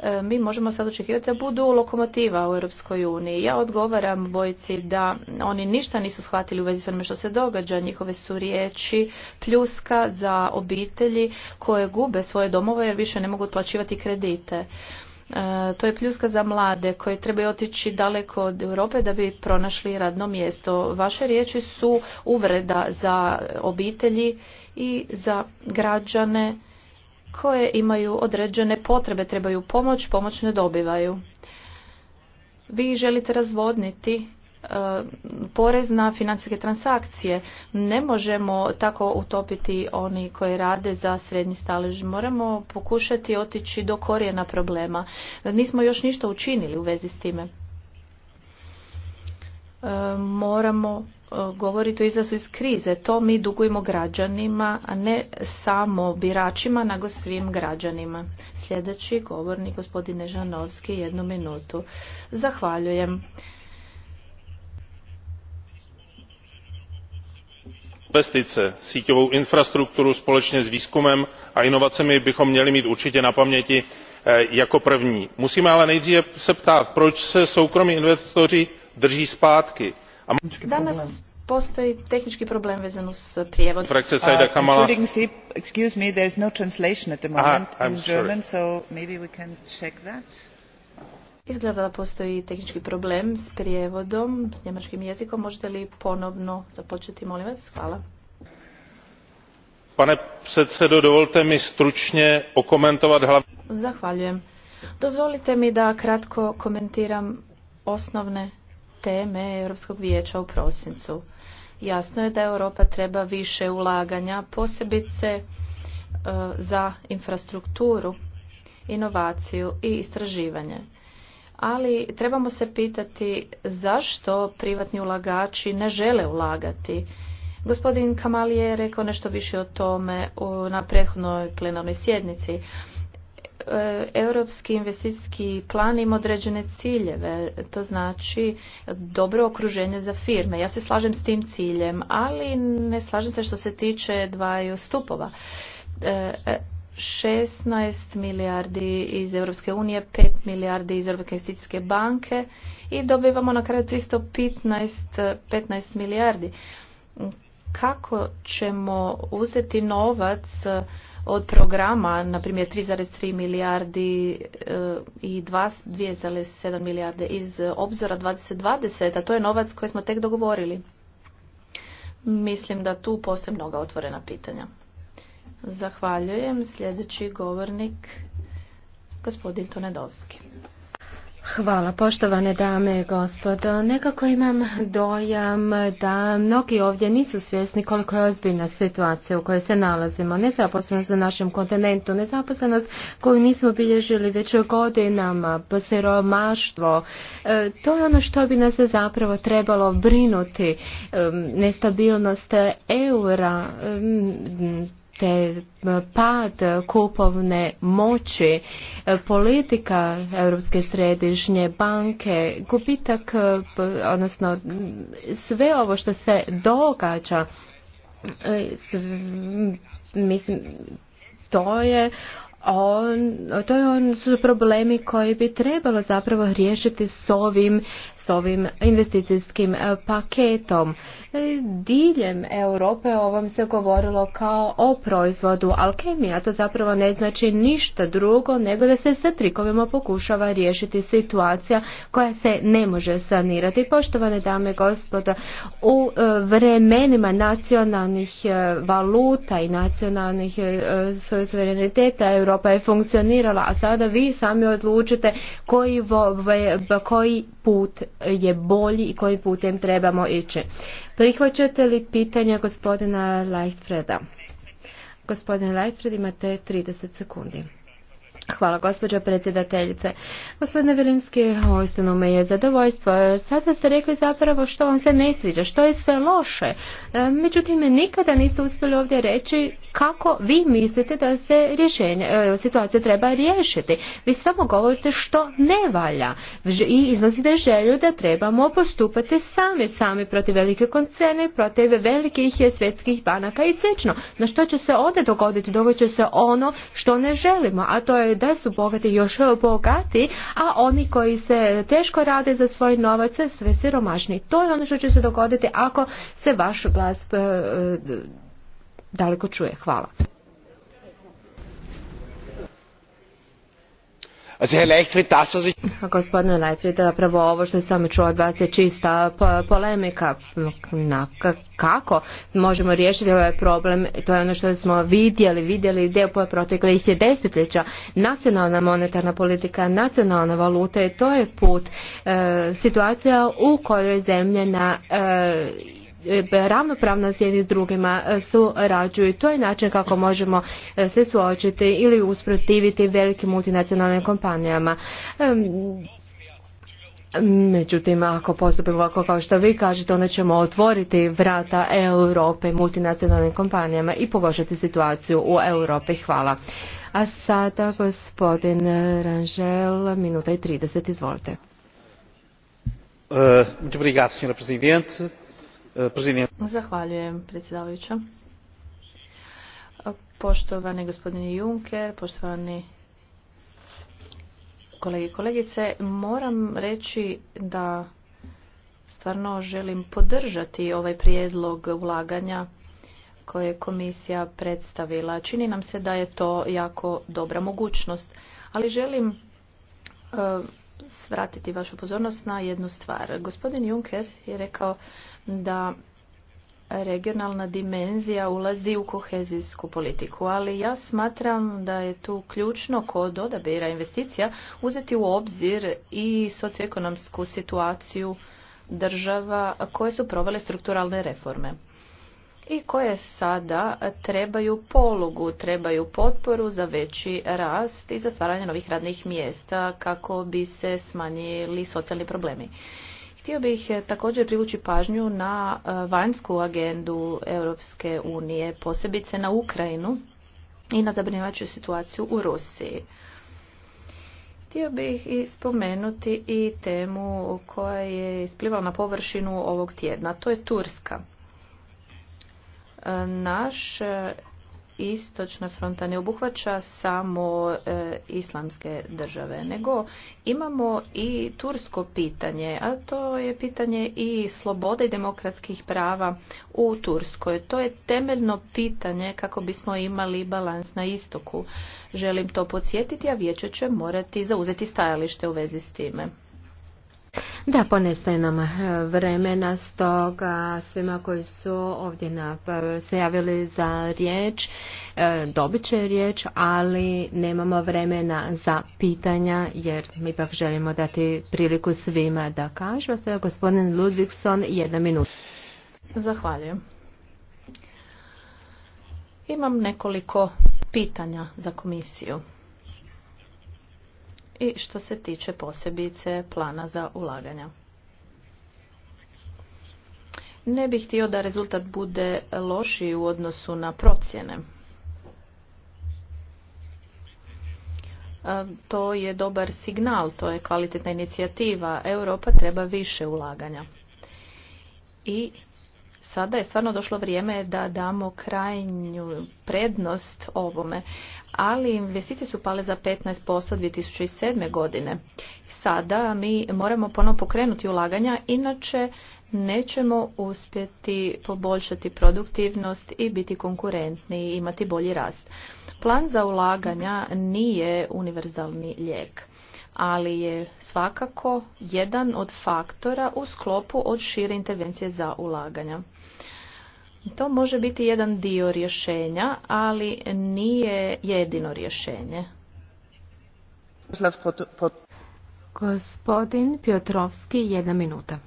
E, mi možemo sad očekivati da budu lokomotiva u Europskoj uniji. Ja odgovaram bojici da oni ništa nisu shvatili u vezi s onime što se događa. Njihove su riječi pljuska za obitelji koje gube svoje domove jer više ne mogu otplaćivati kredite. E, to je pljuska za mlade koji trebaju otići daleko od Europe da bi pronašli radno mjesto. Vaše riječi su uvreda za obitelji i za građane koje imaju određene potrebe, trebaju pomoć, pomoć ne dobivaju. Vi želite razvodniti e, porez na financijske transakcije. Ne možemo tako utopiti oni koji rade za srednji stalež. Moramo pokušati otići do korijena problema. Nismo još ništa učinili u vezi s time. E, moramo e, govoriti o izlazu iz krize. To mi dugujemo građanima, a ne samo biračima, nego svim građanima. Sljedeći govornik, gospodine Žanovski, jednu minutu. Zahvaljujem. Investice, síťovou infrastrukturu společně s výzkumem a inovacemi bychom měli mít určitě na paměti e, jako první. Musíme ale nejdříve se ptát, proč se soukromí investoři drži zpátky. A... Danas postoji tehnički problem vezan uz prijevod. Frakce uh, Kamala. Uh, excuse me, there is no translation at the moment in German, so maybe we can check that. Izgleda da postoji tehnički problem s prijevodom, s njemačkim jezikom. Možete li ponovno započeti, molim vas? Hvala. Pane predsedo, dovolte mi stručnje okomentovat Zahvaljujem. Dozvolite mi da kratko komentiram osnovne teme Europskog vijeća u prosincu. Jasno je da Europa treba više ulaganja, posebice e, za infrastrukturu, inovaciju i istraživanje. Ali trebamo se pitati zašto privatni ulagači ne žele ulagati. Gospodin Kamal je rekao nešto više o tome na prethodnoj plenarnoj sjednici. E, europski investicijski plan ima određene ciljeve, to znači dobro okruženje za firme. Ja se slažem s tim ciljem, ali ne slažem se što se tiče dvaju stupova. 16 e, e, milijardi iz Europske unije, 5 milijardi iz Europske investicijske banke i dobivamo na kraju 315 15 milijardi. Kako ćemo uzeti novac od programa, na primjer 3,3 milijardi eh, i 2,7 milijarde iz obzora 2020, a to je novac koji smo tek dogovorili. Mislim da tu postoje mnoga otvorena pitanja. Zahvaljujem. Sljedeći govornik, gospodin Tonedovski. Hvala, poštovane dame i gospodo. Nekako imam dojam da mnogi ovdje nisu svjesni koliko je ozbiljna situacija u kojoj se nalazimo. Nezaposlenost na našem kontinentu, nezaposlenost koju nismo bilježili već godinama, siromaštvo. E, to je ono što bi nas zapravo trebalo brinuti. E, nestabilnost eura, e, te e, pad kupovne moći, e, politika Europske središnje banke, gubitak, e, odnosno sve ovo što se događa, mislim, to je on, to on, su problemi koji bi trebalo zapravo riješiti s ovim, s ovim investicijskim e, paketom. E, diljem Europe o ovom se govorilo kao o proizvodu alkemija. To zapravo ne znači ništa drugo nego da se sa trikovima pokušava riješiti situacija koja se ne može sanirati. Poštovane dame i gospoda, u e, vremenima nacionalnih valuta i nacionalnih suvereniteta Europe Europa je funkcionirala, a sada vi sami odlučite koji, koji put je bolji i kojim putem trebamo ići. Prihvaćate li pitanja gospodina Lightfreda? Gospodin Lightfred, imate 30 sekundi. Hvala gospođo predsjedateljice. Gospodine Vilimski, uistinu me je zadovoljstvo. Sada ste rekli zapravo što vam se ne sviđa, što je sve loše. E, međutim, nikada niste uspjeli ovdje reći kako vi mislite da se rješenje, e, situacija treba riješiti. Vi samo govorite što ne valja i iznosite želju da trebamo postupati sami, sami protiv velike koncerne, protiv velikih svjetskih banaka i sl. No što će se ovdje dogoditi? Dogodit će se ono što ne želimo, a to je da su bogati još bogati, a oni koji se teško rade za svoj novac sve siromašni. To je ono što će se dogoditi ako se vaš glas e, e, daleko čuje. Hvala. Gospodine Leitfried, zapravo ovo što sam čuo od vas je čista polemika. kako možemo riješiti ovaj problem? To je ono što smo vidjeli, vidjeli gdje po proteklih je desetljeća. Nacionalna monetarna politika, nacionalna valuta to je put. E, situacija u kojoj zemlje na e, E, ravnopravno jedni s drugima e, surađuju. To je način kako možemo e, se suočiti ili usprotiviti velikim multinacionalnim kompanijama. Međutim, ako postupimo ovako kao što vi kažete, onda ćemo otvoriti vrata Europe multinacionalnim kompanijama i pogošati situaciju u Europi. Hvala. A sada gospodin Rangel, minuta i 30, izvolite. Uh, muito obrigado, Zahvaljujem, predsjedavajuća. Poštovani gospodine Juncker, poštovani kolege i kolegice, moram reći da stvarno želim podržati ovaj prijedlog ulaganja koje je komisija predstavila. Čini nam se da je to jako dobra mogućnost, ali želim e, svratiti vašu pozornost na jednu stvar. Gospodin Juncker je rekao da regionalna dimenzija ulazi u kohezijsku politiku, ali ja smatram da je tu ključno kod odabira investicija uzeti u obzir i socioekonomsku situaciju država koje su provele strukturalne reforme i koje sada trebaju polugu, trebaju potporu za veći rast i za stvaranje novih radnih mjesta kako bi se smanjili socijalni problemi. Htio bih e, također privući pažnju na e, vanjsku agendu Europske unije, posebice na Ukrajinu i na zabrinjavajuću situaciju u Rusiji. Htio bih i spomenuti i temu koja je isplivala na površinu ovog tjedna, to je Turska. E, naš istočna fronta ne obuhvaća samo e, islamske države, nego imamo i tursko pitanje, a to je pitanje i slobode i demokratskih prava u Turskoj. To je temeljno pitanje kako bismo imali balans na istoku. Želim to podsjetiti, a vijeće će morati zauzeti stajalište u vezi s time. Da, ponestaje nam e, vremena, stoga svima koji su ovdje pa, se javili za riječ, e, dobit će riječ, ali nemamo vremena za pitanja, jer mi ipak želimo dati priliku svima da kažu. Sada gospodin Ludvigson, jedna minuta. Zahvaljujem. Imam nekoliko pitanja za komisiju i što se tiče posebice plana za ulaganja. Ne bih htio da rezultat bude lošiji u odnosu na procjene. To je dobar signal, to je kvalitetna inicijativa. Europa treba više ulaganja. I sada je stvarno došlo vrijeme da damo krajnju prednost ovome, ali investicije su pale za 15% 2007. godine. Sada mi moramo ponovno pokrenuti ulaganja, inače nećemo uspjeti poboljšati produktivnost i biti konkurentni i imati bolji rast. Plan za ulaganja nije univerzalni lijek ali je svakako jedan od faktora u sklopu od šire intervencije za ulaganja. To može biti jedan dio rješenja, ali nije jedino rješenje. Gospodin Piotrovski, jedna minuta.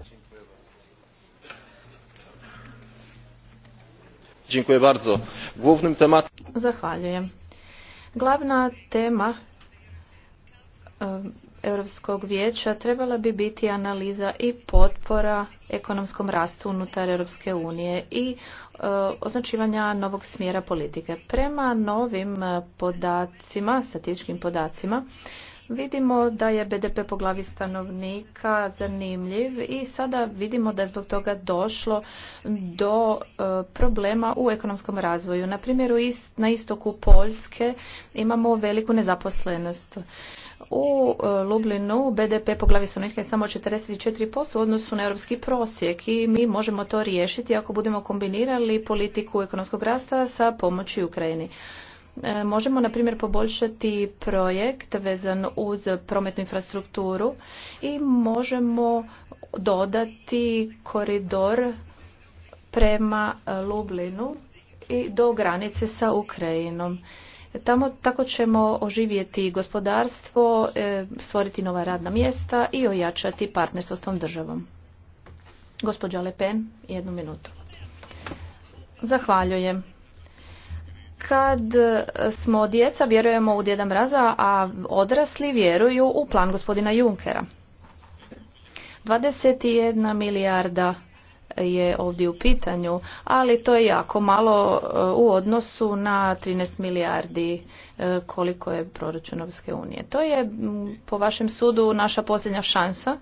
Dziękuję bardzo. Głównym tematem... Zahvaljujem. Glavna tema Um, Europskog vijeća trebala bi biti analiza i potpora ekonomskom rastu unutar Europske unije i uh, označivanja novog smjera politike. Prema novim uh, podacima, statističkim podacima, vidimo da je BDP po glavi stanovnika zanimljiv i sada vidimo da je zbog toga došlo do uh, problema u ekonomskom razvoju. Na primjeru na istoku Poljske imamo veliku nezaposlenost. U e, Lublinu BDP po glavi stanovnika je samo 44% u odnosu na europski prosjek i mi možemo to riješiti ako budemo kombinirali politiku ekonomskog rasta sa pomoći Ukrajini. E, možemo, na primjer, poboljšati projekt vezan uz prometnu infrastrukturu i možemo dodati koridor prema Lublinu i do granice sa Ukrajinom. Tamo tako ćemo oživjeti gospodarstvo, e, stvoriti nova radna mjesta i ojačati partnerstvo s tom državom. Gospođa Le Pen, jednu minutu. Zahvaljujem. Kad smo djeca vjerujemo u Djeda Mraza, a odrasli vjeruju u plan gospodina Junkera. 21 milijarda je ovdje u pitanju, ali to je jako malo e, u odnosu na 13 milijardi e, koliko je proračun unije. To je po vašem sudu naša posljednja šansa.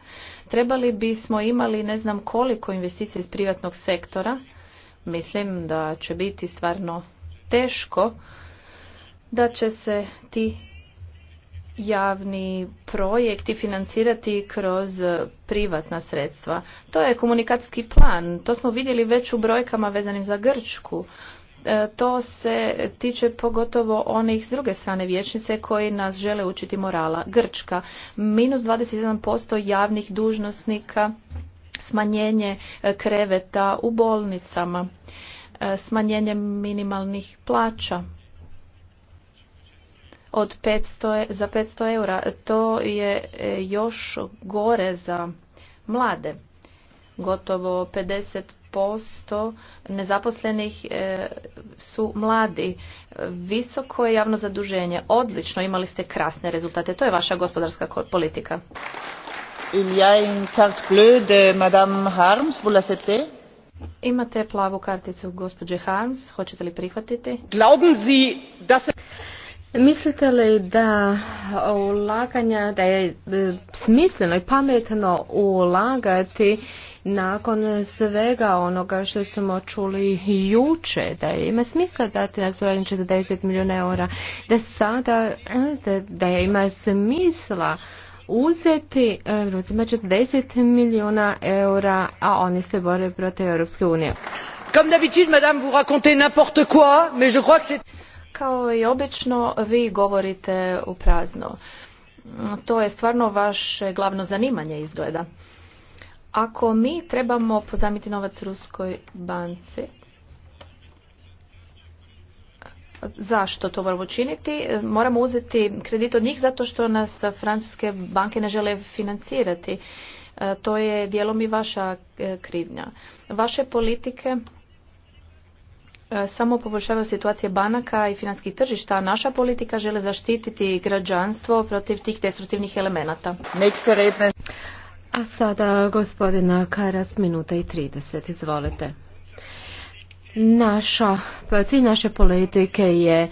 Trebali bismo imali ne znam koliko investicija iz privatnog sektora. Mislim da će biti stvarno teško da će se ti javni projekti financirati kroz privatna sredstva. To je komunikacijski plan, to smo vidjeli već u brojkama vezanim za Grčku. E, to se tiče pogotovo onih s druge strane vječnice koji nas žele učiti morala. Grčka, minus 21% javnih dužnosnika, smanjenje e, kreveta u bolnicama, e, smanjenje minimalnih plaća od 500, e, za 500 eura. To je e, još gore za mlade. Gotovo 50% nezaposlenih e, su mladi. Visoko je javno zaduženje. Odlično, imali ste krasne rezultate. To je vaša gospodarska politika. Il y a une carte bleue de Madame Harms, vous l'acceptez? Imate plavu karticu gospođe Harms, hoćete li prihvatiti? Glauben Sie, dass Mislite li da ulaganja, da je e, smisleno i pametno ulagati nakon svega onoga što smo čuli juče, da ima smisla dati na suradnju 40 milijuna eura, da sada, e, da, ima smisla uzeti e, Rusima 40 milijuna eura, a oni se bore protiv Europske unije. Comme d'habitude, madame, vous racontez n'importe quoi, mais je crois que c'est kao i obično, vi govorite u prazno. To je stvarno vaše glavno zanimanje izgleda. Ako mi trebamo pozamiti novac Ruskoj banci, Zašto to moramo učiniti? Moramo uzeti kredit od njih zato što nas francuske banke ne žele financirati. E, to je dijelom i vaša e, krivnja. Vaše politike E, samo poboljšavaju situacije banaka i finanskih tržišta, a naša politika žele zaštititi građanstvo protiv tih destruktivnih elemenata. A sada gospodina Karas, minuta i 30, izvolite. Naša, cilj naše politike je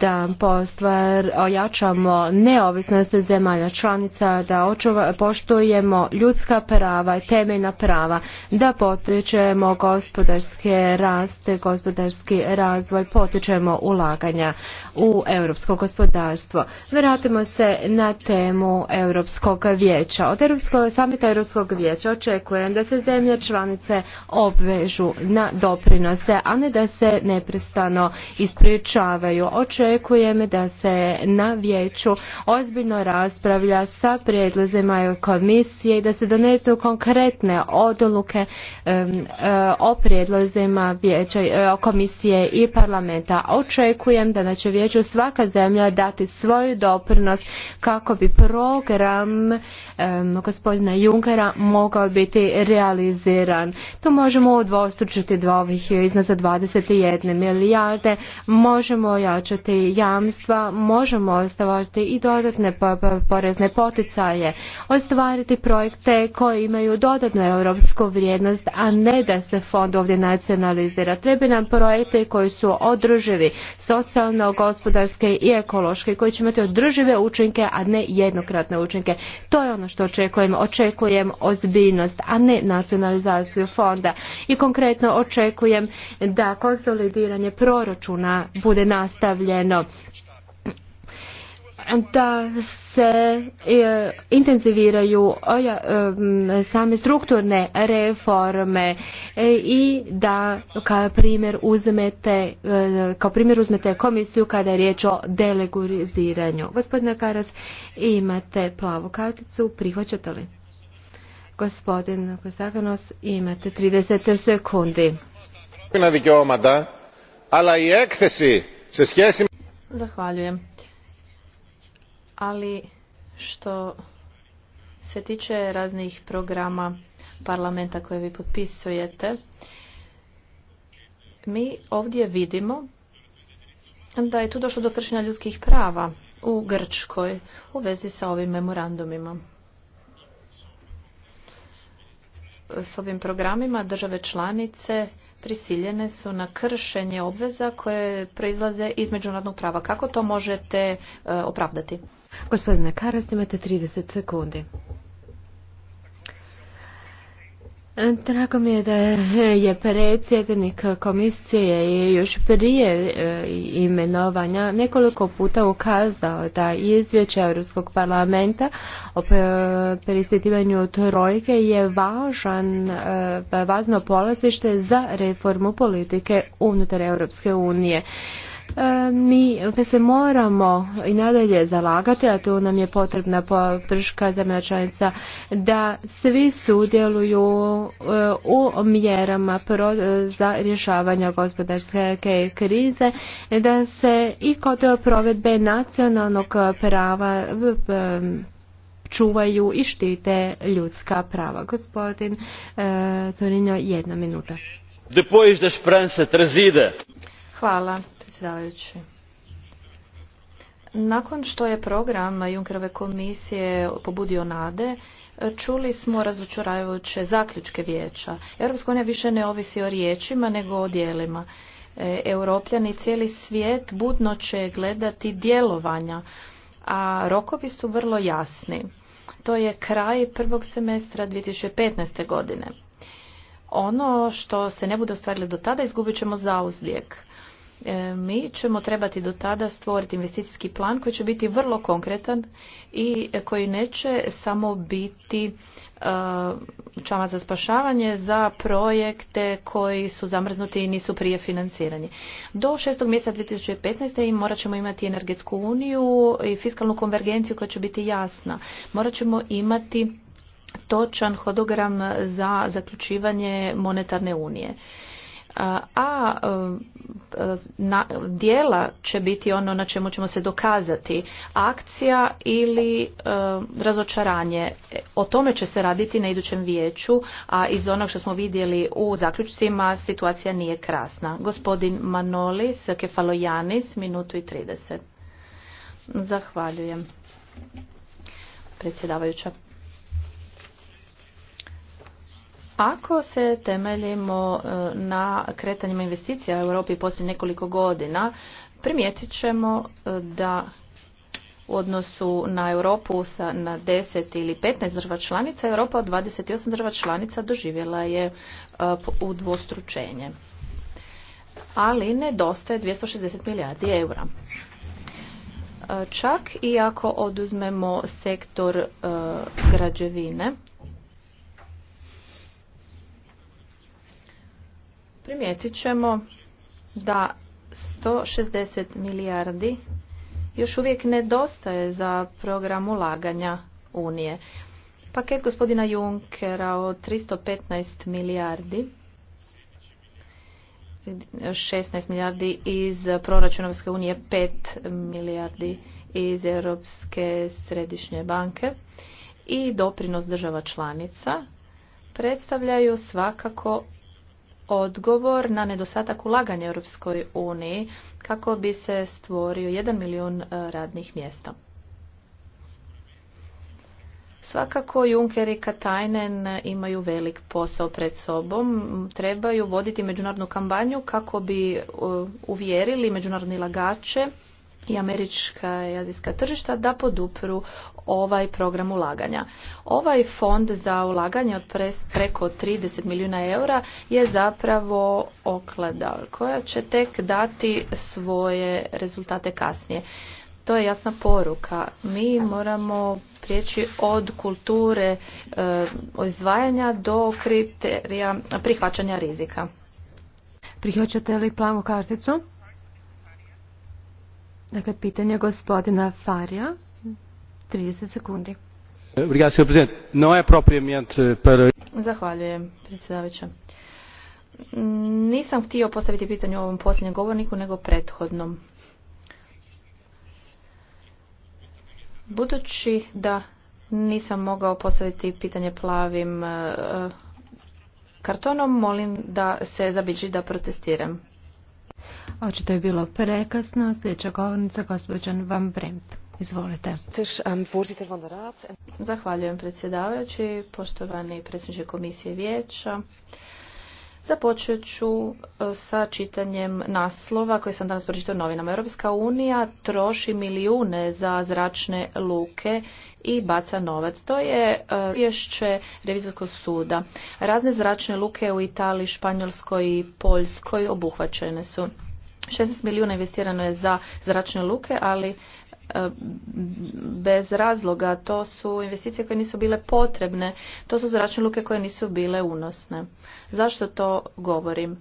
da postvar ojačamo neovisnost zemalja članica, da poštujemo ljudska prava i temeljna prava, da potičemo gospodarske raste, gospodarski razvoj, potičemo ulaganja u europsko gospodarstvo. Vratimo se na temu Europskog vijeća. Od Europskog, samita Europskog vijeća očekujem da se zemlje članice obvežu na doprinose, a ne da se neprestano ispričavaju očekujem da se na vijeću ozbiljno raspravlja sa prijedlozima komisije i da se donesu konkretne odluke e, o prijedlozima vijeća, e, komisije i parlamenta. Očekujem da će vijeću svaka zemlja dati svoju doprinos kako bi program gospodina Junkera mogao biti realiziran. Tu možemo odvostručiti dva ovih iznosa 21 milijarde, možemo ojačati povećati jamstva, možemo ostvariti i dodatne porezne poticaje, ostvariti projekte koji imaju dodatnu europsku vrijednost, a ne da se fond ovdje nacionalizira. Treba nam projekte koji su održivi, socijalno, gospodarske i ekološke, koji će imati održive učinke, a ne jednokratne učinke. To je ono što očekujem. Očekujem ozbiljnost, a ne nacionalizaciju fonda. I konkretno očekujem da konsolidiranje proračuna bude nastavljeno najavljeno da se e, intenziviraju e, same strukturne reforme e, i da kao primjer uzmete kao primjer uzmete komisiju kada je riječ o deleguriziranju. Gospodine Karas, imate plavu karticu, prihvaćate li? Gospodin Kostakanos, imate 30 sekundi. Na ali i Zahvaljujem. Ali što se tiče raznih programa parlamenta koje vi potpisujete, mi ovdje vidimo da je tu došlo do kršenja ljudskih prava u Grčkoj u vezi sa ovim memorandumima. S ovim programima države članice prisiljene su na kršenje obveza koje proizlaze iz međunarodnog prava. Kako to možete e, opravdati? Gospodine Karas, imate 30 sekundi. E, drago mi je da je predsjednik komisije još prije e, imenovanja nekoliko puta ukazao da izvješće Europskog parlamenta o preispitivanju trojke je važan, e, važno polazište za reformu politike unutar Europske unije. E, mi se moramo i nadalje zalagati, a tu nam je potrebna podrška zemlja članica, da svi sudjeluju e, u mjerama e, za rješavanje gospodarske krize, da se i kod provedbe nacionalnog prava čuvaju i štite ljudska prava. Gospodin Zorinjo, jedna minuta. Hvala predsjedavajući. Nakon što je program Junkerove komisije pobudio nade, čuli smo razočaravajuće zaključke vijeća. Europska unija više ne ovisi o riječima nego o dijelima. E, Europljani cijeli svijet budno će gledati djelovanja, a rokovi su vrlo jasni. To je kraj prvog semestra 2015. godine. Ono što se ne bude ostvarilo do tada izgubit ćemo zauzvijek. E, mi ćemo trebati do tada stvoriti investicijski plan koji će biti vrlo konkretan i koji neće samo biti e, čama za spašavanje za projekte koji su zamrznuti i nisu prije financirani. Do 6. mjeseca 2015. morat ćemo imati energetsku uniju i fiskalnu konvergenciju koja će biti jasna. Morat ćemo imati točan hodogram za zaključivanje monetarne unije a e, na, dijela će biti ono na čemu ćemo se dokazati akcija ili e, razočaranje. O tome će se raditi na idućem vijeću, a iz onog što smo vidjeli u zaključcima situacija nije krasna. Gospodin Manolis Kefalojanis, minutu i 30. Zahvaljujem. Predsjedavajuća ako se temeljimo e, na kretanjima investicija u Europi poslije nekoliko godina, primijetit ćemo e, da u odnosu na Europu sa, na 10 ili 15 država članica, Europa od 28 država članica doživjela je e, udvostručenje. Ali nedostaje 260 milijardi eura. Čak i ako oduzmemo sektor građevine, primijetit ćemo da 160 milijardi još uvijek nedostaje za program ulaganja Unije. Paket gospodina Junckera od 315 milijardi 16 milijardi iz proračunovske unije, 5 milijardi iz Europske središnje banke i doprinos država članica predstavljaju svakako odgovor na nedostatak ulaganja Europskoj uniji kako bi se stvorio 1 milijun e, radnih mjesta. Svakako Juncker i Katainen imaju velik posao pred sobom. Trebaju voditi međunarodnu kampanju kako bi e, uvjerili međunarodni lagače i američka i azijska tržišta da podupru ovaj program ulaganja. Ovaj fond za ulaganje od preko 30 milijuna eura je zapravo oklada koja će tek dati svoje rezultate kasnije. To je jasna poruka. Mi moramo prijeći od kulture e, izdvajanja do kriterija prihvaćanja rizika. Prihvaćate li plavu karticu? Dakle, pitanje gospodina Farija, 30 sekundi. Zahvaljujem, predsjedavića. Nisam htio postaviti pitanje ovom posljednjem govorniku, nego prethodnom. Budući da nisam mogao postaviti pitanje plavim eh, kartonom, molim da se zabiđi da protestiram. Očito je bilo prekasno. Sljedeća govornica, gospođan Van Bremt. Izvolite. Zahvaljujem predsjedavajući, poštovani predsjedniče komisije vijeća. Započet ću e, sa čitanjem naslova koje sam danas pročitao novinama. Europska unija troši milijune za zračne luke i baca novac. To je e, vješće revizorskog suda. Razne zračne luke u Italiji, Španjolskoj i Poljskoj obuhvaćene su. 16 milijuna investirano je za zračne luke, ali e, bez razloga. To su investicije koje nisu bile potrebne. To su zračne luke koje nisu bile unosne. Zašto to govorim?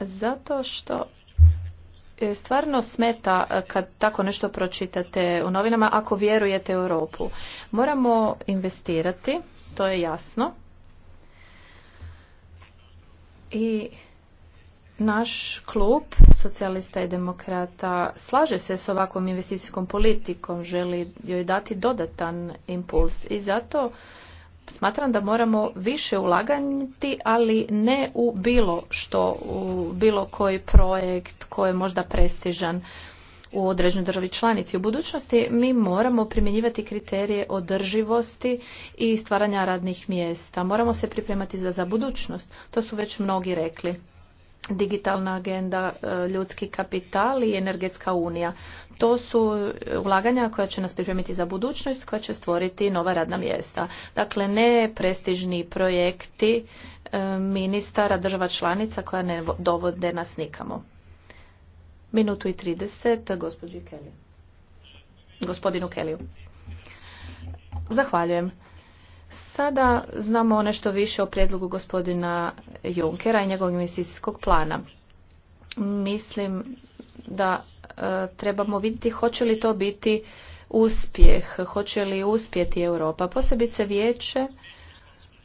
Zato što e, stvarno smeta e, kad tako nešto pročitate u novinama ako vjerujete u Europu. Moramo investirati, to je jasno. I naš klub socijalista i demokrata slaže se s ovakvom investicijskom politikom, želi joj dati dodatan impuls i zato smatram da moramo više ulagati, ali ne u bilo što, u bilo koji projekt koji je možda prestižan u određenoj državi članici. U budućnosti mi moramo primjenjivati kriterije održivosti i stvaranja radnih mjesta. Moramo se pripremati za, za budućnost. To su već mnogi rekli digitalna agenda, e, ljudski kapital i energetska unija. To su ulaganja koja će nas pripremiti za budućnost, koja će stvoriti nova radna mjesta. Dakle, ne prestižni projekti e, ministara država članica koja ne dovode nas nikamo. Minutu i 30, Kelly. Gospodinu Kellyu. Zahvaljujem. Sada znamo nešto više o prijedlogu gospodina Junkera i njegovog investicijskog plana. Mislim da e, trebamo vidjeti hoće li to biti uspjeh, hoće li uspjeti Europa. Posebice vijeće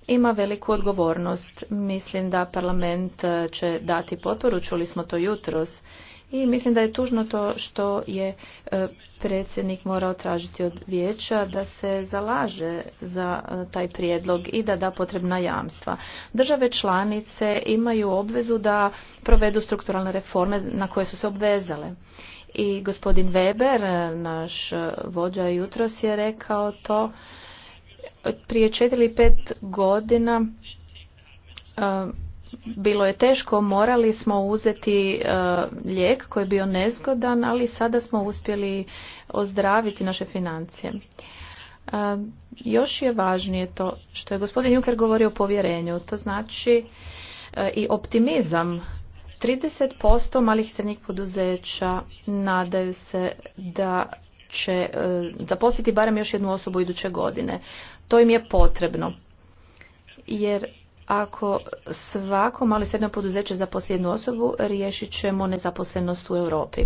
ima veliku odgovornost. Mislim da parlament e, će dati potporu, čuli smo to jutros i mislim da je tužno to što je e, predsjednik morao tražiti od vijeća da se zalaže za e, taj prijedlog i da da potrebna jamstva. Države članice imaju obvezu da provedu strukturalne reforme na koje su se obvezale. I gospodin Weber, e, naš vođa jutros je rekao to prije četiri ili pet godina bilo je teško, morali smo uzeti e, lijek koji je bio nezgodan, ali sada smo uspjeli ozdraviti naše financije. E, još je važnije to što je gospodin Juncker govorio o povjerenju, to znači e, i optimizam. 30% malih srednjih poduzeća nadaju se da će zaposliti barem još jednu osobu iduće godine. To im je potrebno jer ako svako malo sredno poduzeće zaposli jednu osobu, riješit ćemo nezaposlenost u Europi.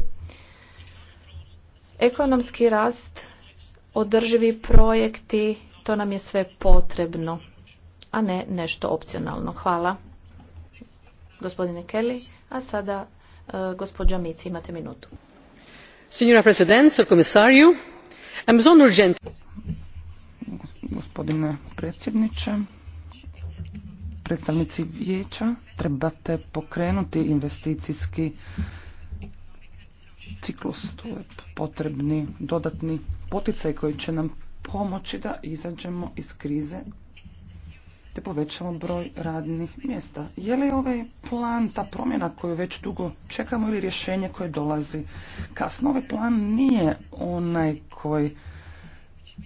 Ekonomski rast, održivi projekti, to nam je sve potrebno, a ne nešto opcionalno. Hvala, gospodine Kelly. A sada, e, gospođa Mici, imate minutu. Signora President, Amazon komisariju, Gospodine predsjedniče, predstavnici vijeća trebate pokrenuti investicijski ciklus. Tu je potrebni dodatni poticaj koji će nam pomoći da izađemo iz krize te povećamo broj radnih mjesta. Je li ovaj plan, ta promjena koju već dugo čekamo ili rješenje koje dolazi kasno? Ovaj plan nije onaj koji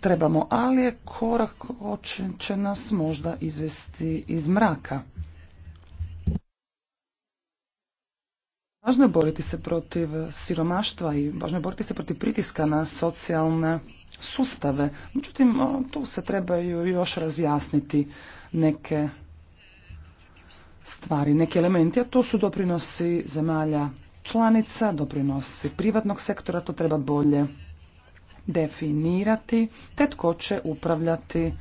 trebamo, ali je korak će nas možda izvesti iz mraka. Važno je boriti se protiv siromaštva i važno je boriti se protiv pritiska na socijalne sustave. Međutim, tu se trebaju još razjasniti neke stvari, neki elementi, a to su doprinosi zemalja članica, doprinosi privatnog sektora, to treba bolje definirati te tko će upravljati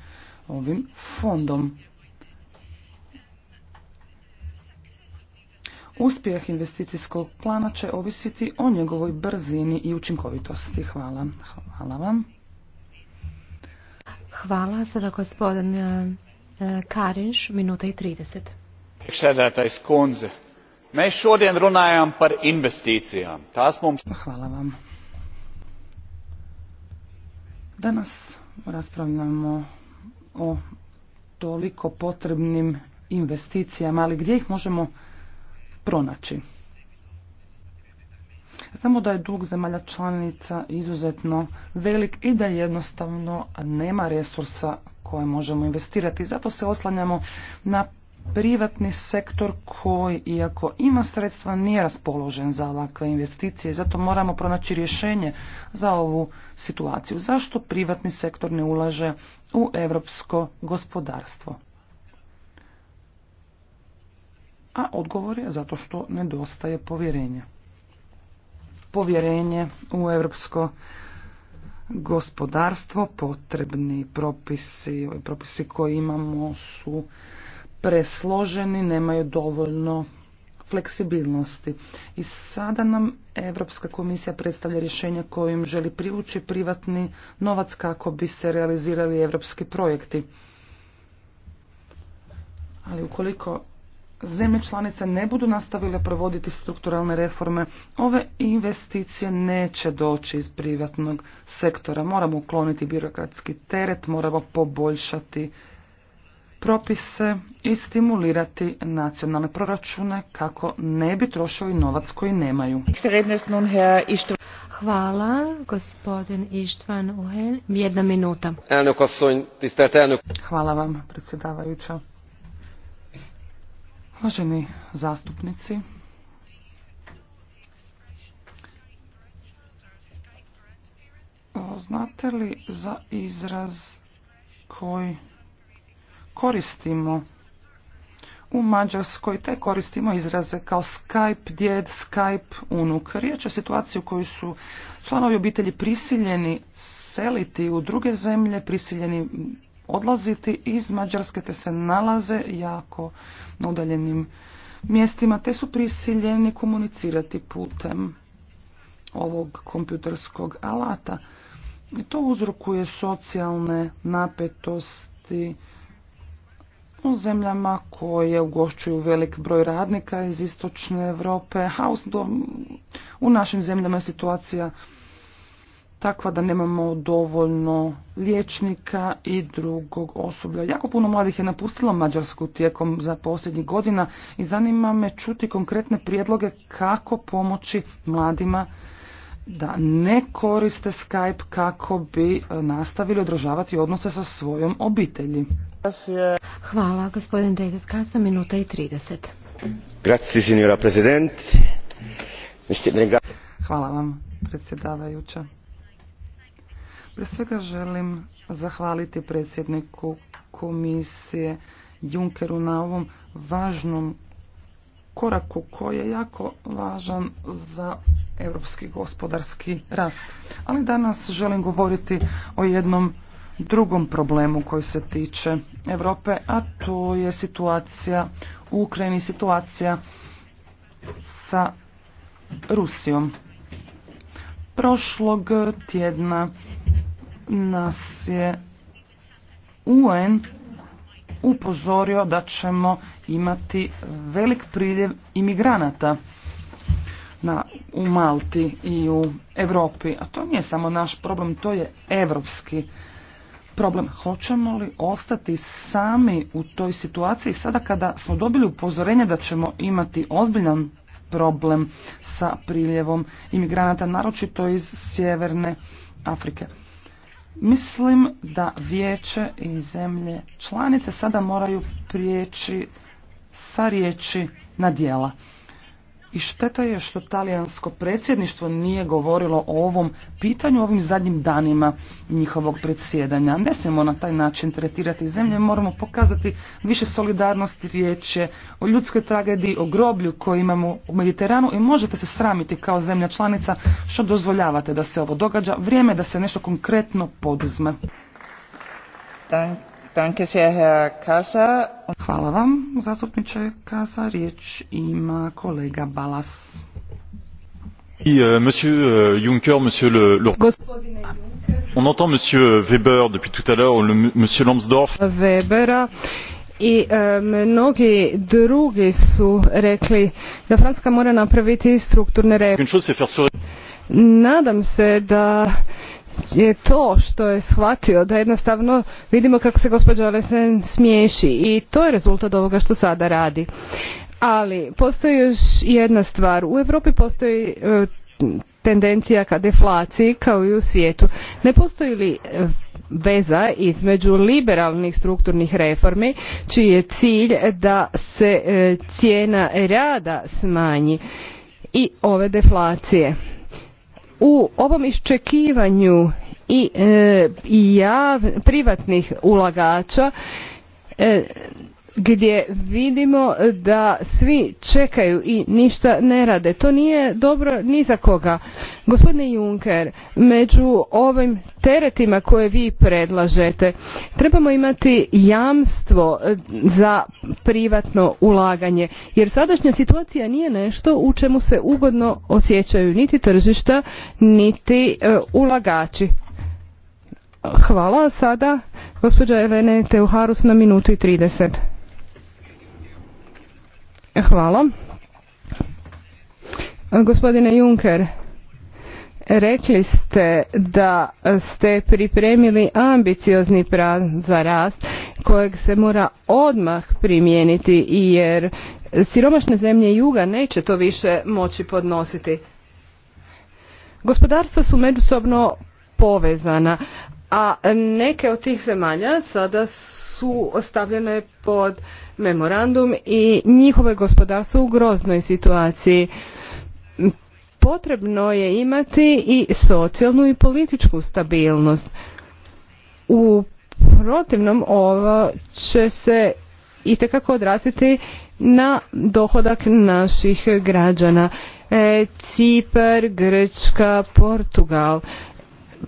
ovim fondom. Uspjeh investicijskog plana će ovisiti o njegovoj brzini i učinkovitosti. Hvala. Hvala vam. Hvala. Sada gospodin e, e, Karinš, minuta i 30. runajam par Hvala vam. Danas raspravljamo o toliko potrebnim investicijama, ali gdje ih možemo pronaći? Znamo da je dug zemalja članica izuzetno velik i da jednostavno nema resursa koje možemo investirati. Zato se oslanjamo na privatni sektor koji, iako ima sredstva, nije raspoložen za ovakve investicije i zato moramo pronaći rješenje za ovu situaciju. Zašto privatni sektor ne ulaže u europsko gospodarstvo? A odgovor je zato što nedostaje povjerenje. Povjerenje u europsko gospodarstvo, potrebni propisi, propisi koje imamo su presloženi, nemaju dovoljno fleksibilnosti. I sada nam Europska komisija predstavlja rješenja kojim želi privući privatni novac kako bi se realizirali europski projekti. Ali ukoliko zemlje članice ne budu nastavile provoditi strukturalne reforme, ove investicije neće doći iz privatnog sektora. Moramo ukloniti birokratski teret, moramo poboljšati propise i stimulirati nacionalne proračune kako ne bi trošili novac koji nemaju. Hvala, gospodin Ištvan Uhel. Jedna minuta. Hvala vam, predsjedavajuća. Uvaženi zastupnici, znate li za izraz koji koristimo u Mađarskoj, te koristimo izraze kao Skype djed, Skype unuk. Riječ je o situaciji u kojoj su članovi obitelji prisiljeni seliti u druge zemlje, prisiljeni odlaziti iz Mađarske, te se nalaze jako na udaljenim mjestima, te su prisiljeni komunicirati putem ovog kompjuterskog alata. I to uzrokuje socijalne napetosti, u zemljama koje ugošćuju velik broj radnika iz istočne Europe, a u našim zemljama je situacija takva da nemamo dovoljno liječnika i drugog osoblja. Jako puno mladih je napustilo Mađarsku tijekom za posljednjih godina i zanima me čuti konkretne prijedloge kako pomoći mladima da ne koriste Skype kako bi e, nastavili održavati odnose sa svojom obitelji. Hvala, gospodin Davis, Kasa, minuta i 30. Grazie, signora president. Hvala vam, predsjedavajuća. Prije svega želim zahvaliti predsjedniku komisije Junkeru na ovom važnom koraku koji je jako važan za europski gospodarski rast. Ali danas želim govoriti o jednom drugom problemu koji se tiče Europe, a to je situacija u Ukrajini, situacija sa Rusijom. Prošlog tjedna nas je UN upozorio da ćemo imati velik priljev imigranata na, u Malti i u Europi. A to nije samo naš problem, to je evropski problem. Hoćemo li ostati sami u toj situaciji sada kada smo dobili upozorenje da ćemo imati ozbiljan problem sa priljevom imigranata, naročito iz sjeverne Afrike. Mislim da vijeće i zemlje članice sada moraju prijeći sa riječi na dijela i šteta je što talijansko predsjedništvo nije govorilo o ovom pitanju ovim zadnjim danima njihovog predsjedanja. Ne smijemo na taj način tretirati zemlje, moramo pokazati više solidarnosti riječe o ljudskoj tragediji, o groblju koju imamo u Mediteranu i možete se sramiti kao zemlja članica što dozvoljavate da se ovo događa. Vrijeme je da se nešto konkretno poduzme. Hvala vam, zastupniče Kasa. Riječ ima kolega Balas. Euh, monsieur euh, Juncker, monsieur le... Gospodine On entend monsieur Weber depuis tout à l'heure, le, monsieur Lambsdorff. Weber. i e, mnogi drugi su rekli da Francuska mora napraviti strukturne reforme. Nadam se da je to što je shvatio da jednostavno vidimo kako se gospođa Lesen smiješi i to je rezultat ovoga što sada radi. Ali postoji još jedna stvar. U Europi postoji e, tendencija ka deflaciji kao i u svijetu. Ne postoji li e, veza između liberalnih strukturnih reformi čiji je cilj da se e, cijena rada smanji i ove deflacije? u ovom iščekivanju i, e, privatnih ulagača e, gdje vidimo da svi čekaju i ništa ne rade. To nije dobro ni za koga. Gospodine Juncker, među ovim teretima koje vi predlažete, trebamo imati jamstvo za privatno ulaganje, jer sadašnja situacija nije nešto u čemu se ugodno osjećaju niti tržišta, niti e, ulagači. Hvala. Sada gospođa Elene Teuharus na minutu i 30. Hvala. Gospodine Juncker, rekli ste da ste pripremili ambiciozni plan za rast kojeg se mora odmah primijeniti jer siromašne zemlje juga neće to više moći podnositi. Gospodarstva su međusobno povezana, a neke od tih zemalja sada su su ostavljene pod memorandum i njihove gospodarstvo u groznoj situaciji. Potrebno je imati i socijalnu i političku stabilnost. U protivnom ovo će se itekako odraziti na dohodak naših građana. E, Ciper, Cipar, Grčka, Portugal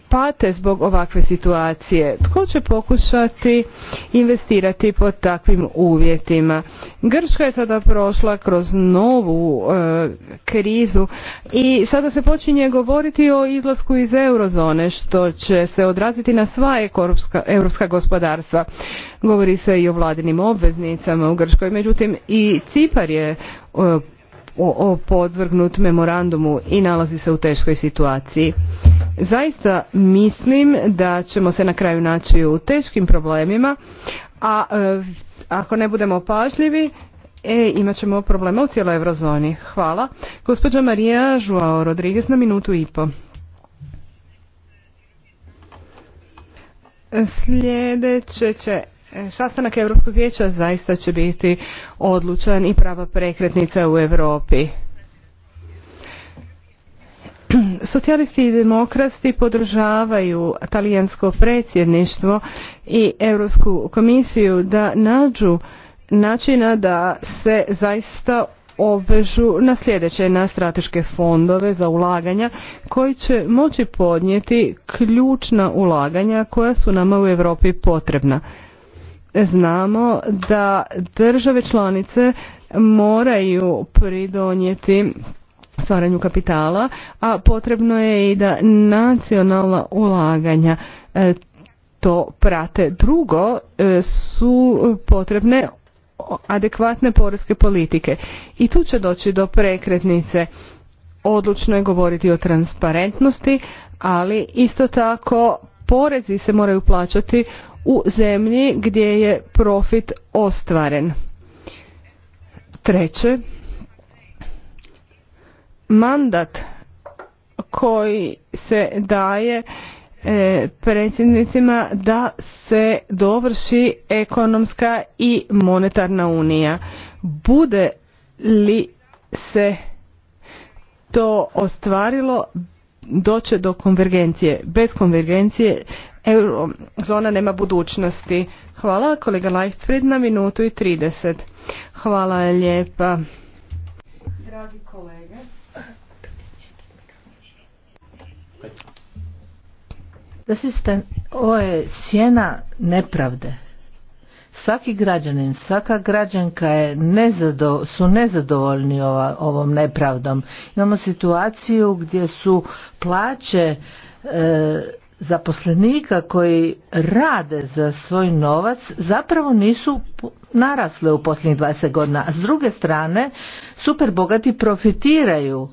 pate zbog ovakve situacije. Tko će pokušati investirati pod takvim uvjetima? Grčka je sada prošla kroz novu e, krizu i sada se počinje govoriti o izlasku iz eurozone što će se odraziti na sva europska gospodarstva. Govori se i o vladinim obveznicama u Grčkoj, međutim i Cipar je e, podvrgnut memorandumu i nalazi se u teškoj situaciji. Zaista mislim da ćemo se na kraju naći u teškim problemima, a e, ako ne budemo pažljivi, e, imat ćemo problema u cijeloj eurozoni. Hvala. Gospođa Marija Žuao Rodriguez na minutu i po. Sljedeće će E, sastanak Europskog vijeća zaista će biti odlučan i prava prekretnica u Europi. Socijalisti i demokrati podržavaju talijansko predsjedništvo i Europsku komisiju da nađu načina da se zaista obvežu na sljedeće na strateške fondove za ulaganja koji će moći podnijeti ključna ulaganja koja su nama u Europi potrebna znamo da države članice moraju pridonijeti stvaranju kapitala, a potrebno je i da nacionalna ulaganja e, to prate. Drugo e, su potrebne adekvatne poreske politike i tu će doći do prekretnice. Odlučno je govoriti o transparentnosti, ali isto tako porezi se moraju plaćati u zemlji gdje je profit ostvaren. Treće, mandat koji se daje e, predsjednicima da se dovrši ekonomska i monetarna unija. Bude li se to ostvarilo doće do konvergencije. Bez konvergencije eurozona nema budućnosti. Hvala kolega Leichtfried na minutu i 30. Hvala lijepa. Dragi kolege. ovo je sjena nepravde Svaki građanin, svaka građanka je nezado, su nezadovoljni ovom nepravdom. Imamo situaciju gdje su plaće e, zaposlenika koji rade za svoj novac zapravo nisu narasle u posljednjih 20 godina. A s druge strane, super bogati profitiraju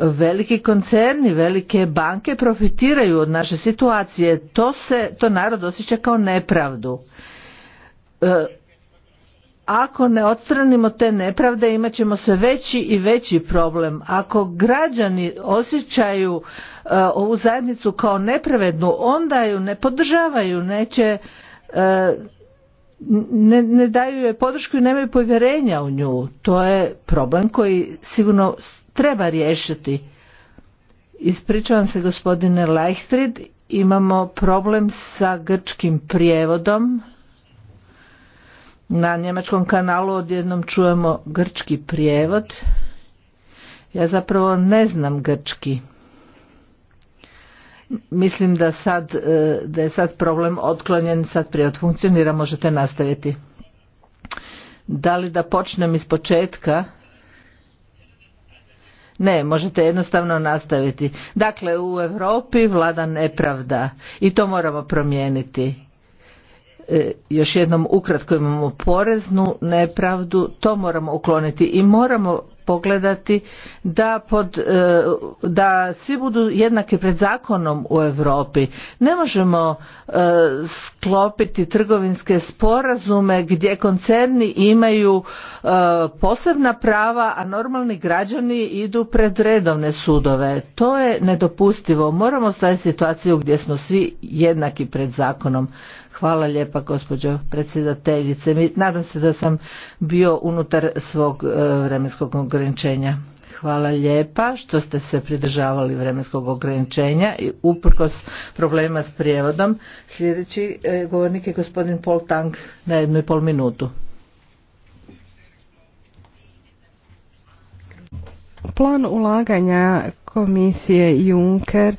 veliki koncerni, velike banke profitiraju od naše situacije. To se, to narod osjeća kao nepravdu. E, ako ne odstranimo te nepravde imat ćemo sve veći i veći problem. Ako građani osjećaju e, ovu zajednicu kao nepravednu, onda ju ne podržavaju, neće, e, ne, ne daju joj podršku i nemaju povjerenja u nju. To je problem koji sigurno treba riješiti. Ispričavam se gospodine Leichtrid, imamo problem sa grčkim prijevodom. Na njemačkom kanalu odjednom čujemo grčki prijevod. Ja zapravo ne znam grčki. Mislim da, sad, e, da je sad problem otklonjen, sad prijevod funkcionira, možete nastaviti. Da li da počnem iz početka? Ne, možete jednostavno nastaviti. Dakle, u Europi vlada nepravda i to moramo promijeniti E, još jednom ukratko imamo poreznu nepravdu, to moramo ukloniti i moramo pogledati da, pod, e, da svi budu jednaki pred zakonom u Europi. Ne možemo e, sklopiti trgovinske sporazume gdje koncerni imaju posebna prava, a normalni građani idu pred redovne sudove. To je nedopustivo. Moramo staviti situaciju gdje smo svi jednaki pred zakonom. Hvala lijepa gospođo predsjedateljice. Nadam se da sam bio unutar svog e, vremenskog ograničenja. Hvala lijepa što ste se pridržavali vremenskog ograničenja i uprkos problema s prijevodom. Sljedeći e, govornik je gospodin Paul Tang na jednu i pol minutu. Plan ulaganja komisije Juncker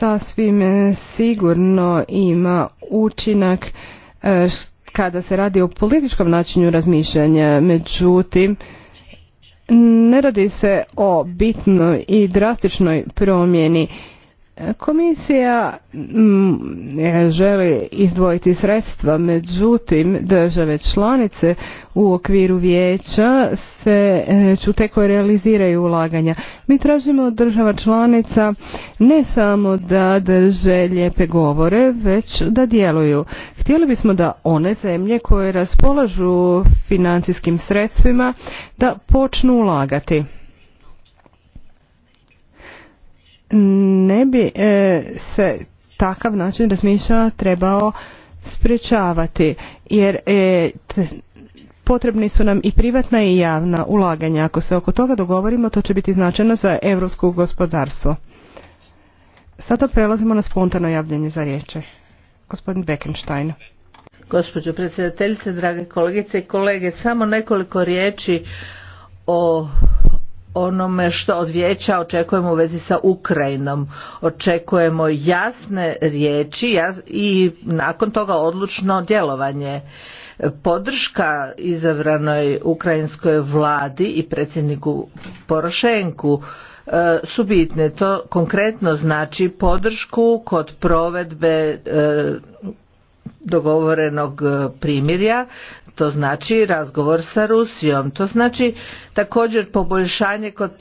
sasvim e, sigurno ima učinak e, kada se radi o političkom načinu razmišljanja. Međutim, ne radi se o bitnoj i drastičnoj promjeni Komisija mm, e, želi izdvojiti sredstva, međutim države članice u okviru vijeća se e, ću teko realiziraju ulaganja. Mi tražimo od država članica ne samo da drže lijepe govore, već da djeluju. Htjeli bismo da one zemlje koje raspolažu financijskim sredstvima da počnu ulagati. ne bi e, se takav način razmišljanja trebao sprječavati jer e, potrebni su nam i privatna i javna ulaganja. Ako se oko toga dogovorimo, to će biti značajno za europsko gospodarstvo. Sada prelazimo na spontano javljanje za riječe. Gospodin Beckenstein. Gospođo predsjedateljice, drage kolegice i kolege, samo nekoliko riječi o onome što od vijeća očekujemo u vezi sa Ukrajinom. Očekujemo jasne riječi i nakon toga odlučno djelovanje. Podrška izabranoj ukrajinskoj vladi i predsjedniku Porošenku e, su bitne. To konkretno znači podršku kod provedbe e, dogovorenog e, primirja, to znači razgovor sa Rusijom, to znači također poboljšanje kod e,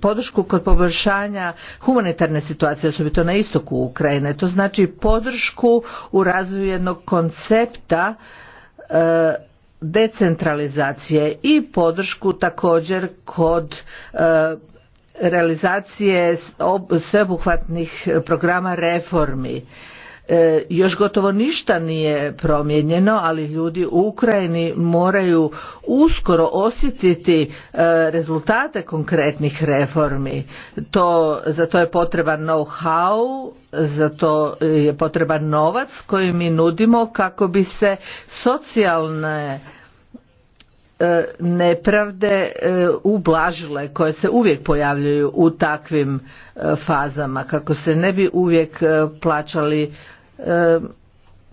podršku kod poboljšanja humanitarne situacije, osobito na istoku Ukrajine, to znači podršku u razvoju jednog koncepta e, decentralizacije i podršku također kod realizacije sveobuhvatnih programa reformi. E, još gotovo ništa nije promijenjeno, ali ljudi u Ukrajini moraju uskoro osjetiti e, rezultate konkretnih reformi. To, za to je potreban know-how, za to je potreban novac koji mi nudimo kako bi se socijalne E, nepravde e, ublažile koje se uvijek pojavljuju u takvim e, fazama kako se ne bi uvijek plaćali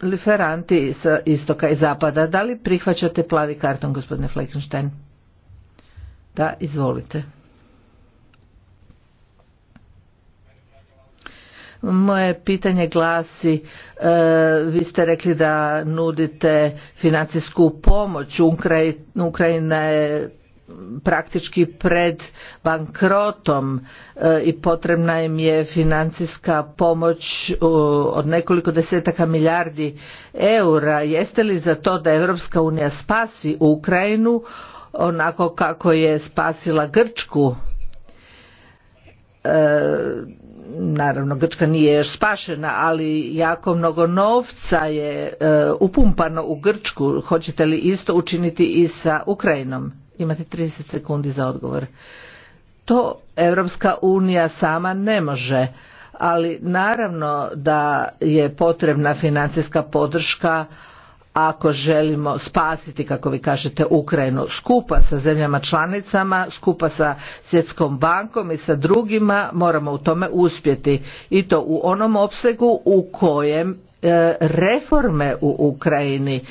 liferanti sa istoka i zapada. Da li prihvaćate plavi karton gospodine Fleckenstein? Da, izvolite. Moje pitanje glasi, e, vi ste rekli da nudite financijsku pomoć, Ukrajina je praktički pred bankrotom e, i potrebna im je financijska pomoć e, od nekoliko desetaka milijardi eura. Jeste li za to da Europska unija spasi Ukrajinu onako kako je spasila Grčku? naravno Grčka nije još spašena, ali jako mnogo novca je e, upumpano u Grčku. Hoćete li isto učiniti i sa Ukrajinom? Imate 30 sekundi za odgovor. To Europska unija sama ne može, ali naravno da je potrebna financijska podrška ako želimo spasiti kako vi kažete Ukrajinu skupa sa zemljama članicama, skupa sa Svjetskom bankom i sa drugima moramo u tome uspjeti i to u onom opsegu u kojem e, reforme u Ukrajini e,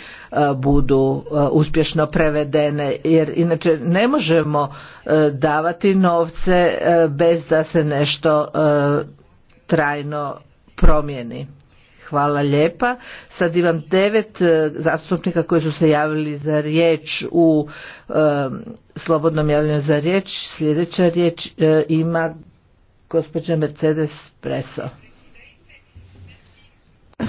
budu e, uspješno prevedene jer inače ne možemo davati novce bez da se nešto trajno promijeni. Hvala lijepa. Sad imam devet e, zastupnika koji su se javili za riječ u e, slobodnom javljanju za riječ. Sljedeća riječ e, ima gospođa Mercedes Preso.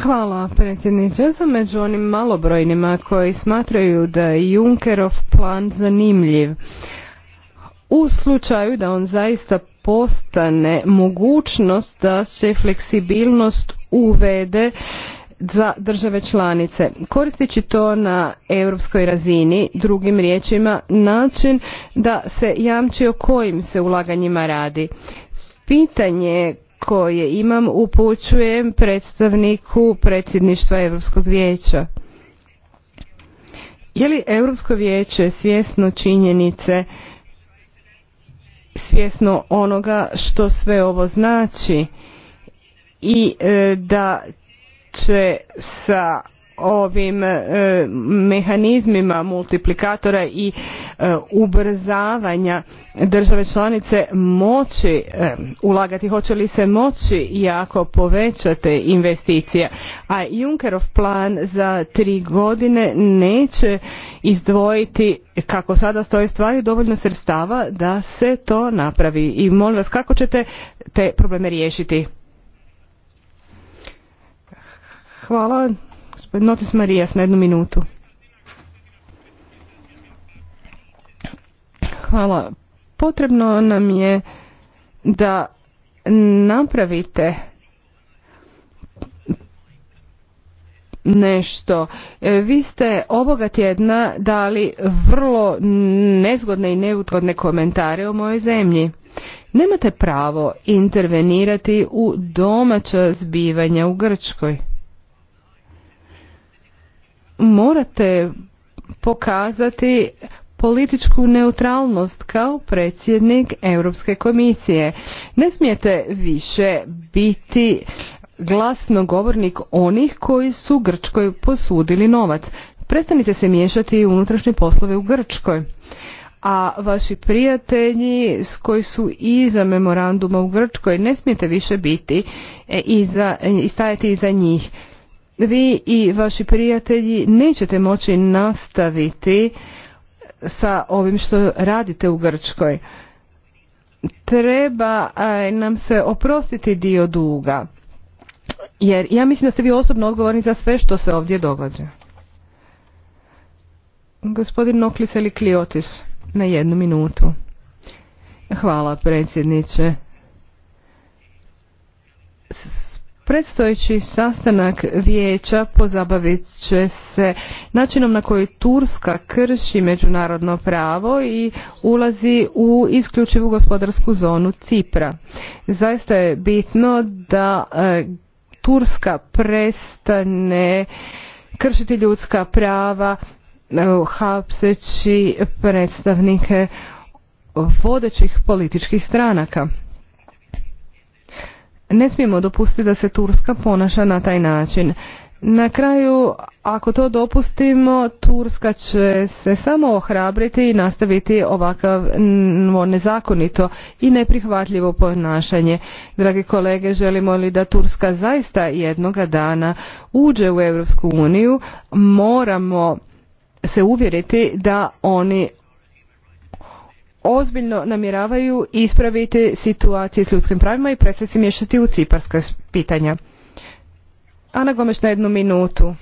Hvala predsjedniče. Ja sam među onim malobrojnima koji smatraju da je Junkerov plan zanimljiv u slučaju da on zaista postane mogućnost da se fleksibilnost uvede za države članice koristeći to na europskoj razini drugim riječima način da se jamči o kojim se ulaganjima radi pitanje koje imam upućujem predstavniku predsjedništva europskog vijeća je li europsko vijeće svjesno činjenice svjesno onoga što sve ovo znači i e, da će sa ovim e, mehanizmima multiplikatora i e, ubrzavanja države članice moći e, ulagati, hoće li se moći jako povećate investicije. a Junckerov plan za tri godine neće izdvojiti kako sada stoje stvari dovoljno sredstava da se to napravi i molim vas kako ćete te probleme riješiti? Hvala. Notis Marijas na jednu minutu. Hvala. Potrebno nam je da napravite nešto. E, vi ste ovoga tjedna dali vrlo nezgodne i neutgodne komentare o mojoj zemlji. Nemate pravo intervenirati u domaća zbivanja u Grčkoj morate pokazati političku neutralnost kao predsjednik Europske komisije. Ne smijete više biti glasnogovornik onih koji su Grčkoj posudili novac. Prestanite se miješati u unutrašnje poslove u Grčkoj. A vaši prijatelji s koji su iza memoranduma u Grčkoj ne smijete više biti e, i e, stajati iza njih vi i vaši prijatelji nećete moći nastaviti sa ovim što radite u Grčkoj. Treba nam se oprostiti dio duga. Jer ja mislim da ste vi osobno odgovorni za sve što se ovdje događa. Gospodin Noklis ili Kliotis, na jednu minutu. Hvala predsjedniče. Predstojeći sastanak vijeća pozabavit će se načinom na koji Turska krši međunarodno pravo i ulazi u isključivu gospodarsku zonu Cipra. Zaista je bitno da e, Turska prestane kršiti ljudska prava e, hapseći predstavnike vodećih političkih stranaka. Ne smijemo dopustiti da se Turska ponaša na taj način. Na kraju, ako to dopustimo, Turska će se samo ohrabriti i nastaviti ovakav nezakonito i neprihvatljivo ponašanje. Dragi kolege, želimo li da Turska zaista jednoga dana uđe u Europsku uniju, moramo se uvjeriti da oni ozbiljno namjeravaju ispraviti situaciju s ljudskim pravima i prestati se miješati u ciparska pitanja. Ana Gomes na jednu minutu.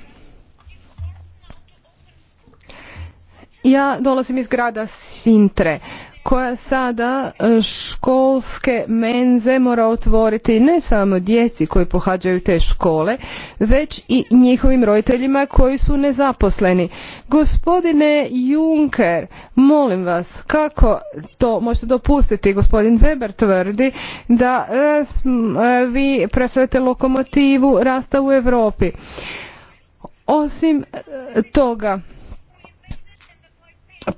Ja dolazim iz grada Sintre koja sada e, školske menze mora otvoriti ne samo djeci koji pohađaju te škole, već i njihovim roditeljima koji su nezaposleni. Gospodine Juncker, molim vas, kako to možete dopustiti? Gospodin Weber tvrdi da e, e, vi presvete lokomotivu rasta u Europi. Osim toga,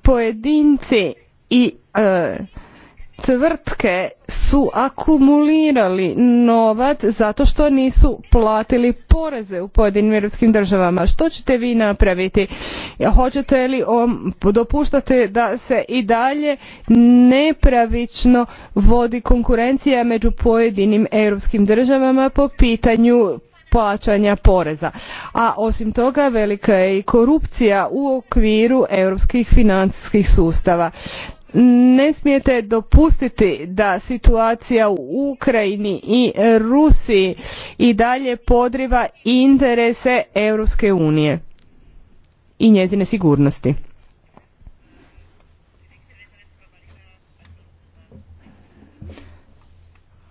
pojedinci i e, tvrtke su akumulirali novac zato što nisu platili poreze u pojedinim europskim državama. Što ćete vi napraviti? Hoćete li dopuštati da se i dalje nepravično vodi konkurencija među pojedinim europskim državama po pitanju plaćanja poreza. A osim toga velika je i korupcija u okviru europskih financijskih sustava ne smijete dopustiti da situacija u Ukrajini i Rusiji i dalje podriva interese Europske unije i njezine sigurnosti.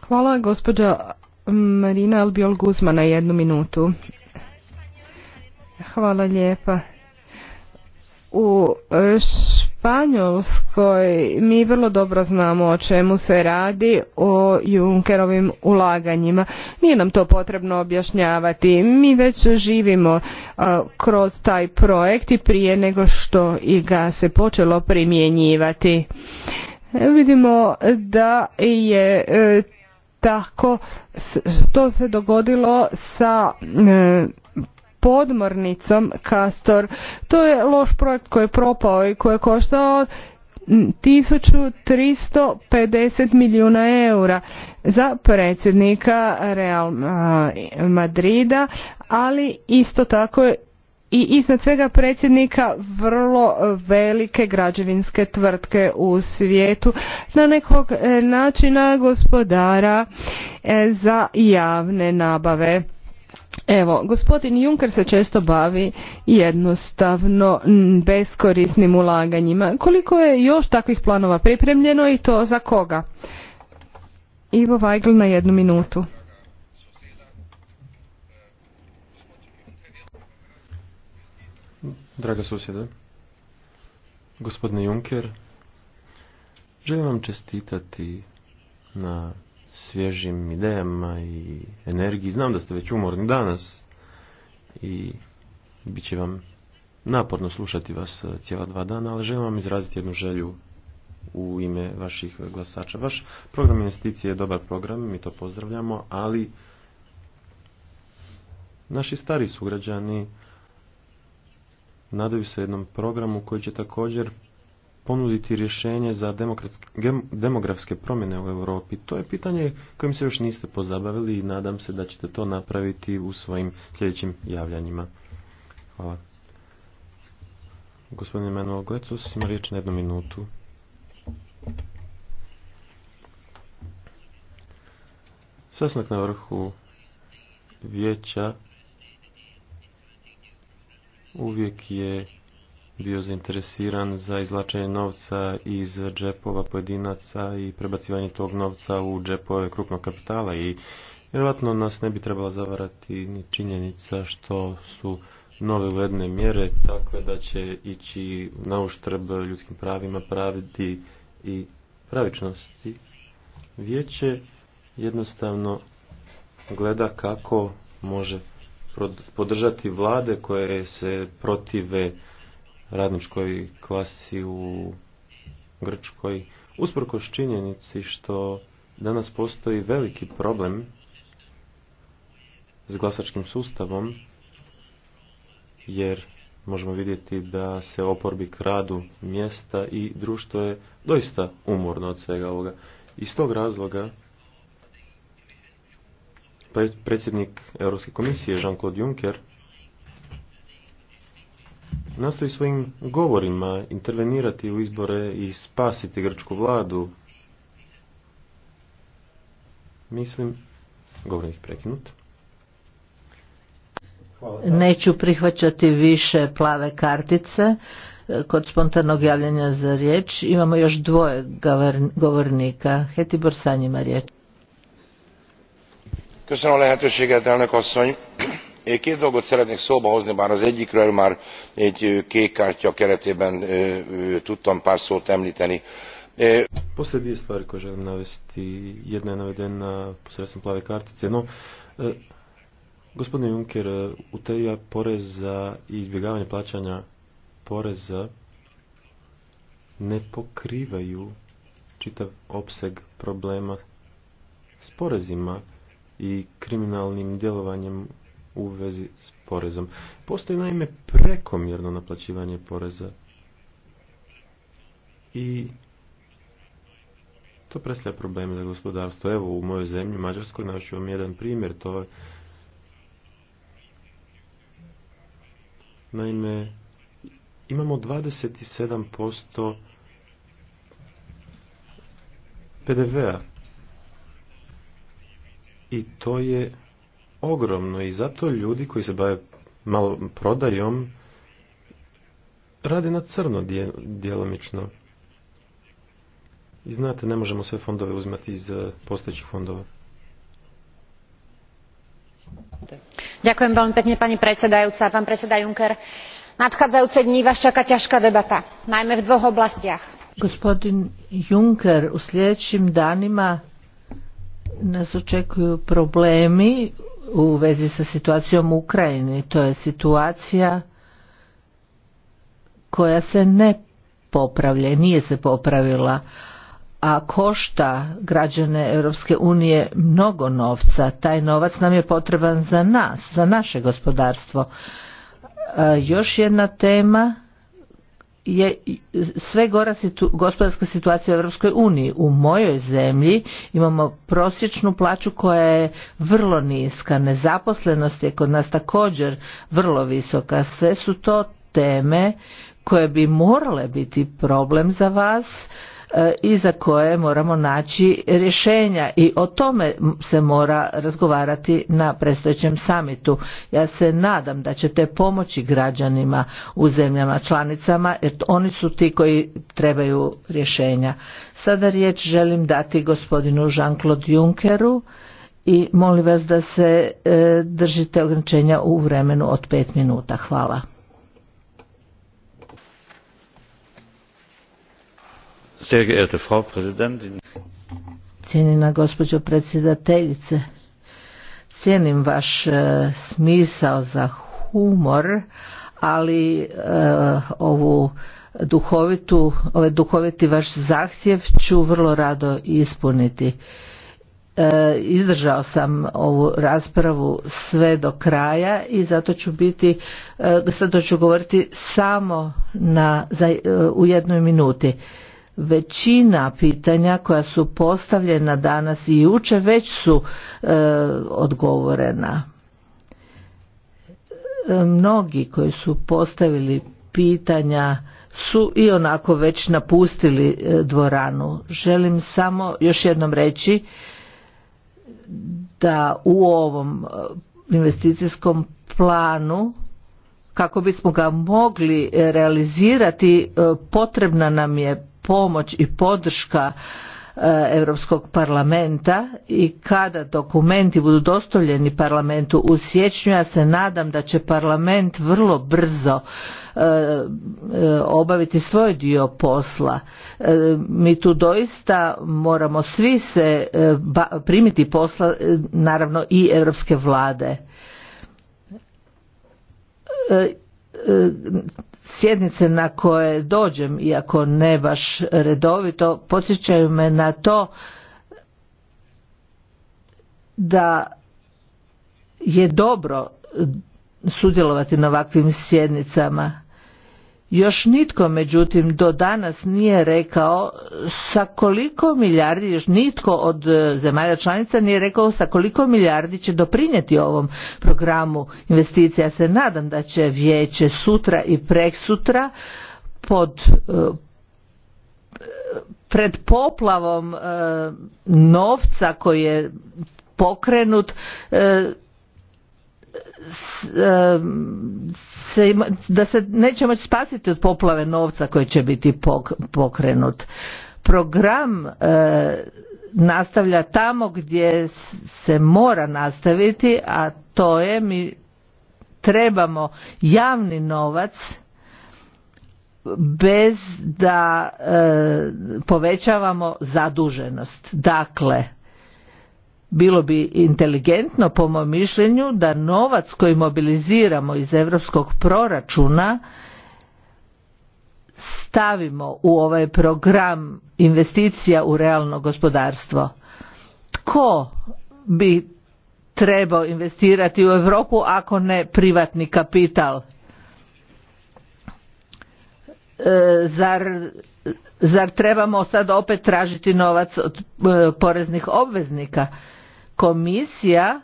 Hvala gospođa Marina Albiol Guzma na jednu minutu. Hvala lijepa. U Španjolskoj mi vrlo dobro znamo o čemu se radi, o Junkerovim ulaganjima. Nije nam to potrebno objašnjavati. Mi već živimo kroz taj projekt i prije nego što i ga se počelo primjenjivati. Vidimo da je e, tako, to se dogodilo sa e, podmornicom Castor. To je loš projekt koji je propao i koji je koštao 1350 milijuna eura za predsjednika Real Madrida, ali isto tako i iznad svega predsjednika vrlo velike građevinske tvrtke u svijetu na nekog e, načina gospodara e, za javne nabave. Evo, gospodin Juncker se često bavi jednostavno beskorisnim ulaganjima. Koliko je još takvih planova pripremljeno i to za koga? Ivo Vajgl na jednu minutu. Draga susjeda, gospodine Juncker, želim vam čestitati na svježim idejama i energiji. Znam da ste već umorni danas i bit će vam naporno slušati vas e, cijela dva dana, ali želim vam izraziti jednu želju u ime vaših glasača. Vaš program investicije je dobar program, mi to pozdravljamo, ali naši stari sugrađani nadaju se jednom programu koji će također ponuditi rješenje za demografske promjene u Europi? To je pitanje kojim se još niste pozabavili i nadam se da ćete to napraviti u svojim sljedećim javljanjima. Hvala. Gospodin Manuel Glecus ima riječ na jednu minutu. Sasnak na vrhu vijeća uvijek je bio zainteresiran za izlačenje novca iz džepova pojedinaca i prebacivanje tog novca u džepove krupnog kapitala i vjerojatno nas ne bi trebala zavarati ni činjenica što su nove uvedne mjere takve da će ići na uštrb ljudskim pravima, pravdi i pravičnosti. Vijeće jednostavno gleda kako može podržati vlade koje se protive radničkoj klasi u Grčkoj, usprkos činjenici što danas postoji veliki problem s glasačkim sustavom, jer možemo vidjeti da se oporbi kradu mjesta i društvo je doista umorno od svega ovoga. Iz tog razloga predsjednik Europske komisije Jean-Claude Juncker nastoji svojim govorima intervenirati u izbore i spasiti grčku vladu. Mislim, govornik prekinut. Neću prihvaćati više plave kartice e, kod spontanog javljanja za riječ. Imamo još dvoje govornika. Heti Borsanjima riječ. Köszönöm a lehetőséget, elnök asszony két dolgot szeretnék szóba hozni bár az egyikről már egy kék kártya keretében tudtam pár szót emlteni. Postoje dvije stvari koje želim navesti. Jedna je navedena posredstvom plave kartice, no e, gospodin Juncker, e, utaja poreza i izbjegavanje plaćanja poreza ne pokrivaju čitav opseg problema s porezima i kriminalnim djelovanjem u vezi s porezom. Postoji naime prekomjerno naplaćivanje poreza i to predstavlja probleme za gospodarstvo. Evo u mojoj zemlji, Mađarskoj, našu vam jedan primjer, to je Naime, imamo 27% PDV-a i to je ogromno i zato ljudi koji se bave malo prodajom rade na crno djelomično. I znate, ne možemo sve fondove uzmati iz eh, postojećih fondova. Ďakujem veľmi pekne, pani predsedajúca. Pán predseda Juncker, nadchádzajúce dní vás čaká ťažká debata, najmä v dvoch oblastiach. Gospodin Juncker, u sljedećim danima nas očekuju problemi u vezi sa situacijom u Ukrajini. To je situacija koja se ne popravlja, nije se popravila, a košta građane Europske unije mnogo novca. Taj novac nam je potreban za nas, za naše gospodarstvo. E, još jedna tema je sve gora situ, gospodarska situacija u Europskoj uniji. U mojoj zemlji imamo prosječnu plaću koja je vrlo niska, nezaposlenost je kod nas također vrlo visoka. Sve su to teme koje bi morale biti problem za vas E, i za koje moramo naći rješenja i o tome se mora razgovarati na predstojećem samitu. Ja se nadam da ćete pomoći građanima u zemljama članicama jer oni su ti koji trebaju rješenja. Sada riječ želim dati gospodinu Jean-Claude Junckeru i molim vas da se e, držite ograničenja u vremenu od pet minuta. Hvala. Sehr gospođo predsjedateljice, cijenim vaš e, smisao za humor, ali e, ovu duhovitu, ovaj duhoviti vaš zahtjev ću vrlo rado ispuniti. E, izdržao sam ovu raspravu sve do kraja i zato ću biti, zato ću govoriti samo u jednoj minuti većina pitanja koja su postavljena danas i juče već su e, odgovorena e, mnogi koji su postavili pitanja su i onako već napustili e, dvoranu želim samo još jednom reći da u ovom investicijskom planu kako bismo ga mogli realizirati potrebna nam je pomoć i podrška e, Europskog parlamenta i kada dokumenti budu dostavljeni parlamentu u siječnju ja se nadam da će parlament vrlo brzo e, e, obaviti svoj dio posla. mi tu doista moramo svi se primiti posla naravno i europske vlade sjednice na koje dođem, iako ne baš redovito, podsjećaju me na to da je dobro sudjelovati na ovakvim sjednicama još nitko međutim do danas nije rekao sa koliko milijardi, još nitko od e, zemalja članica nije rekao sa koliko milijardi će doprinijeti ovom programu investicija. Ja se nadam da će vijeće sutra i preksutra pod e, pred poplavom e, novca koji je pokrenut se, da se neće moći spasiti od poplave novca koji će biti pokrenut. Program e, nastavlja tamo gdje se mora nastaviti, a to je mi trebamo javni novac bez da e, povećavamo zaduženost. Dakle, bilo bi inteligentno po mom mišljenju da novac koji mobiliziramo iz europskog proračuna stavimo u ovaj program investicija u realno gospodarstvo. Tko bi trebao investirati u Europu ako ne privatni kapital? E, zar zar trebamo sad opet tražiti novac od e, poreznih obveznika komisija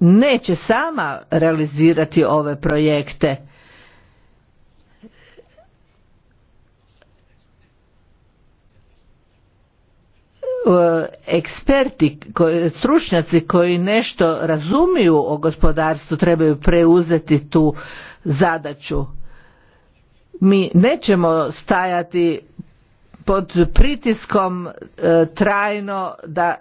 neće sama realizirati ove projekte. E, eksperti, stručnjaci koji nešto razumiju o gospodarstvu trebaju preuzeti tu zadaću. Mi nećemo stajati pod pritiskom e, trajno da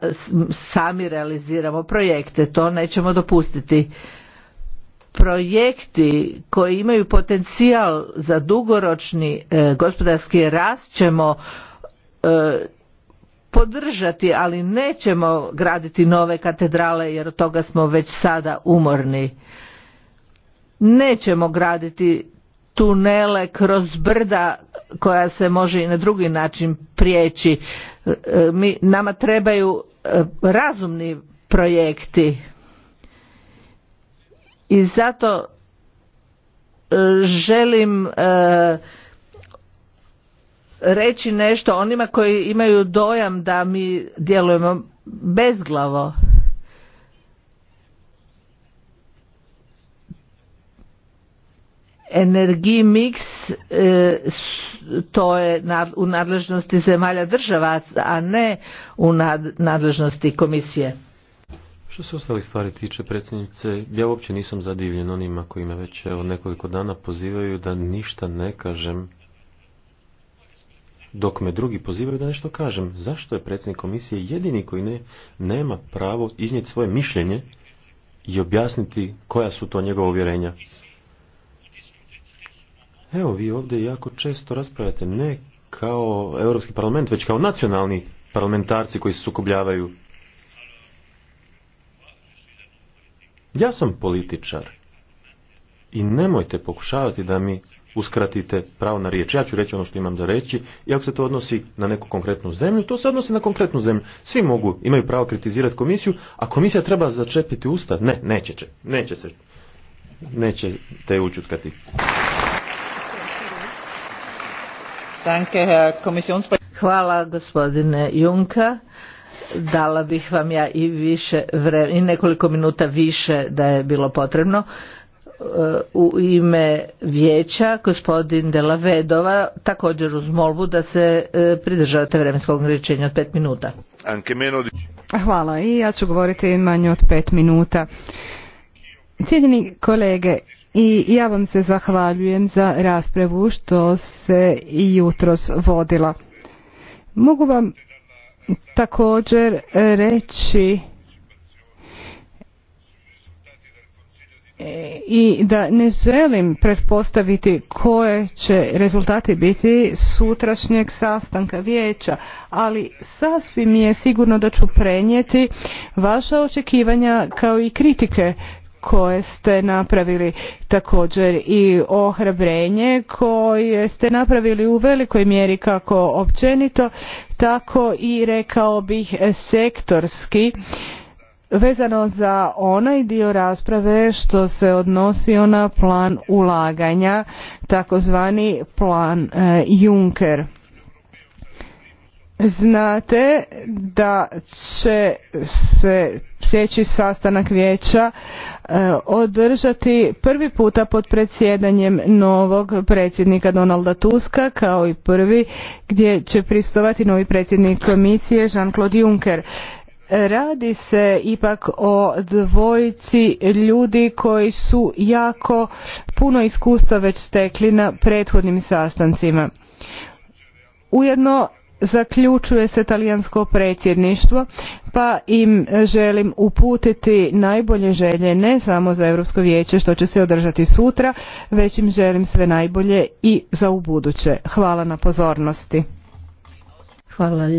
sami realiziramo projekte to nećemo dopustiti projekti koji imaju potencijal za dugoročni e, gospodarski rast ćemo e, podržati ali nećemo graditi nove katedrale jer od toga smo već sada umorni nećemo graditi tunele kroz brda koja se može i na drugi način prijeći. E, e, mi, nama trebaju e, razumni projekti i zato želim reći nešto onima koji imaju dojam da mi djelujemo bezglavo energiji miks e, to je u nadležnosti zemalja država, a ne u nadležnosti komisije. Što se ostali stvari tiče, predsjednice, ja uopće nisam zadivljen onima koji me već evo, nekoliko dana pozivaju da ništa ne kažem dok me drugi pozivaju da nešto kažem. Zašto je predsjednik komisije jedini koji ne, nema pravo iznijeti svoje mišljenje i objasniti koja su to njegova uvjerenja? Evo, vi ovdje jako često raspravljate, ne kao Europski parlament, već kao nacionalni parlamentarci koji se sukobljavaju. Ja sam političar i nemojte pokušavati da mi uskratite pravo na riječ. Ja ću reći ono što imam da reći i ako se to odnosi na neku konkretnu zemlju, to se odnosi na konkretnu zemlju. Svi mogu, imaju pravo kritizirati komisiju, a komisija treba začepiti usta. Ne, neće će, neće se, neće te učutkati. Hvala gospodine Junka. Dala bih vam ja i više vremena, i nekoliko minuta više da je bilo potrebno. E, u ime vijeća gospodin Dela Vedova također uz molbu da se e, pridržavate vremenskog ograničenja od pet minuta. Hvala i ja ću govoriti manje od pet minuta. Cijenjeni kolege, i ja vam se zahvaljujem za raspravu što se i jutros vodila. Mogu vam također reći e, i da ne želim pretpostaviti koje će rezultati biti sutrašnjeg sastanka vijeća, ali sasvim je sigurno da ću prenijeti vaša očekivanja kao i kritike koje ste napravili također i ohrabrenje koje ste napravili u velikoj mjeri kako općenito tako i rekao bih sektorski vezano za onaj dio rasprave što se odnosio na plan ulaganja takozvani plan e, Juncker znate da će se sljedeći sastanak vijeća e, održati prvi puta pod predsjedanjem novog predsjednika Donalda Tuska kao i prvi gdje će pristovati novi predsjednik komisije Jean-Claude Juncker. Radi se ipak o dvojici ljudi koji su jako puno iskustva već stekli na prethodnim sastancima. Ujedno zaključuje se talijansko predsjedništvo pa im želim uputiti najbolje želje ne samo za europsko vijeće što će se održati sutra već im želim sve najbolje i za ubuduće hvala na pozornosti hvala